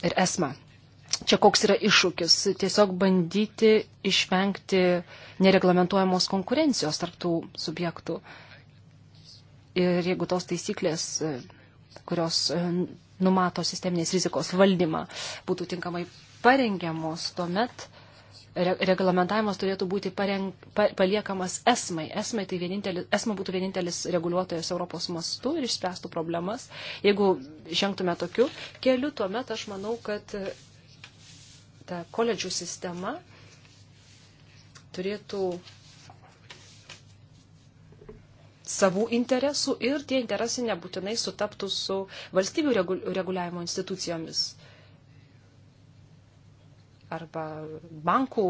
ir esma. Čia koks yra iššūkis? Tiesiog bandyti išvengti nereglamentuojamos konkurencijos tarptų subjektų. Ir jeigu tos taisyklės, e, kurios e, numato sisteminės rizikos valdymą, būtų tinkamai parengiamos, tuomet reglamentavimas turėtų būti pareng, pa, paliekamas esmai. Esmai tai esma būtų vienintelis reguliuotojas Europos mastu ir išspręstų problemas. Jeigu žengtume tokiu keliu, tuomet aš manau, kad ta koledžių sistema turėtų savų interesų ir tie interesai nebūtinai sutaptų su valstybių reguliavimo institucijomis arba bankų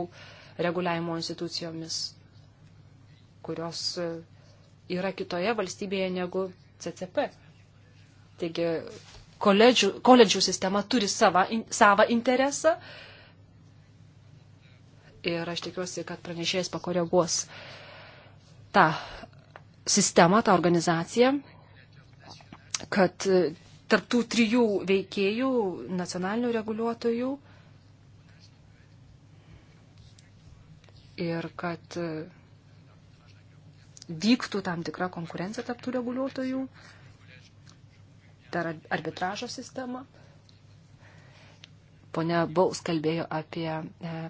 reguliavimo institucijomis, kurios e, yra kitoje valstybėje negu CCP. Taigi koledžių, koledžių sistema turi sava, in, savą interesą ir aš tikiuosi, kad pranešėjas pakoreguos tą sistemą, tą organizaciją, kad e, tarptų trijų veikėjų, nacionalinių reguliuotojų, ir kad e, vyktų tam tikra konkurencija taptų reguliuotojų, dar arbitražo sistema. Pone Baus kalbėjo apie e,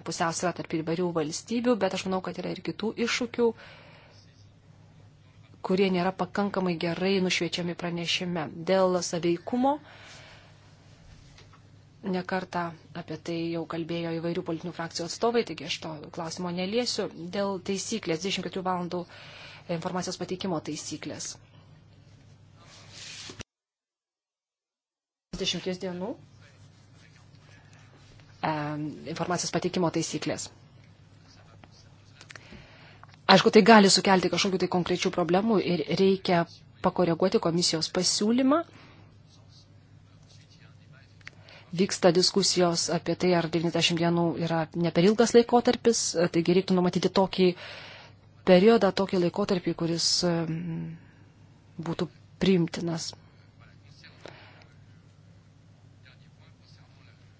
pusiausvę tarp įvairių valstybių, bet aš manau, kad yra ir kitų iššūkių, kurie nėra pakankamai gerai nušviečiami pranešime. Dėl saveikumo, uh, nekarta apie tai jau kalbėjo įvairių politinių frakcijų atstovai, taigi aš to klausimo neliesiu. Dėl taisyklės, 24 valandų informacijos pateikimo taisyklės. 10 dienų e, informacijos pateikimo taisyklės. Aišku, tai gali sukelti kažkokiu tai konkrečių problemų ir reikia pakoreguoti komisijos pasiūlymą vyksta diskusijos apie tai, ar 90 dienų yra neper ilgas laikotarpis, e, taigi reiktų numatyti tokį periodą, tokį laikotarpį, kuris e, būtų priimtinas.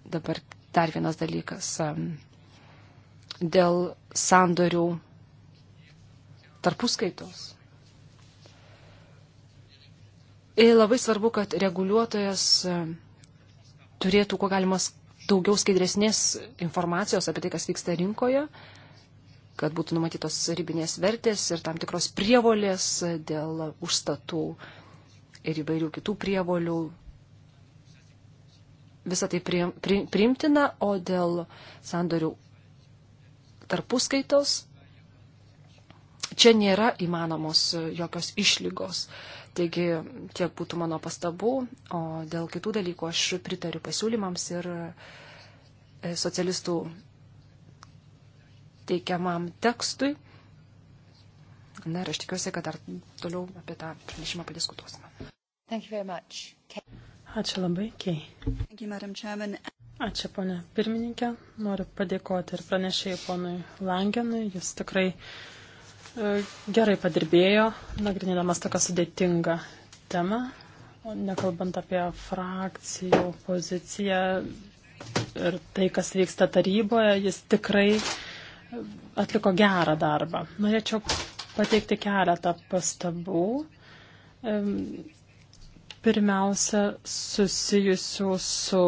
Dabar dar vienas dalykas e, dėl sandorių tarpuskaitos. Ir labai svarbu, kad reguliuotojas turėtų kuo galima daugiau skaidresnės informacijos apie tai, kas vyksta rinkoje, kad būtų numatytos ribinės vertės ir tam tikros prievolės dėl užstatų ir įvairių kitų prievolių. Visą tai priimtina, o dėl sandorių tarpuskaitos čia nėra įmanomos jokios išlygos. Taigi tiek būtų mano pastabų, o dėl kitų dalykų aš pritariu pasiūlymams ir e, socialistų teikiamam tekstui. Na ir aš tikiuosi, kad dar toliau apie tą pranešimą padiskutuosime. Ačiū labai, Kei. Ačiū, ponė pirmininkė. Noriu padėkoti ir pranešėjai ponui Langenui. Jis tikrai uh, E, gerai padirbėjo, nagrinėdamas tokią sudėtingą temą, nekalbant apie frakcijų poziciją ir tai, kas vyksta taryboje, jis tikrai atliko gerą darbą. Norėčiau pateikti keletą pastabų pirmiausia susijusių su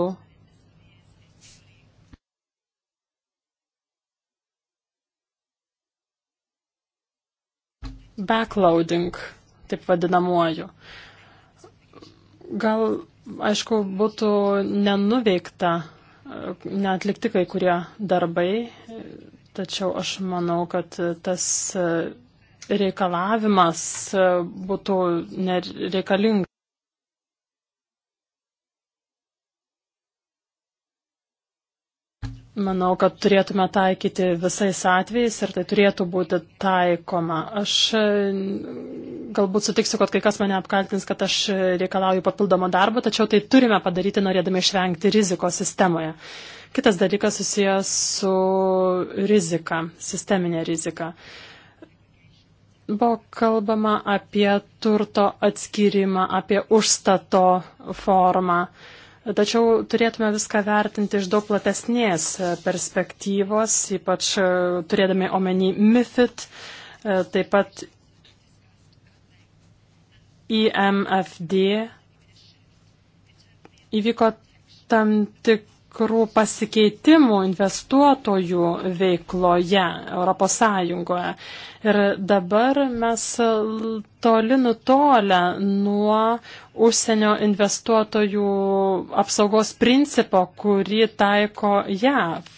backloading, taip vadinamuoju. Gal, aišku, būtų nenuveikta, neatlikti kai kurie darbai, tačiau aš manau, kad tas reikalavimas būtų nereikalingas. Manau, kad turėtume taikyti visais atvejais ir tai turėtų būti taikoma. Aš e, galbūt sutiksiu, kad kai kas mane apkaltins, kad aš reikalauju papildomo darbo, tačiau tai turime padaryti norėdami išvengti rizikos sistemoje. Kitas dalykas susijęs su rizika, sisteminė rizika. Buvo kalbama apie turto atskirimą, apie užstato formą. Uh, Tačiau turėtume viską vertinti iš daug platesnės e, perspektyvos, ypač e, turėdami omeny MIFID, e, taip pat IMFD. Įvyko tam tik tikrų pasikeitimų investuotojų veikloje Europos Sąjungoje. Ir dabar mes toli nutolę nuo užsienio investuotojų apsaugos principo, kurį taiko JAV.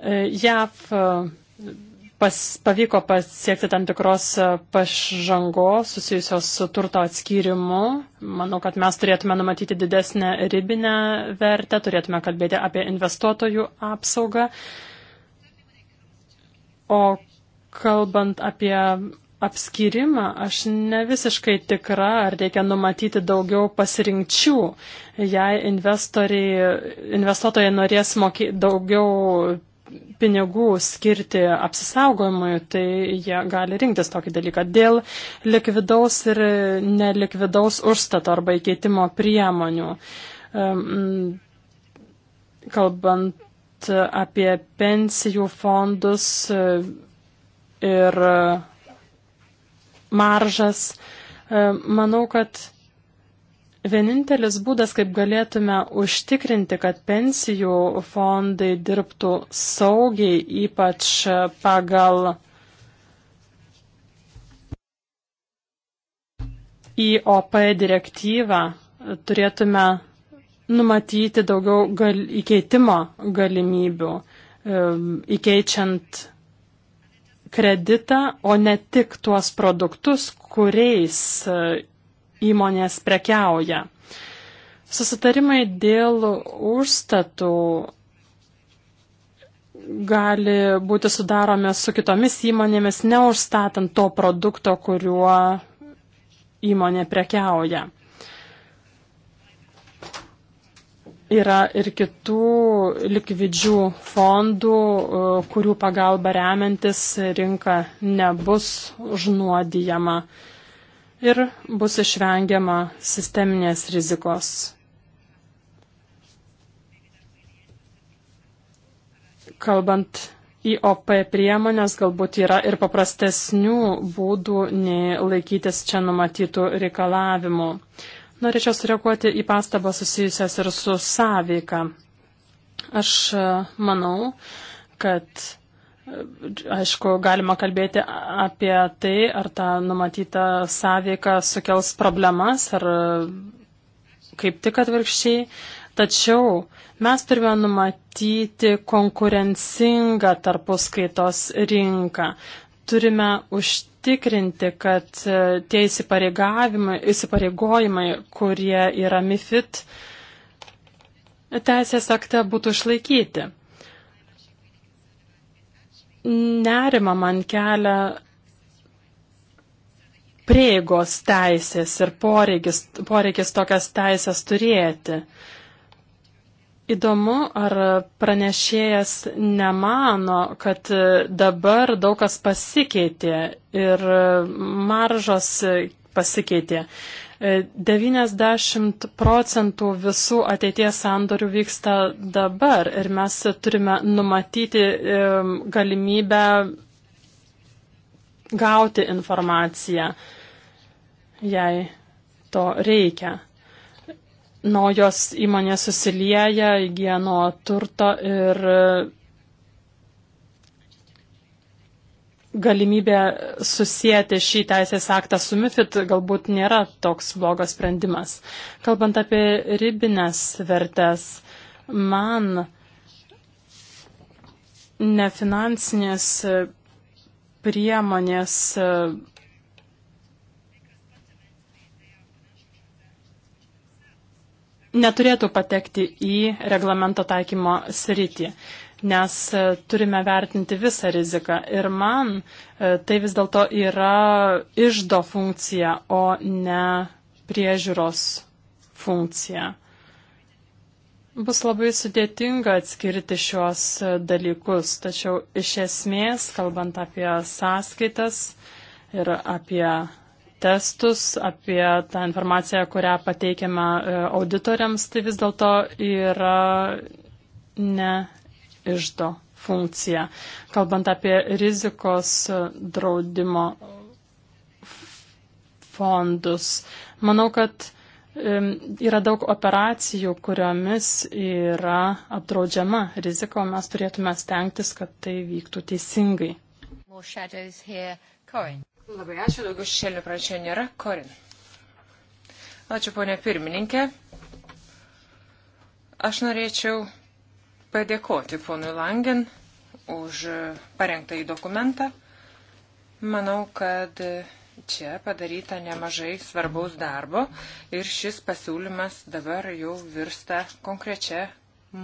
E, JAV pas, pavyko pasiekti tam tikros e, pažangos susijusios su turto atskyrimu. Manau, kad mes turėtume numatyti didesnę ribinę vertę, turėtume kalbėti apie investuotojų apsaugą. O kalbant apie apskirimą, aš ne visiškai tikra, ar reikia numatyti daugiau pasirinkčių. Jei investuotojai norės moky, daugiau pinigų skirti apsisaugojimui, tai jie gali rinktis tokį dalyką. Dėl likvidaus ir nelikvidaus užstato arba įkeitimo priemonių. Kalbant apie pensijų fondus ir maržas, manau, kad Vienintelis būdas, kaip galėtume užtikrinti, kad pensijų fondai dirbtų saugiai, ypač pagal IOP direktyvą, turėtume numatyti daugiau gal, įkeitimo galimybių, įkeičiant kreditą, o ne tik tuos produktus, kuriais įmonės prekiauja. Susitarimai dėl užstatų gali būti sudaromi su kitomis įmonėmis, neužstatant to produkto, kuriuo įmonė prekiauja. Yra ir kitų likvidžių fondų, e, kurių pagalba remiantis rinka nebus užnuodijama ir bus išvengiama sisteminės rizikos. Kalbant IOP priemonės, galbūt yra ir paprastesnių būdų nei laikytis čia numatytų reikalavimų. Norėčiau sureaguoti į pastabą susijusias ir su sąveika. Aš e, manau, kad Aišku, galima kalbėti apie tai, ar ta numatyta sąveika sukels problemas, ar kaip tik atvirkščiai. Tačiau mes turime numatyti konkurencingą tarpuskaitos rinką. Turime užtikrinti, kad tie įsipareigojimai, kurie yra MIFID, teisės akte būtų išlaikyti. Nerima man kelia prieigos teisės ir poreikis, poreikis tokias teisės turėti. Įdomu, ar pranešėjas nemano, kad dabar daug kas pasikeitė ir maržos pasikeitė. 90 procentų visų ateities sandorių vyksta dabar ir mes turime numatyti galimybę gauti informaciją, jei to reikia. Naujos įmonės susilieja, įgyja nuo turto ir galimybė susijęti šį teisės aktą su MIFID galbūt nėra toks blogas sprendimas. Kalbant apie ribinės vertės, man nefinansinės priemonės neturėtų patekti į reglamento taikymo sritį nes e, turime vertinti visą riziką. Ir man e, tai vis dėlto yra išdo funkcija, o ne priežiūros funkcija. Bus labai sudėtinga atskirti šios e, dalykus, tačiau iš esmės, kalbant apie sąskaitas ir apie testus, apie tą informaciją, kurią pateikiame auditoriams, tai vis dėlto yra ne išdo funkciją. Kalbant apie rizikos e, draudimo fondus, manau, kad e, yra daug operacijų, kuriomis yra apdraudžiama rizika, o mes turėtume stengtis, kad tai vyktų teisingai. Labai ačiū, daugiau šešėlių pranešėjų nėra. Korin. Ačiū, ponė pirmininkė. Aš norėčiau padėkoti ponui Langen už parengtą į dokumentą. Manau, kad čia padaryta nemažai svarbaus darbo ir šis pasiūlymas dabar jau virsta konkrečia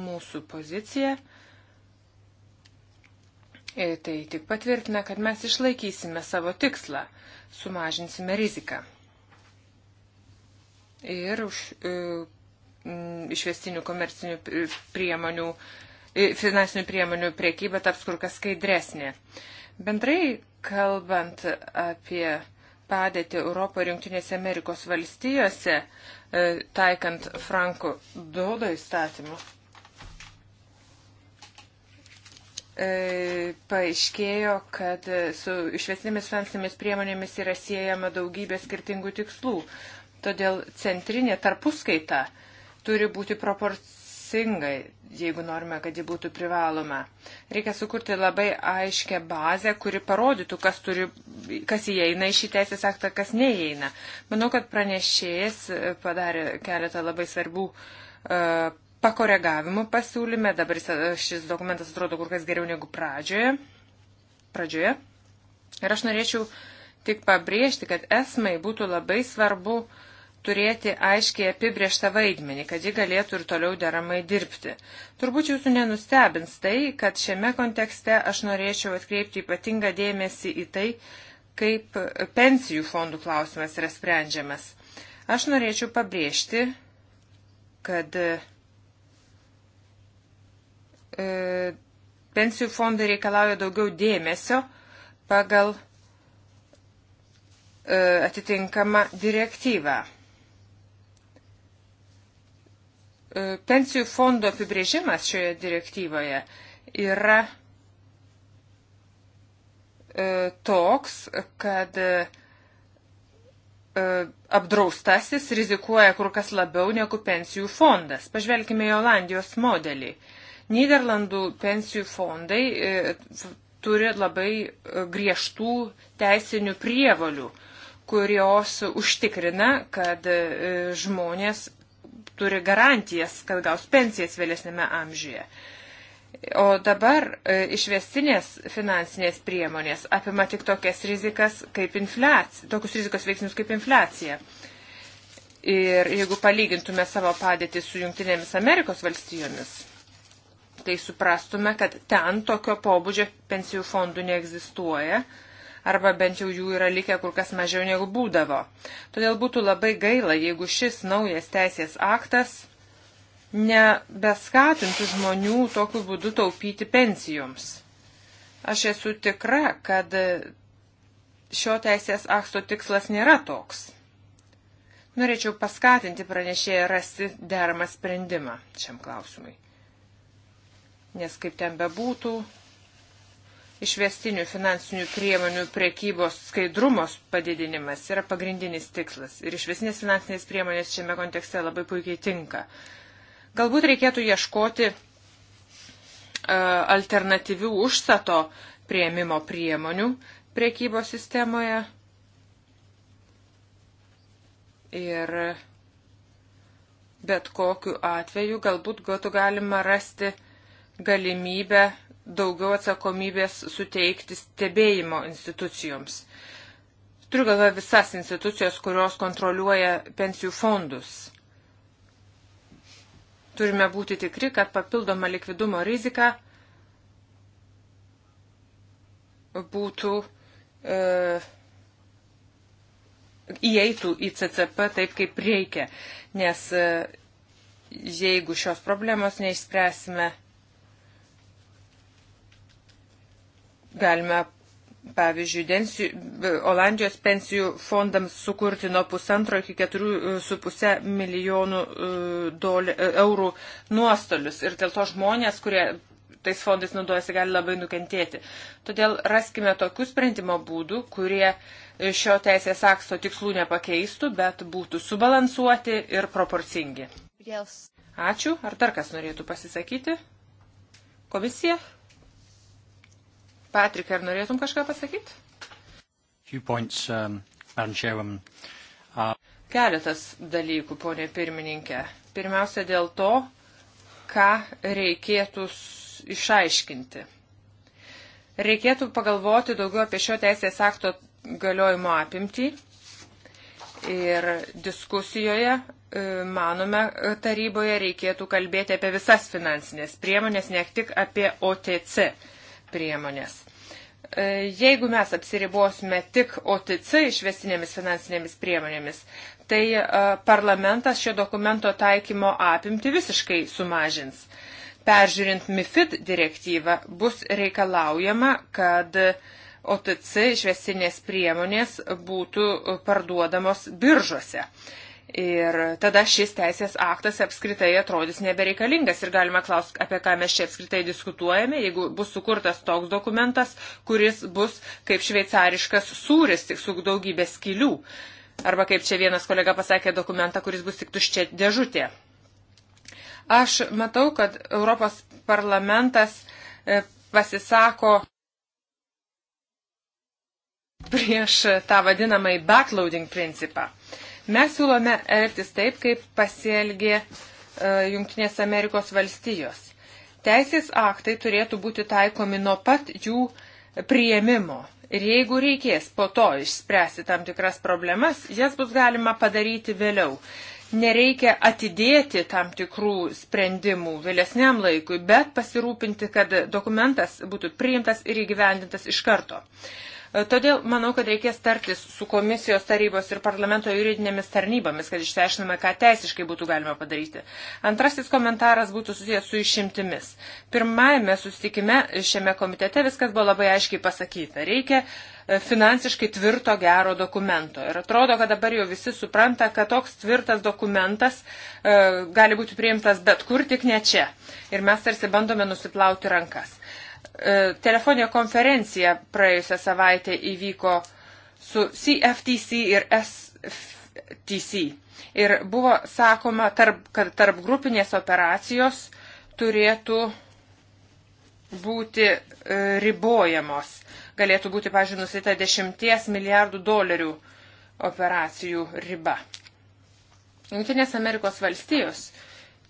mūsų pozicija. Ir e, tai tik patvirtina, kad mes išlaikysime savo tikslą, sumažinsime riziką. Ir už, e, Mm, išvestinių komercinių priemonių, finansinių priemonių priekyba taps kur kas skaidresnė. Bendrai kalbant apie padėtį Europo ir Junktinėse Amerikos valstijose, e, taikant Franko Dodo įstatymą, e, paaiškėjo, kad su išvesnėmis finansinėmis priemonėmis yra siejama daugybė skirtingų tikslų. Todėl centrinė tarpuskaita uh, turi būti proporcingai, jeigu norime, kad ji būtų privaloma. Reikia sukurti labai aiškę bazę, kuri parodytų, kas, turi, kas įeina į šį teisės aktą, kas neįeina. Manau, kad pranešėjas e, padarė keletą labai svarbių uh, pakoregavimų pasiūlyme. Dabar e, šis dokumentas atrodo kur kas geriau negu pradžioje. pradžioje. Ir aš norėčiau tik pabrėžti, kad esmai būtų labai svarbu uh, turėti aiškiai apibrieštą vaidmenį, kad ji galėtų ir toliau deramai dirbti. Turbūt jūsų nenustebins tai, kad šiame kontekste aš norėčiau atkreipti ypatingą dėmesį į tai, kaip pensijų fondų klausimas yra sprendžiamas. Aš norėčiau pabrėžti, kad e, pensijų fondai reikalauja daugiau dėmesio pagal e, atitinkamą direktyvą. E, pensijų fondo apibrėžimas šioje direktyvoje yra e, toks, kad e, apdraustasis rizikuoja kur kas labiau negu pensijų fondas. Pažvelkime į Olandijos modelį. Niderlandų pensijų fondai turi labai griežtų teisinių prievalių, kurios užtikrina, kad žmonės turi garantijas, kad gaus pensijas vėlesnėme amžiuje. O dabar e, išvestinės finansinės priemonės apima tik tokias rizikas kaip infliacija, tokius rizikos veiksnius kaip infliacija. Ir jeigu palygintume savo padėtį su Junktinėmis Amerikos valstijomis, tai suprastume, kad ten tokio pobūdžio pensijų fondų neegzistuoja. Uh, arba bent jau jų yra likę kur kas mažiau negu būdavo. Todėl būtų labai gaila, jeigu šis naujas teisės aktas nebeskatintų žmonių tokiu būdu taupyti pensijoms. Aš esu tikra, kad šio teisės akto tikslas nėra toks. Norėčiau paskatinti pranešėją rasti deramą sprendimą šiam klausimui. Nes kaip ten bebūtų, išvestinių finansinių priemonių priekybos skaidrumos padidinimas yra pagrindinis tikslas ir išvestinės finansinės priemonės šiame kontekste labai puikiai tinka. Galbūt reikėtų ieškoti uh, alternatyvių užstato prieimimo priemonių priekybos sistemoje. Ir bet kokiu atveju galbūt būtų galima rasti galimybę daugiau atsakomybės suteikti stebėjimo institucijoms. Turiu galvoje visas institucijos, kurios kontroliuoja pensijų fondus. Turime būti tikri, kad papildoma likvidumo rizika būtų e, įeitų į CCP taip, kaip reikia, nes e, jeigu šios problemos neišspręsime Galime, pavyzdžiui, densijų, Olandijos pensijų fondams sukurti nuo pusantro iki keturių e, su pusę milijonų e, dolė, e, eurų nuostolius. Ir dėl to žmonės, kurie tais fondais naudojasi, gali labai nukentėti. Todėl raskime tokių sprendimo būdų, kurie šio teisės akto tikslų nepakeistų, bet būtų subalansuoti ir proporcingi. Yes. Ačiū. Ar dar kas norėtų pasisakyti? Komisija? Patrik, ar norėtum kažką pasakyti? Points, um, Chairman, uh... Keletas dalykų, ponė pirmininkė. Pirmiausia, dėl to, ką reikėtų išaiškinti. Reikėtų pagalvoti daugiau apie šio teisės akto galiojimo apimtį. Ir diskusijoje, e, manome, e, taryboje reikėtų kalbėti apie visas finansinės priemonės, ne tik apie OTC priemonės. E, jeigu mes apsiribosime tik OTC išvestinėmis finansinėmis priemonėmis, tai e, parlamentas šio dokumento taikymo apimti visiškai sumažins. Peržiūrint MIFID direktyvą bus reikalaujama, kad OTC išvestinės priemonės būtų parduodamos biržose. Ir tada šis teisės aktas apskritai atrodys nebereikalingas ir galime klausti, apie ką mes čia apskritai diskutuojame, jeigu bus sukurtas toks dokumentas, kuris bus kaip šveicariškas sūris, tik su daugybė skilių. Arba kaip čia vienas kolega pasakė, dokumentą, kuris bus tik tuščia dėžutė. Aš matau, kad Europos parlamentas e, pasisako prieš tą vadinamąjį backloading principą. Uh, Mes siūlome elgtis taip, kaip pasielgė e, Junktinės Amerikos valstijos. Teisės aktai turėtų būti taikomi nuo pat jų prieimimo. Ir jeigu reikės po to išspręsti tam tikras problemas, jas bus galima padaryti vėliau. Nereikia atidėti tam tikrų sprendimų vėlesniam laikui, bet pasirūpinti, kad dokumentas būtų priimtas ir įgyvendintas iš karto. Uh, E, todėl manau, kad reikės tartis su komisijos tarybos ir parlamento juridinėmis tarnybomis, kad išsiaiškiname, ką teisiškai būtų galima padaryti. Antrasis komentaras būtų susijęs su išimtimis. Pirmajame susitikime šiame komitete viskas buvo labai aiškiai pasakyta. Reikia e, finansiškai tvirto gero dokumento. Ir atrodo, kad dabar jau visi supranta, kad toks tvirtas dokumentas e, gali būti priimtas bet kur, tik ne čia. Ir mes tarsi bandome nusiplauti rankas. E, telefoninė konferencija praėjusią savaitę įvyko su CFTC ir SFTC. Ir buvo sakoma, tarp, kad tarp grupinės operacijos turėtų būti e, ribojamos. Galėtų būti, pažiūrėjau, nusita 10 milijardų dolerių operacijų riba. Junktinės Amerikos valstijos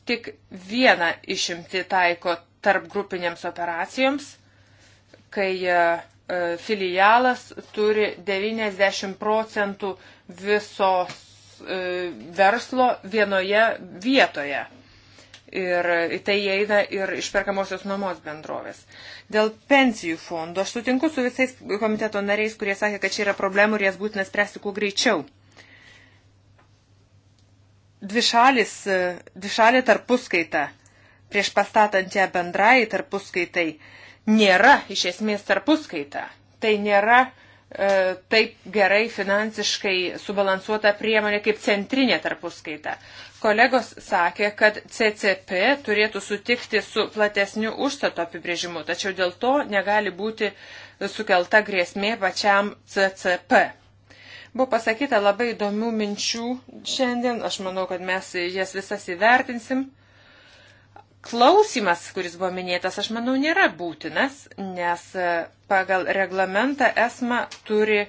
tik vieną išimti taiko tarp grupinėms operacijoms, kai e, e, filialas turi 90 procentų visos e, verslo vienoje vietoje. Ir į tai įeina ir išperkamosios nuomos bendrovės. Dėl pensijų fondo aš sutinku su visais komiteto nariais, kurie sakė, kad čia yra problemų ir jas būtina spręsti kuo greičiau. Dvišalis, dvišalė tarpuskaita prieš pastatant ją bendrai tarpuskaitai, nėra iš esmės tarpuskaita. Tai nėra e, taip gerai finansiškai subalansuota priemonė kaip centrinė tarpuskaita. Kolegos sakė, kad CCP turėtų sutikti su platesniu užstato apibrėžimu, tačiau dėl to negali būti sukelta grėsmė pačiam CCP. Buvo pasakyta labai įdomių minčių šiandien, aš manau, kad mes jas visas įvertinsim. Klausimas, kuris buvo minėtas, aš manau, nėra būtinas, nes e, pagal reglamentą ESMA turi e,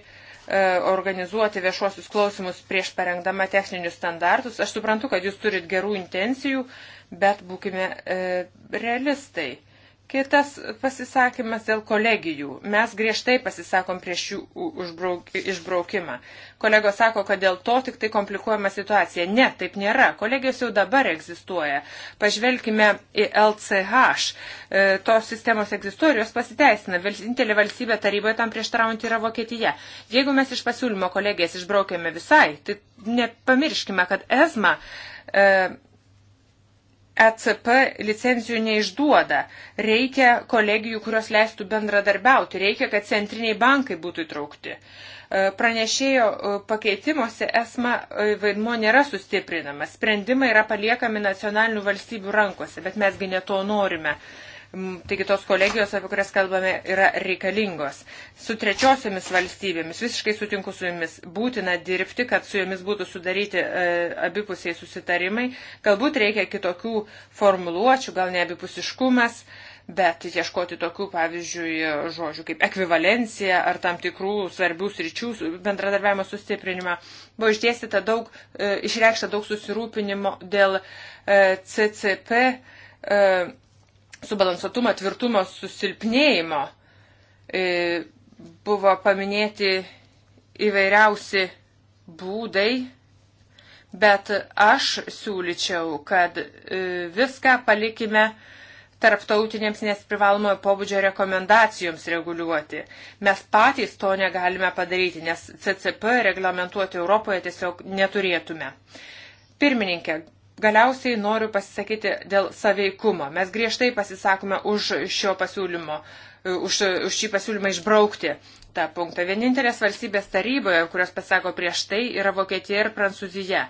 organizuoti viešuosius klausimus prieš parengdama techninius standartus. Aš suprantu, kad jūs turit gerų intencijų, bet būkime e, realistai. Kitas pasisakymas dėl kolegijų. Mes griežtai pasisakom prieš jų užbrauk, išbraukimą. Kolegos sako, kad dėl to tik tai komplikuojama situacija. Ne, taip nėra. Kolegijos jau dabar egzistuoja. Pažvelkime į LCH. E, tos sistemos egzistuoja ir jos pasiteisina. Vienintelė valstybė taryboje tam prieštaraujant yra Vokietija. Jeigu mes iš pasiūlymo kolegijas išbraukėme visai, tai nepamirškime, kad ESMA. E, ECP licencijų neišduoda. Reikia kolegijų, kurios leistų bendradarbiauti. Reikia, kad centriniai bankai būtų įtraukti. E, pranešėjo e, pakeitimuose esma e, vaidmo nėra sustiprinamas. Sprendimai yra paliekami nacionalinių valstybių rankose, bet mesgi neto norime. Taigi tos kolegijos, apie kurias kalbame, yra reikalingos. Su trečiosiomis valstybėmis, visiškai sutinku su jumis, būtina dirbti, kad su jumis būtų sudaryti e, abipusiai susitarimai. Galbūt reikia kitokių formuluočių, gal ne abipusiškumas, bet ieškoti tokių, pavyzdžiui, žodžių kaip ekvivalencija ar tam tikrų svarbių sričių bendradarbiavimo sustiprinimą. Buvo išdėstyta daug, e, išreikšta daug susirūpinimo dėl e, CCP. E, subalansuotumo, tvirtumo susilpnėjimo e, buvo paminėti įvairiausi būdai, bet aš siūlyčiau, kad e, viską palikime tarptautinėms nesprivalomojo pobūdžio rekomendacijoms reguliuoti. Mes patys to negalime padaryti, nes CCP reglamentuoti Europoje tiesiog neturėtume. Pirmininkė, Galiausiai noriu pasisakyti dėl saveikumo. Mes griežtai pasisakome už šio pasiūlymo už, už šį pasiūlymą išbraukti tą punktą. Vienintelės valstybės taryboje, kurios pasako prieš tai, yra Vokietija ir Prancūzija.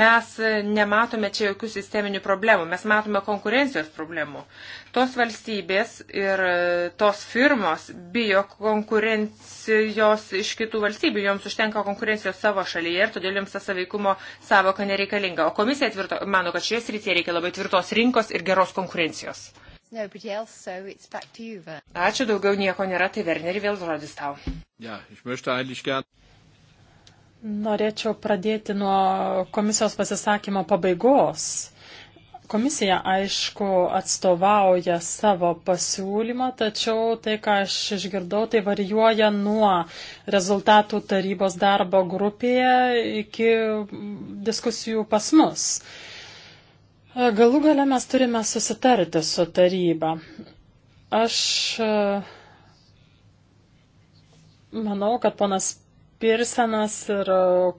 Mes nematome čia jokių sisteminių problemų, mes matome konkurencijos problemų. Tos valstybės ir tos firmos bijo konkurencijos iš kitų valstybių, joms užtenka konkurencijos savo šalyje ir todėl joms ta saveikumo savoka nereikalinga. O komisija tvirto, mano, kad šioje srityje reikia labai tvirtos rinkos ir geros konkurencijos. Nobody else, so it's back to you, Vern. Ačiū, daugiau nieko nėra, tai Werneri vėl žodis tau. Ja, ich möchte eigentlich gern. Norėčiau pradėti nuo komisijos pasisakymo pabaigos. Komisija, aišku, atstovauja savo pasiūlymą, tačiau tai, ką aš išgirdau, tai varijuoja nuo rezultatų tarybos darbo grupėje iki diskusijų pas mus. Uh, Galų gale mes turime susitarti su taryba. Aš e, manau, kad ponas Pirsenas ir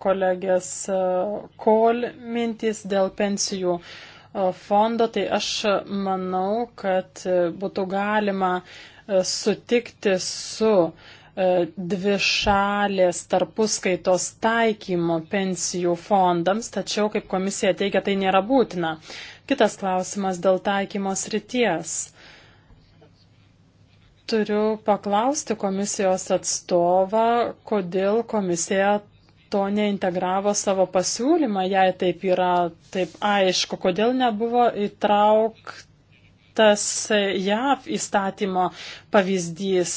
kolegės e, Kol mintys dėl pensijų e, fondo, tai aš manau, kad būtų galima sutikti su uh, E, dvi šalės tarpuskaitos taikymo pensijų fondams, tačiau, kaip komisija teigia, tai nėra būtina. Kitas klausimas dėl taikymo srities. Turiu paklausti komisijos atstovą, kodėl komisija to neintegravo savo pasiūlymą, jei taip yra taip aišku, kodėl nebuvo įtrauktas JAV įstatymo pavyzdys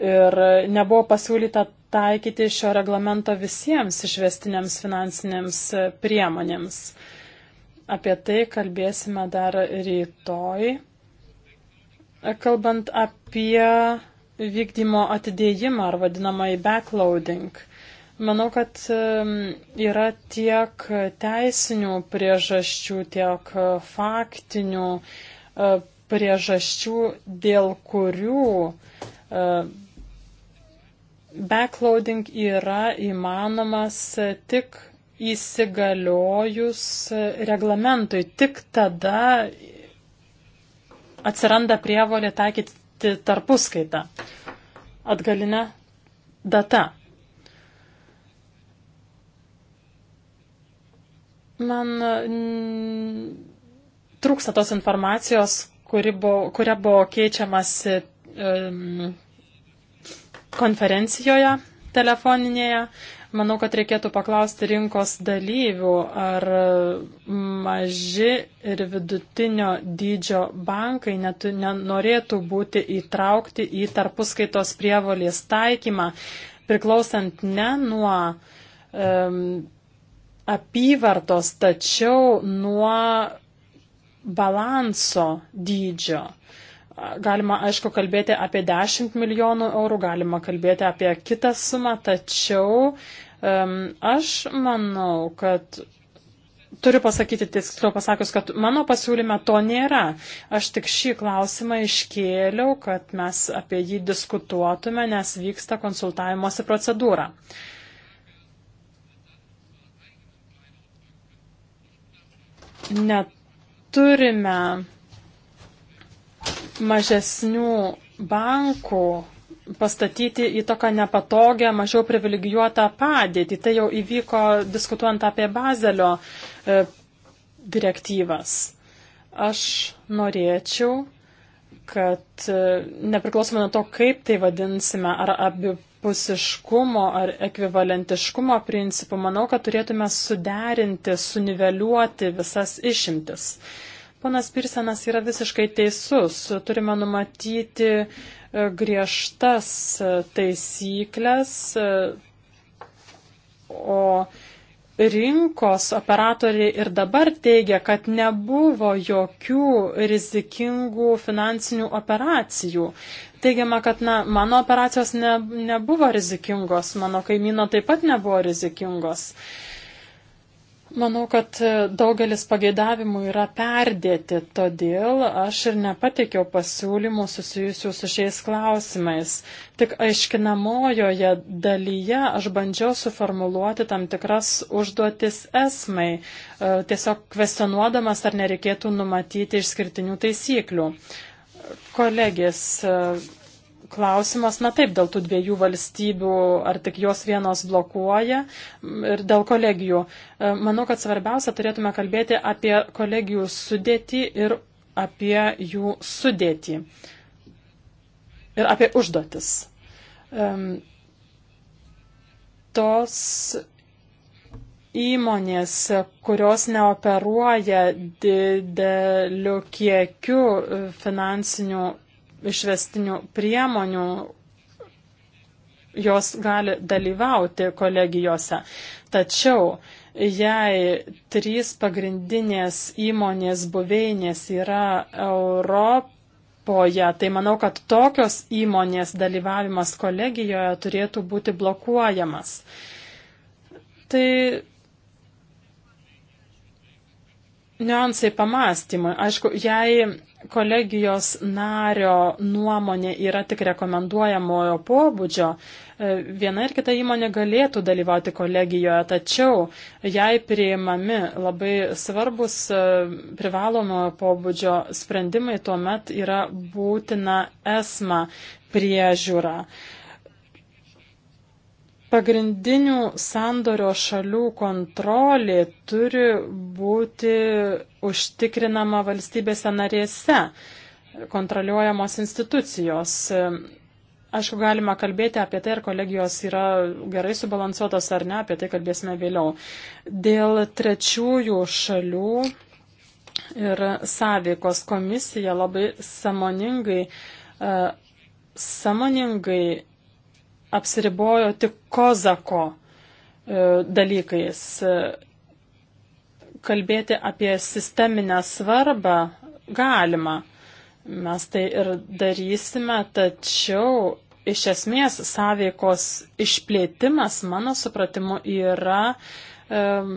ir nebuvo pasiūlyta taikyti šio reglamento visiems išvestiniams finansinėms priemonėms. Apie tai kalbėsime dar rytoj. Kalbant apie vykdymo atidėjimą ar vadinamąjį backloading, manau, kad um, yra tiek teisinių priežasčių, tiek faktinių uh, priežasčių, dėl kurių Ehm, backloading yra įmanomas tik įsigaliojus reglamentui, tik tada atsiranda prievolė taikyti tarpuskaitą atgalinę datą. Man trūksta tos informacijos, kuri buvo, kuria buvo keičiamas konferencijoje telefoninėje. Manau, kad reikėtų paklausti rinkos dalyvių, ar maži ir vidutinio dydžio bankai net, nenorėtų būti įtraukti į tarpuskaitos prievolės taikymą, priklausant ne nuo um, apyvartos, tačiau nuo balanso dydžio. Galima, aišku, kalbėti apie 10 milijonų eurų, galima kalbėti apie kitą sumą, tačiau um, aš manau, kad turiu pasakyti tiksliau pasakius, kad mano pasiūlyme to nėra. Aš tik šį klausimą iškėliau, kad mes apie jį diskutuotume, nes vyksta konsultavimosi procedūra. Neturime mažesnių bankų pastatyti į tokią nepatogią, mažiau privilegijuotą padėtį. Tai jau įvyko diskutuojant apie Bazelio e, direktyvas. Aš norėčiau, kad e, nepriklausomai nuo to, kaip tai vadinsime, ar abipusiškumo, ar ekvivalentiškumo principų, manau, kad turėtume suderinti, suniveliuoti visas išimtis. E, Ponas Pirsenas yra visiškai teisus. Turime numatyti e, griežtas e, taisyklės, e, o rinkos operatoriai ir dabar teigia, kad nebuvo jokių rizikingų finansinių operacijų. Teigiama, kad na, mano operacijos ne, nebuvo rizikingos, mano kaimyno taip pat nebuvo rizikingos. Uh, Manau, kad e, daugelis pageidavimų yra perdėti, todėl aš ir nepateikiau pasiūlymų susijusių su šiais klausimais. Tik aiškinamojoje dalyje aš bandžiau suformuluoti tam tikras užduotis esmai, e, tiesiog kvestionuodamas, ar nereikėtų numatyti išskirtinių taisyklių. Kolegės e, klausimas, na taip, dėl tų dviejų valstybių, ar tik jos vienos blokuoja ir dėl kolegijų. E, manau, kad svarbiausia turėtume kalbėti apie kolegijų sudėtį ir apie jų sudėtį. Ir apie užduotis. E, tos įmonės, kurios neoperuoja dideliu kiekiu finansinių išvestinių priemonių, jos gali dalyvauti kolegijose. Tačiau, jei trys pagrindinės įmonės buveinės yra Europoje, tai manau, kad tokios įmonės dalyvavimas kolegijoje turėtų būti blokuojamas. Tai niuansai pamastymui. Aišku, jei kolegijos nario nuomonė yra tik rekomenduojamojo pobūdžio, e, viena ir kita įmonė galėtų dalyvauti kolegijoje, tačiau jei priimami labai svarbus e, privalomojo pobūdžio sprendimai, tuomet yra būtina esma priežiūra. Uh, Pagrindinių sandorio šalių kontrolė turi būti užtikrinama valstybėse narėse, kontroliuojamos institucijos. Aišku, galima kalbėti apie tai, ar kolegijos yra gerai subalansuotos ar ne, apie tai kalbėsime vėliau. Dėl trečiųjų šalių ir sąveikos komisija labai samoningai, e, samoningai apsiribojo tik Kozako e, dalykais. E, kalbėti apie sisteminę svarbą galima. Mes tai ir darysime, tačiau iš esmės sąveikos išplėtimas, mano supratimu, yra um,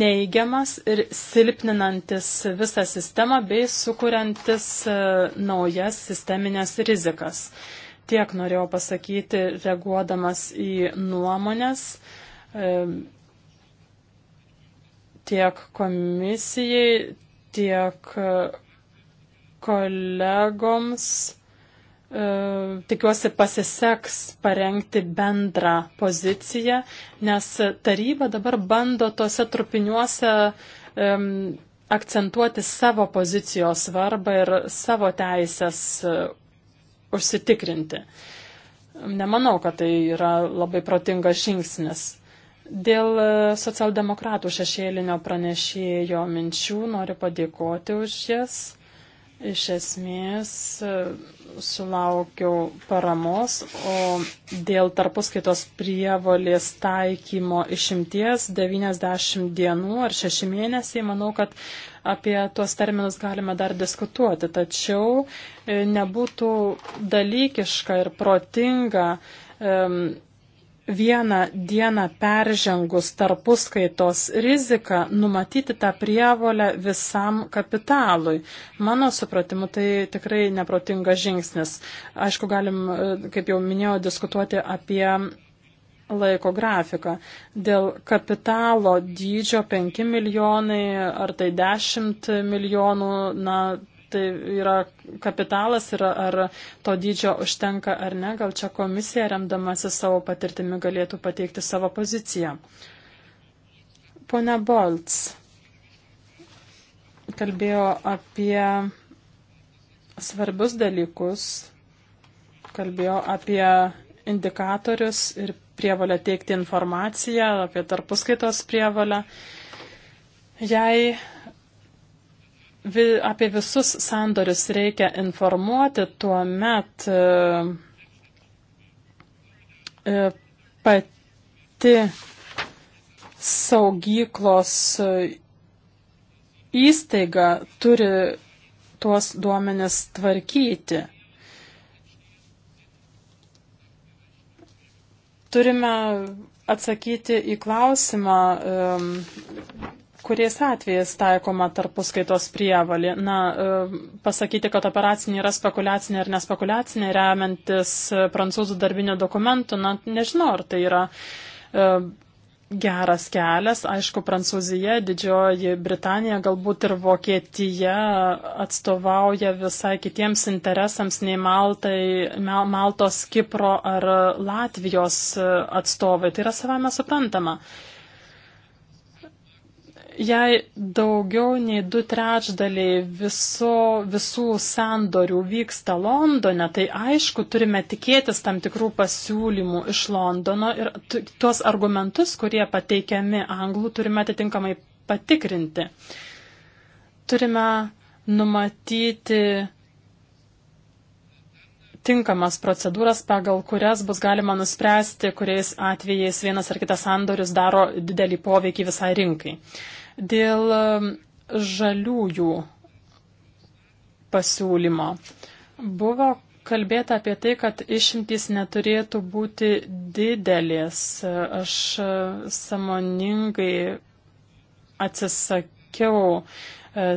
neigiamas ir silpninantis visą sistemą bei sukuriantis uh, naujas sisteminės rizikas. Uh, Tiek norėjau pasakyti, reaguodamas į nuomonės e, tiek komisijai, tiek kolegoms. E, tikiuosi pasiseks parengti bendrą poziciją, nes taryba dabar bando tuose trupiniuose um, akcentuoti savo pozicijos svarbą ir savo teisės užsitikrinti. Nemanau, kad tai yra labai protingas žingsnis. Dėl e, socialdemokratų šešėlinio pranešėjo minčių noriu padėkoti už jas. Iš esmės e, sulaukiau paramos, o dėl tarpuskaitos prievolės taikymo išimties 90 dienų ar 6 mėnesiai, manau, kad Apie tuos terminus galime dar diskutuoti, tačiau e, nebūtų dalykiška ir protinga um, vieną dieną peržengus tarpuskaitos riziką numatyti tą prievolę visam kapitalui. Mano supratimu, tai tikrai neprotingas žingsnis. Aišku, galim, e, kaip jau minėjau, diskutuoti apie laiko grafiką. Dėl kapitalo dydžio 5 milijonai ar tai 10 milijonų, na, tai yra kapitalas ir ar to dydžio užtenka ar ne, gal čia komisija remdamasi savo patirtimi galėtų pateikti savo poziciją. Pone Bolts kalbėjo apie svarbius dalykus, kalbėjo apie indikatorius ir prievalę teikti informaciją, apie tarpuskaitos prievalę. Jei vi, apie visus sandorius reikia informuoti, tuomet e, e pati saugyklos įstaiga turi tuos duomenis tvarkyti. turime atsakyti į klausimą, kuriais atvejais taikoma tarpuskaitos prievalė. Na, pasakyti, kad operacinė yra spekulacinė ar nespekulacinė, remiantis prancūzų darbinio dokumentų, na, nežinau, ar tai yra geras kelias. Aišku, Prancūzija, Didžioji Britanija, galbūt ir Vokietija atstovauja visai kitiems interesams nei Maltai, Maltos, Kipro ar Latvijos atstovai. Tai yra savame suprantama. Uh, Jei daugiau nei du trečdaliai viso, visų sandorių vyksta Londone, tai aišku, turime tikėtis tam tikrų pasiūlymų iš Londono ir tuos argumentus, kurie pateikiami anglų, turime atitinkamai patikrinti. Turime numatyti tinkamas procedūras, pagal kurias bus galima nuspręsti, kuriais atvejais vienas ar kitas sandoris daro didelį poveikį visai rinkai. Dėl um, žaliųjų pasiūlymo buvo kalbėta apie tai, kad išimtys neturėtų būti didelės. Aš uh, samoningai atsisakiau uh,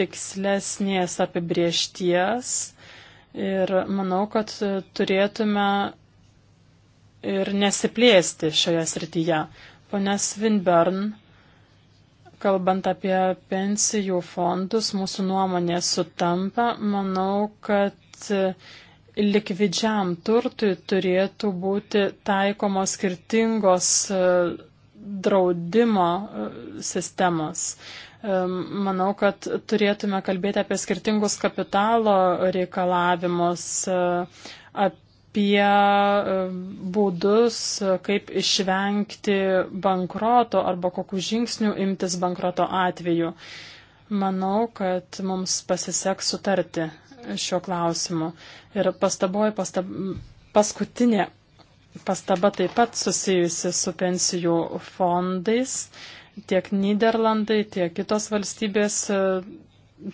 tikslesnės apibriešties ir manau, kad uh, turėtume ir nesiplėsti šioje srityje. Pone Svinbern kalbant apie pensijų fondus, mūsų nuomonė sutampa. Manau, kad likvidžiam turtui turėtų būti taikomos skirtingos e, draudimo e, sistemos. E, manau, kad turėtume kalbėti apie skirtingus kapitalo reikalavimus, apie apie e, būdus, e, kaip išvengti bankroto arba kokių žingsnių imtis bankroto atveju. Manau, kad mums pasiseks sutarti šiuo klausimu. Ir pastaboji pastab... paskutinė pastaba taip pat susijusi su pensijų fondais. Tiek Niderlandai, tiek kitos valstybės e,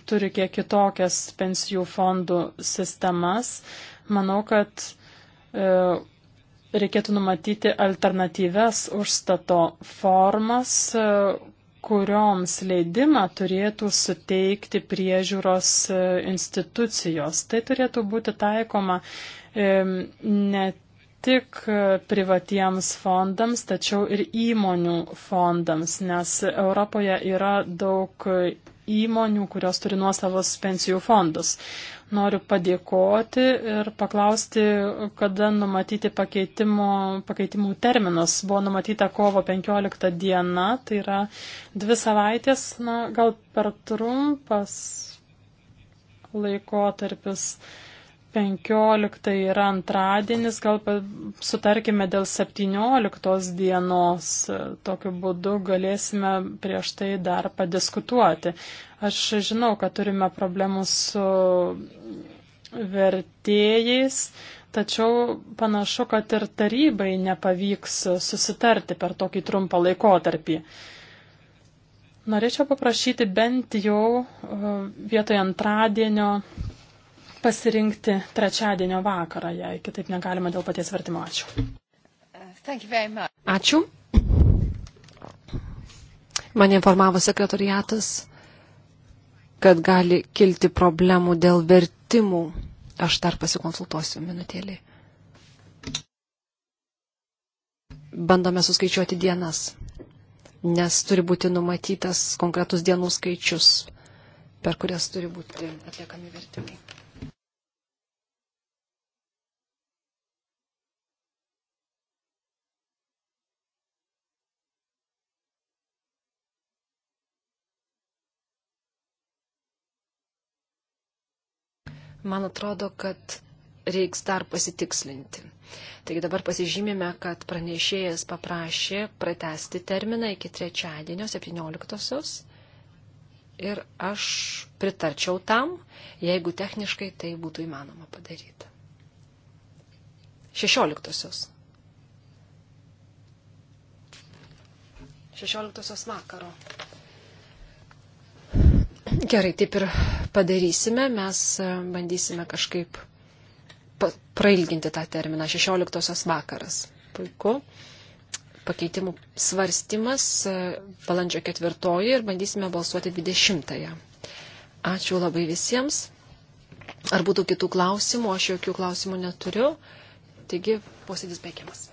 turi kiek kitokias pensijų fondų sistemas. Manau, kad E, reikėtų numatyti alternatyves užstato formas, e, kurioms leidimą turėtų suteikti priežiūros e, institucijos. Tai turėtų būti taikoma ne tik privatiems fondams, tačiau ir įmonių fondams, nes Europoje yra daug įmonių, kurios turi nuosavus pensijų fondus. Noriu padėkoti ir paklausti, kada numatyti pakeitimų terminus. Buvo numatyta kovo 15 diena, tai yra dvi savaitės, na, gal per trumpas laikotarpis. tarpis 15 yra antradienis, gal sutarkime dėl 17 dienos. Tokiu būdu galėsime prieš tai dar padiskutuoti. Aš žinau, kad turime problemų su vertėjais, tačiau panašu, kad ir tarybai nepavyks susitarti per tokį trumpą laikotarpį. Norėčiau paprašyti bent jau uh, vietoje antradienio pasirinkti trečiadienio vakarą, jei kitaip negalima dėl paties vertimo. Ačiū. Ačiū. Mane informavo sekretariatas, kad gali kilti problemų dėl vertimų. Aš dar pasikonsultuosiu minutėlį. Bandome suskaičiuoti dienas, nes turi būti numatytas konkretus dienų skaičius per kurias turi būti atliekami vertimai Man atrodo, kad reiks dar pasitikslinti. Taigi dabar pasižymime, kad pranešėjas paprašė pratesti terminą iki trečiadienio 17-osios ir aš pritarčiau tam, jeigu techniškai tai būtų įmanoma padaryti. 16-osios. 16-osios vakaro. Gerai, taip ir padarysime. Mes e, bandysime kažkaip prailginti tą terminą 16 vakaras. Puiku. Pakeitimų svarstymas valandžio e, 4 ir bandysime balsuoti 20. -ąją. Ačiū labai visiems. Ar būtų kitų klausimų? Aš jokių klausimų neturiu. Taigi posėdis baigiamas.